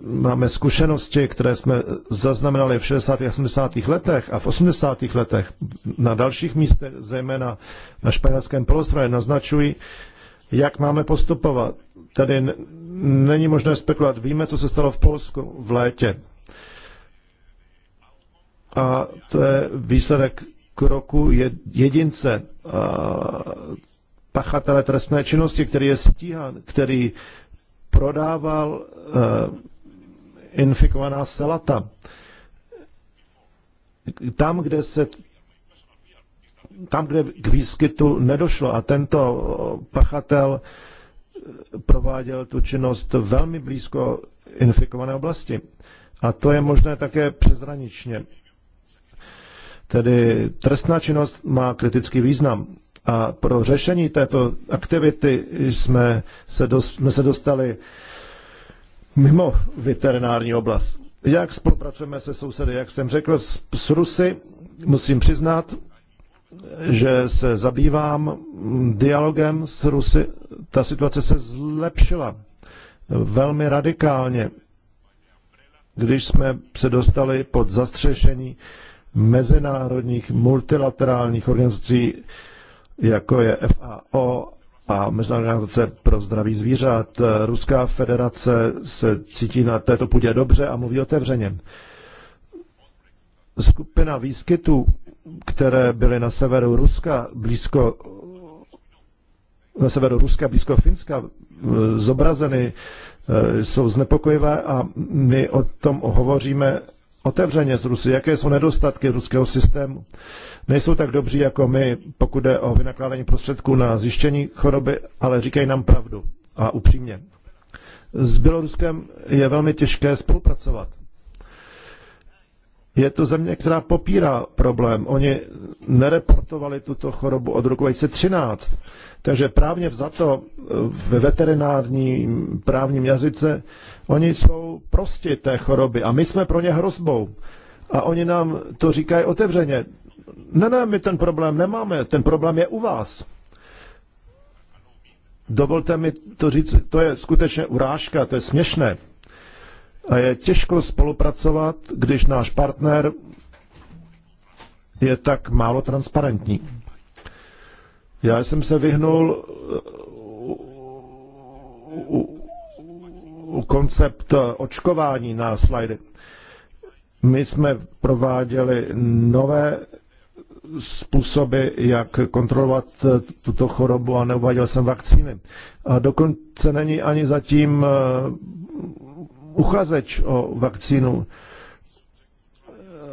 Speaker 1: máme zkušenosti, které jsme zaznamenali v 60. a 70. letech a v 80. letech na dalších místech, zejména na španělském polostrově, naznačují, jak máme postupovat. Tady není možné spekulovat. Víme, co se stalo v Polsku v létě. A to je výsledek kroku jedince, pachatele trestné činnosti, který je stíhan, který prodával eh, infikovaná selata. Tam, kde se tam, kde k výskytu nedošlo a tento pachatel eh, prováděl tu činnost velmi blízko infikované oblasti. A to je možné také přezraničně. Tedy trestná činnost má kritický význam. A pro řešení této aktivity jsme se, dost, jsme se dostali mimo veterinární oblast. Jak spolupracujeme se sousedy, jak jsem řekl, s, s Rusy, musím přiznat, že se zabývám dialogem s Rusy. Ta situace se zlepšila velmi radikálně, když jsme se dostali pod zastřešení mezinárodních multilaterálních organizací jako je FAO a Mezinárodní organizace pro zdraví zvířat. Ruská federace se cítí na této půdě dobře a mluví otevřeně. Skupina výskytů, které byly na severu Ruska, blízko na severu Ruska, blízko Finska, eh, zobrazeny, eh, jsou znepokojivé a my o tom hovoříme otevřeně s Rusy, jaké jsou nedostatky ruského systému. Nejsou tak dobří jako my, pokud jde o vynakládání prostředků na zjištění choroby, ale říkají nám pravdu a upřímně. S Běloruskem je velmi těžké spolupracovat. Je to země, která popírá problém. Oni nereportovali tuto chorobu od roku 2013. Takže právně vzato eh, ve veterinárním právním jazyce oni jsou prostě té choroby a my jsme pro ně hrozbou. A oni nám to říkají otevřeně. Ne, ne, my ten problém nemáme, ten problém je u vás. Dovolte mi to říct, to je skutečně urážka, to je směšné. A je těžko spolupracovat, když náš partner je tak málo transparentní. Já jsem se vyhnul uh, koncept očkování na slajdy. My jsme prováděli nové způsoby, jak kontrolovat tuto chorobu a neuváděl jsem vakcíny. A dokonce není ani zatím uchazeč o vakcínu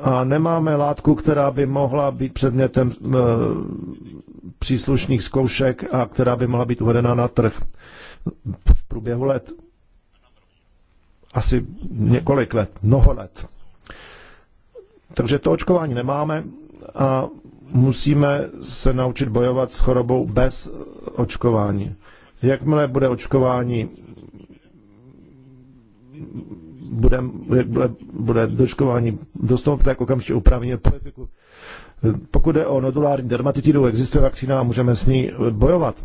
Speaker 1: a nemáme látku, která by mohla být předmětem eh, příslušných zkoušek a která by mohla být uvedena na trh v průběhu let. Asi několik let, mnoho let. Takže to očkování nemáme a musíme se naučit bojovat s chorobou bez očkování. Jakmile bude očkování bude, bude, bude doškování dostupné, tak okamžitě upravíme politiku. Pokud je o nodulární dermatitidu, existuje vakcína a můžeme s ní bojovat.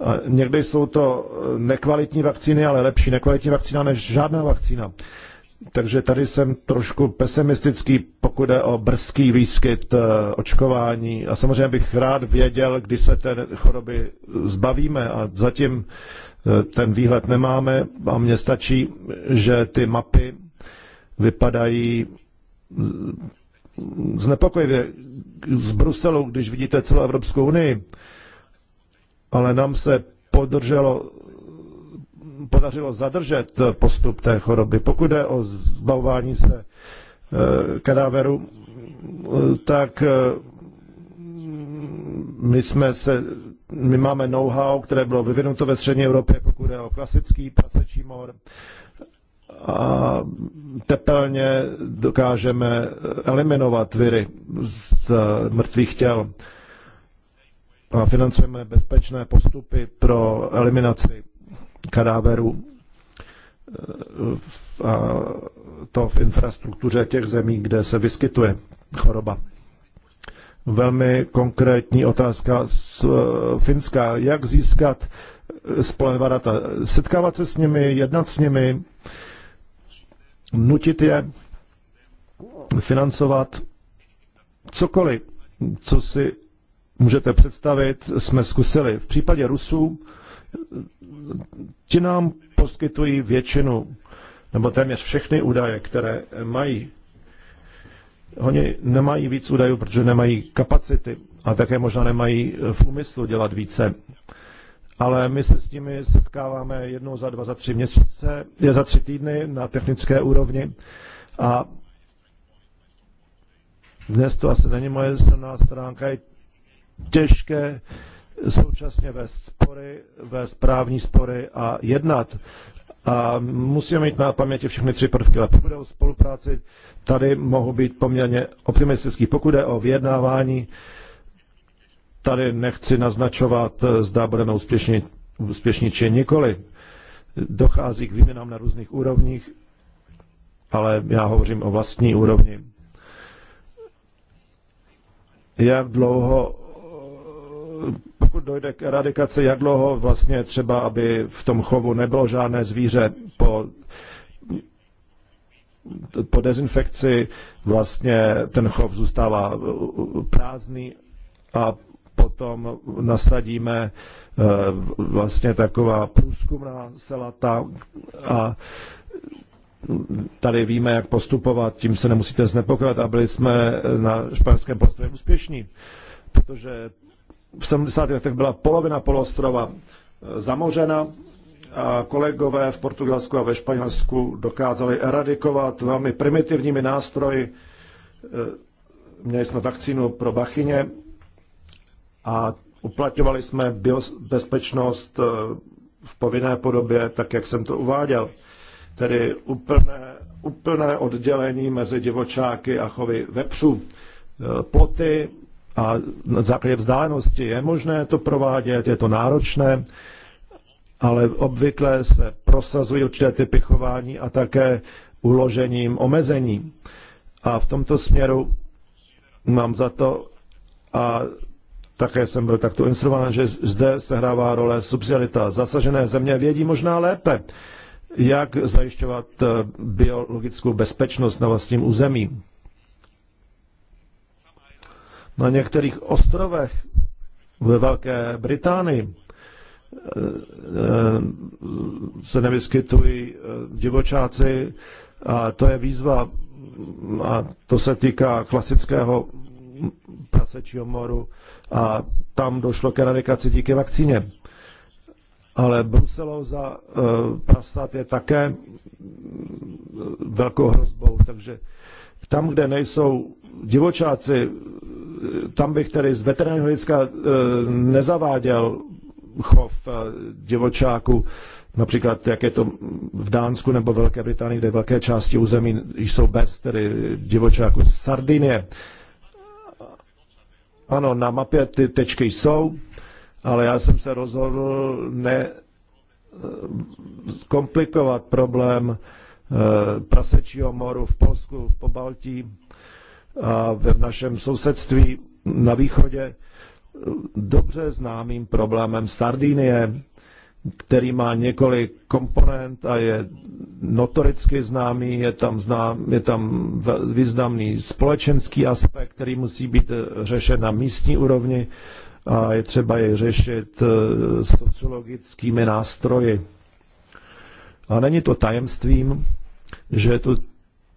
Speaker 1: A někdy jsou to nekvalitní vakcíny, ale lepší nekvalitní vakcína než žádná vakcína. Takže tady jsem trošku pesimistický, pokud jde o brzký výskyt eh, očkování. A samozřejmě bych rád věděl, kdy se té choroby zbavíme. A zatím ten výhled nemáme a mně stačí, že ty mapy vypadají znepokojivě z Bruselu, když vidíte celou Evropskou unii, ale nám se podrželo, podařilo zadržet postup té choroby. Pokud jde o zbavování se eh, kadáveru, eh, tak eh, my jsme se my máme know-how, které bylo vyvinuto ve střední Evropě, pokud je o klasický prasečí mor. A tepelně dokážeme eliminovat viry z mrtvých těl. A financujeme bezpečné postupy pro eliminaci kadáverů eh, a to v infrastruktuře těch zemí, kde se vyskytuje choroba velmi konkrétní otázka z eh, Finska. Jak získat eh, spolehlivá data? Setkávat se s nimi, jednat s nimi, nutit je, financovat cokoliv, co si můžete představit, jsme zkusili. V případě Rusů eh, ti nám poskytují většinu nebo téměř všechny údaje, které mají Oni nemají víc údajů, protože nemají kapacity a také možná nemají eh, v úmyslu dělat více. Ale my se s nimi setkáváme jednou za dva, za tři měsíce, je za tři týdny na technické úrovni a dnes to asi není moje silná stránka, je těžké současně vést spory, vést právní spory a jednat. A musíme mít na paměti všechny tři prvky, ale pokud jde o spolupráci, tady mohu být poměrně optimistický. Pokud jde o vyjednávání, tady nechci naznačovat, zda budeme úspěšní, úspěšní či nikoli. Dochází k výměnám na různých úrovních, ale já hovořím o vlastní úrovni. Jak dlouho pokud dojde k eradikaci, jak dlouho vlastně třeba, aby v tom chovu nebylo žádné zvíře po, po dezinfekci, vlastně ten chov zůstává prázdný a potom nasadíme eh, vlastně taková průzkumná selata a tady víme, jak postupovat, tím se nemusíte znepokojovat a byli jsme na španělském prostoru úspěšní, protože v 70. letech byla polovina poloostrova eh, zamořena a kolegové v Portugalsku a ve Španělsku dokázali eradikovat velmi primitivními nástroji. Eh, měli jsme vakcínu pro bachyně a uplatňovali jsme bezpečnost eh, v povinné podobě, tak jak jsem to uváděl. Tedy úplné, úplné oddělení mezi divočáky a chovy vepřů. Ploty a na základě vzdálenosti je možné to provádět, je to náročné, ale obvykle se prosazují určité typy chování a také uložením omezení. A v tomto směru mám za to, a také jsem byl takto instruován, že zde se hrává role subsidiarita. Zasažené země vědí možná lépe, jak zajišťovat biologickou bezpečnost na vlastním území na některých ostrovech ve Velké Británii eh, eh, se nevyskytují eh, divočáci a to je výzva a to se týká klasického prasečího moru a tam došlo k eradikaci díky vakcíně. Ale bruselóza prasat je také velkou hrozbou, takže tam, kde nejsou divočáci, tam bych tedy z veterinárního hlediska eh, nezaváděl chov eh, divočáku, například jak je to v Dánsku nebo Velké Británii, kde velké části území jsou bez tedy divočáků. Sardinie. Ano, na mapě ty tečky jsou, ale já jsem se rozhodl ne eh, komplikovat problém prasečího moru v Polsku, v Pobaltí, a v našem sousedství na východě dobře známým problémem Sardinie, který má několik komponent a je notoricky známý, je tam, znám, je tam významný společenský aspekt, který musí být řešen na místní úrovni a je třeba je řešit e, sociologickými nástroji. A není to tajemstvím, že je tu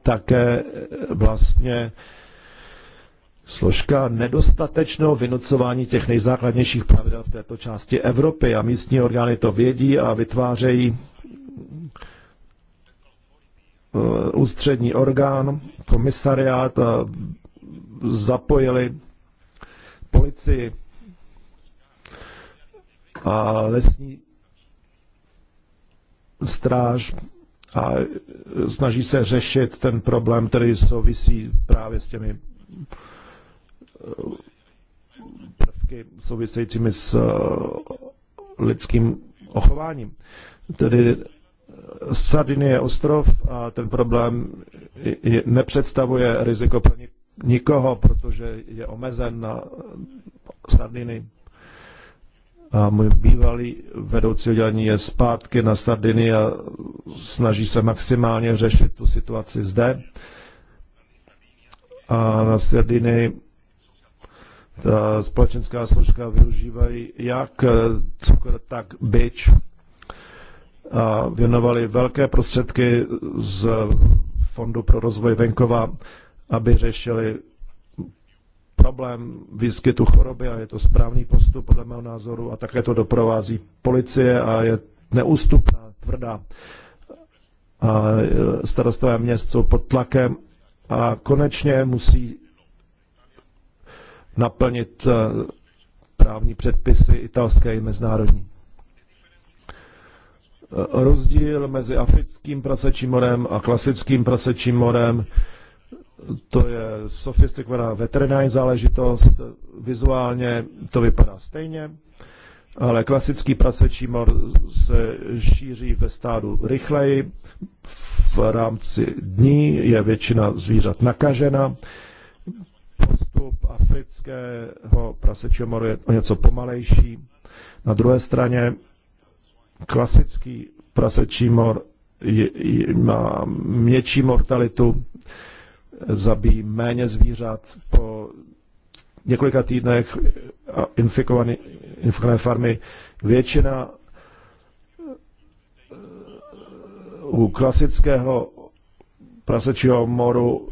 Speaker 1: také e, vlastně složka nedostatečného vynucování těch nejzákladnějších pravidel v této části Evropy a místní orgány to vědí a vytvářejí eh, ústřední orgán, komisariát a zapojili policii a lesní stráž a snaží se řešit ten problém, který souvisí právě s těmi prvky souvisejícími s eh, lidským ochováním. Tedy eh, Sardinie je ostrov a ten problém nepředstavuje riziko pro nikoho, protože je omezen na Sardiny. A můj bývalý vedoucí oddělení je zpátky na Sardiny a snaží se maximálně řešit tu situaci zde. A na Sardinii ta společenská složka využívají jak eh, cukr, tak byč a věnovali velké prostředky z Fondu pro rozvoj venkova, aby řešili problém výskytu choroby a je to správný postup podle mého názoru a také to doprovází policie a je neústupná, tvrdá. A eh, starostové měst jsou pod tlakem a konečně musí naplnit eh, právní předpisy italské i mezinárodní. Eh, rozdíl mezi africkým prasečím morem a klasickým prasečím morem, to je sofistikovaná veterinární záležitost, vizuálně to vypadá stejně, ale klasický prasečí mor se šíří ve stádu rychleji, v rámci dní je většina zvířat nakažena, Postup afrického prasečího moru je o něco pomalejší. Na druhé straně klasický prasečí mor je, je, má mětší mortalitu, zabíjí méně zvířat po několika týdnech infikované, infikované farmy. Většina eh, u klasického prasečího moru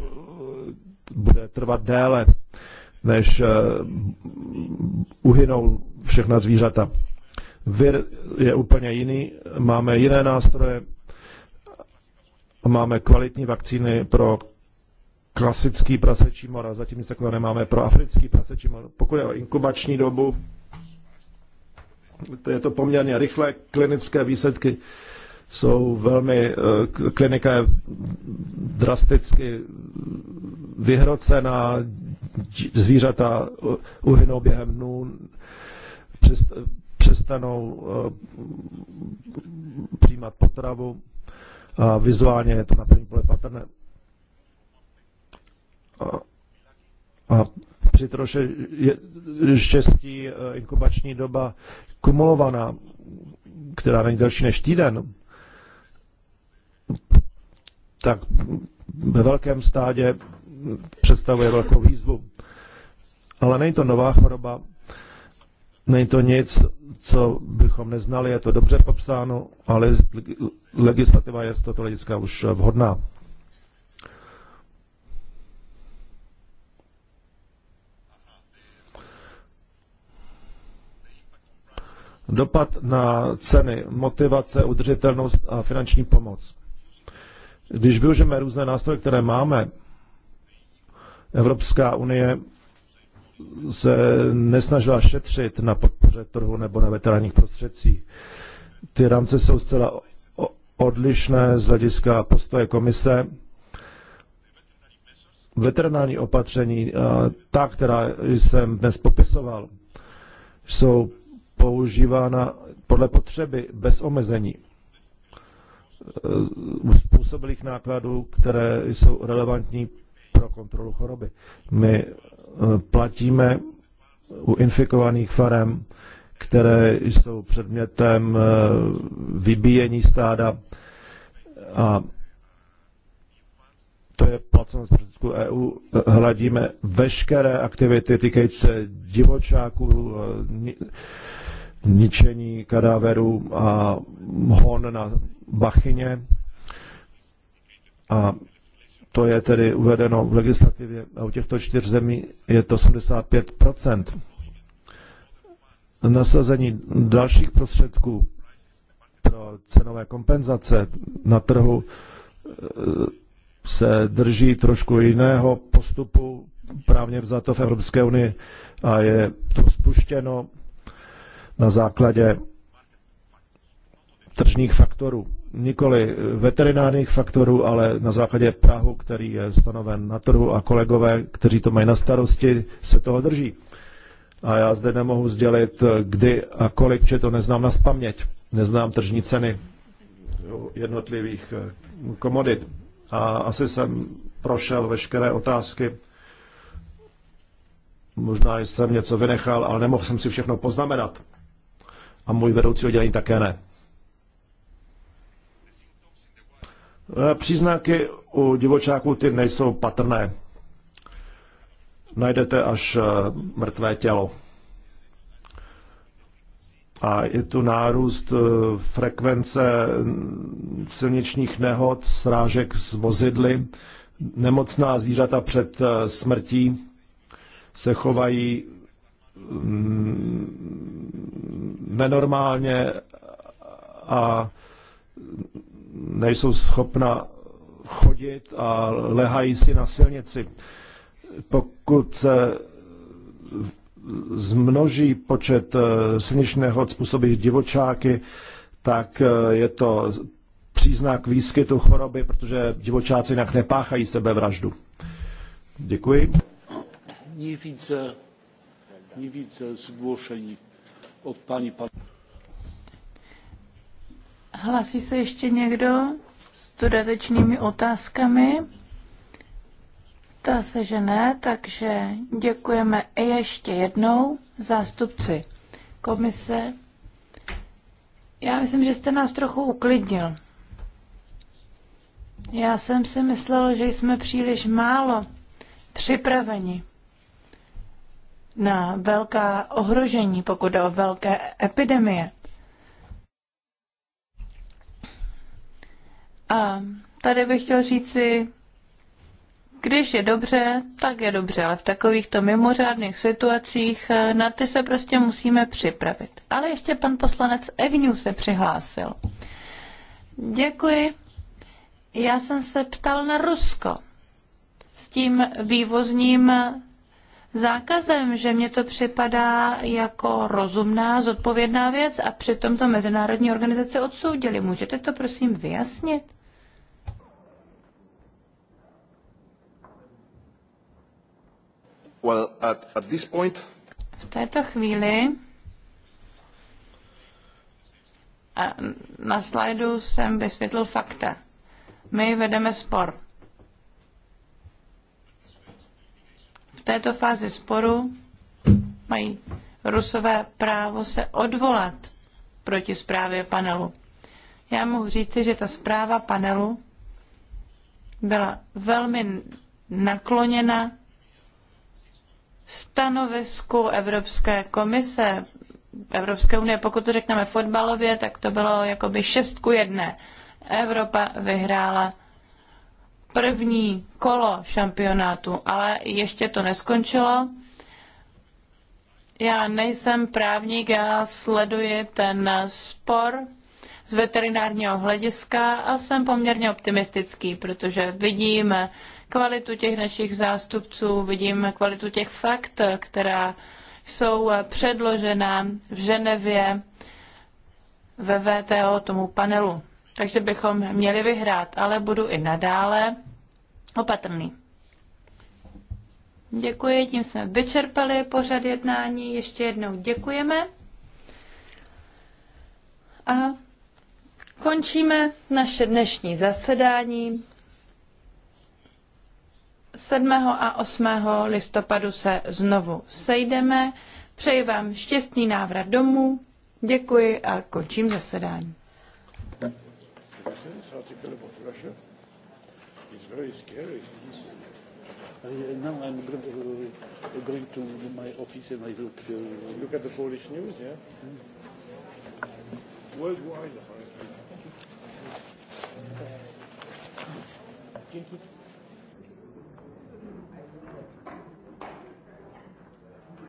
Speaker 1: bude trvat déle, než eh, uhynou všechna zvířata. Vir je úplně jiný, máme jiné nástroje, máme kvalitní vakcíny pro klasický prasečí mor a zatím nic takového nemáme pro africký prasečí mor. Pokud je o inkubační dobu, to je to poměrně rychlé klinické výsledky jsou velmi, eh, klinika je drasticky vyhrocená, zvířata eh, uhynou během dnů, přestanou eh, přijímat potravu a vizuálně je to na první pohled patrné. A, a při troše štěstí inkubační doba kumulovaná, která není delší než týden, tak ve velkém stádě představuje velkou výzvu. Ale není to nová choroba, není to nic, co bychom neznali, je to dobře popsáno, ale legislativa je z toto hlediska už vhodná. Dopad na ceny, motivace, udržitelnost a finanční pomoc. Když využijeme různé nástroje, které máme, Evropská unie se nesnažila šetřit na podpoře trhu nebo na veteránních prostředcích. Ty rámce jsou zcela odlišné z hlediska postoje komise. Veterinární opatření, ta, která jsem dnes popisoval, jsou používána podle potřeby bez omezení. Eh, způsobilých nákladů, které jsou relevantní pro kontrolu choroby. My eh, platíme u infikovaných farem, které jsou předmětem eh, vybíjení stáda a to je placenost předsedku EU, hladíme veškeré aktivity týkající se divočáků, ničení kadáverů a hon na Bachyně. A to je tedy uvedeno v legislativě a u těchto čtyř zemí je to 75 Nasazení dalších prostředků pro cenové kompenzace na trhu eh, se drží trošku jiného postupu právně vzato v Evropské unii a je to spuštěno na základě tržních faktorů. Nikoli veterinárních faktorů, ale na základě Prahu, který je stanoven na trhu a kolegové, kteří to mají na starosti, se toho drží. A já zde nemohu sdělit, kdy a kolik, že to neznám na spaměť. Neznám tržní ceny jednotlivých eh, komodit. A asi jsem prošel veškeré otázky. Možná jsem něco vynechal, ale nemohl jsem si všechno poznamenat a můj vedoucí oddělení také ne. E, příznaky u divočáků ty nejsou patrné. Najdete až e, mrtvé tělo. A je tu nárůst e, frekvence silničních nehod, srážek s vozidly. Nemocná zvířata před smrtí se chovají Mm, nenormálně a nejsou schopna chodit a lehají si na silnici. Pokud se zmnoží počet eh, silničních způsobí divočáky, tak eh, je to příznak výskytu choroby, protože divočáci jinak nepáchají sebevraždu. Děkuji. Mě více Nie widzę zgłoszeń od
Speaker 2: Hlasí se ještě někdo s dodatečnými otázkami? Zdá se, že ne, takže děkujeme i ještě jednou zástupci komise. Já myslím, že jste nás trochu uklidnil. Já jsem si myslel, že jsme příliš málo připraveni na velká ohrožení, pokud jde o velké epidemie. A tady bych chtěl říci, když je dobře, tak je dobře, ale v takovýchto mimořádných situacích eh, na ty se prostě musíme připravit. Ale ještě pan poslanec Egnu se přihlásil. Děkuji. Já jsem se ptal na Rusko s tím vývozním zákazem, že mně to připadá jako rozumná, zodpovědná věc a přitom to mezinárodní organizace odsoudili. Můžete to prosím vyjasnit?
Speaker 1: Well, at, at this point...
Speaker 2: V této chvíli a na slajdu jsem vysvětlil fakta. My vedeme spor této fázi sporu mají rusové právo se odvolat proti zprávě panelu. Já mohu říci, že ta zpráva panelu byla velmi nakloněna stanovisku Evropské komise, Evropské unie. Pokud to řekneme fotbalově, tak to bylo jakoby šestku jedné. Evropa vyhrála první kolo šampionátu, ale ještě to neskončilo. Já nejsem právník, já sleduji ten spor z veterinárního hlediska a jsem poměrně optimistický, protože vidím kvalitu těch našich zástupců, vidím kvalitu těch fakt, která jsou předložena v Ženevě ve VTO tomu panelu takže bychom měli vyhrát, ale budu i nadále opatrný. Děkuji, tím jsme vyčerpali pořad jednání. Ještě jednou děkujeme. A končíme naše dnešní zasedání. 7. a 8. listopadu se znovu sejdeme. Přeji vám štěstný návrat domů. Děkuji a končím zasedání
Speaker 1: particular about Russia is very scary. I, no, uh, now I'm going, uh, going to my office and I look. Uh, look at the Polish news, yeah? Mm. Worldwide, apparently. Thank you. Thank you.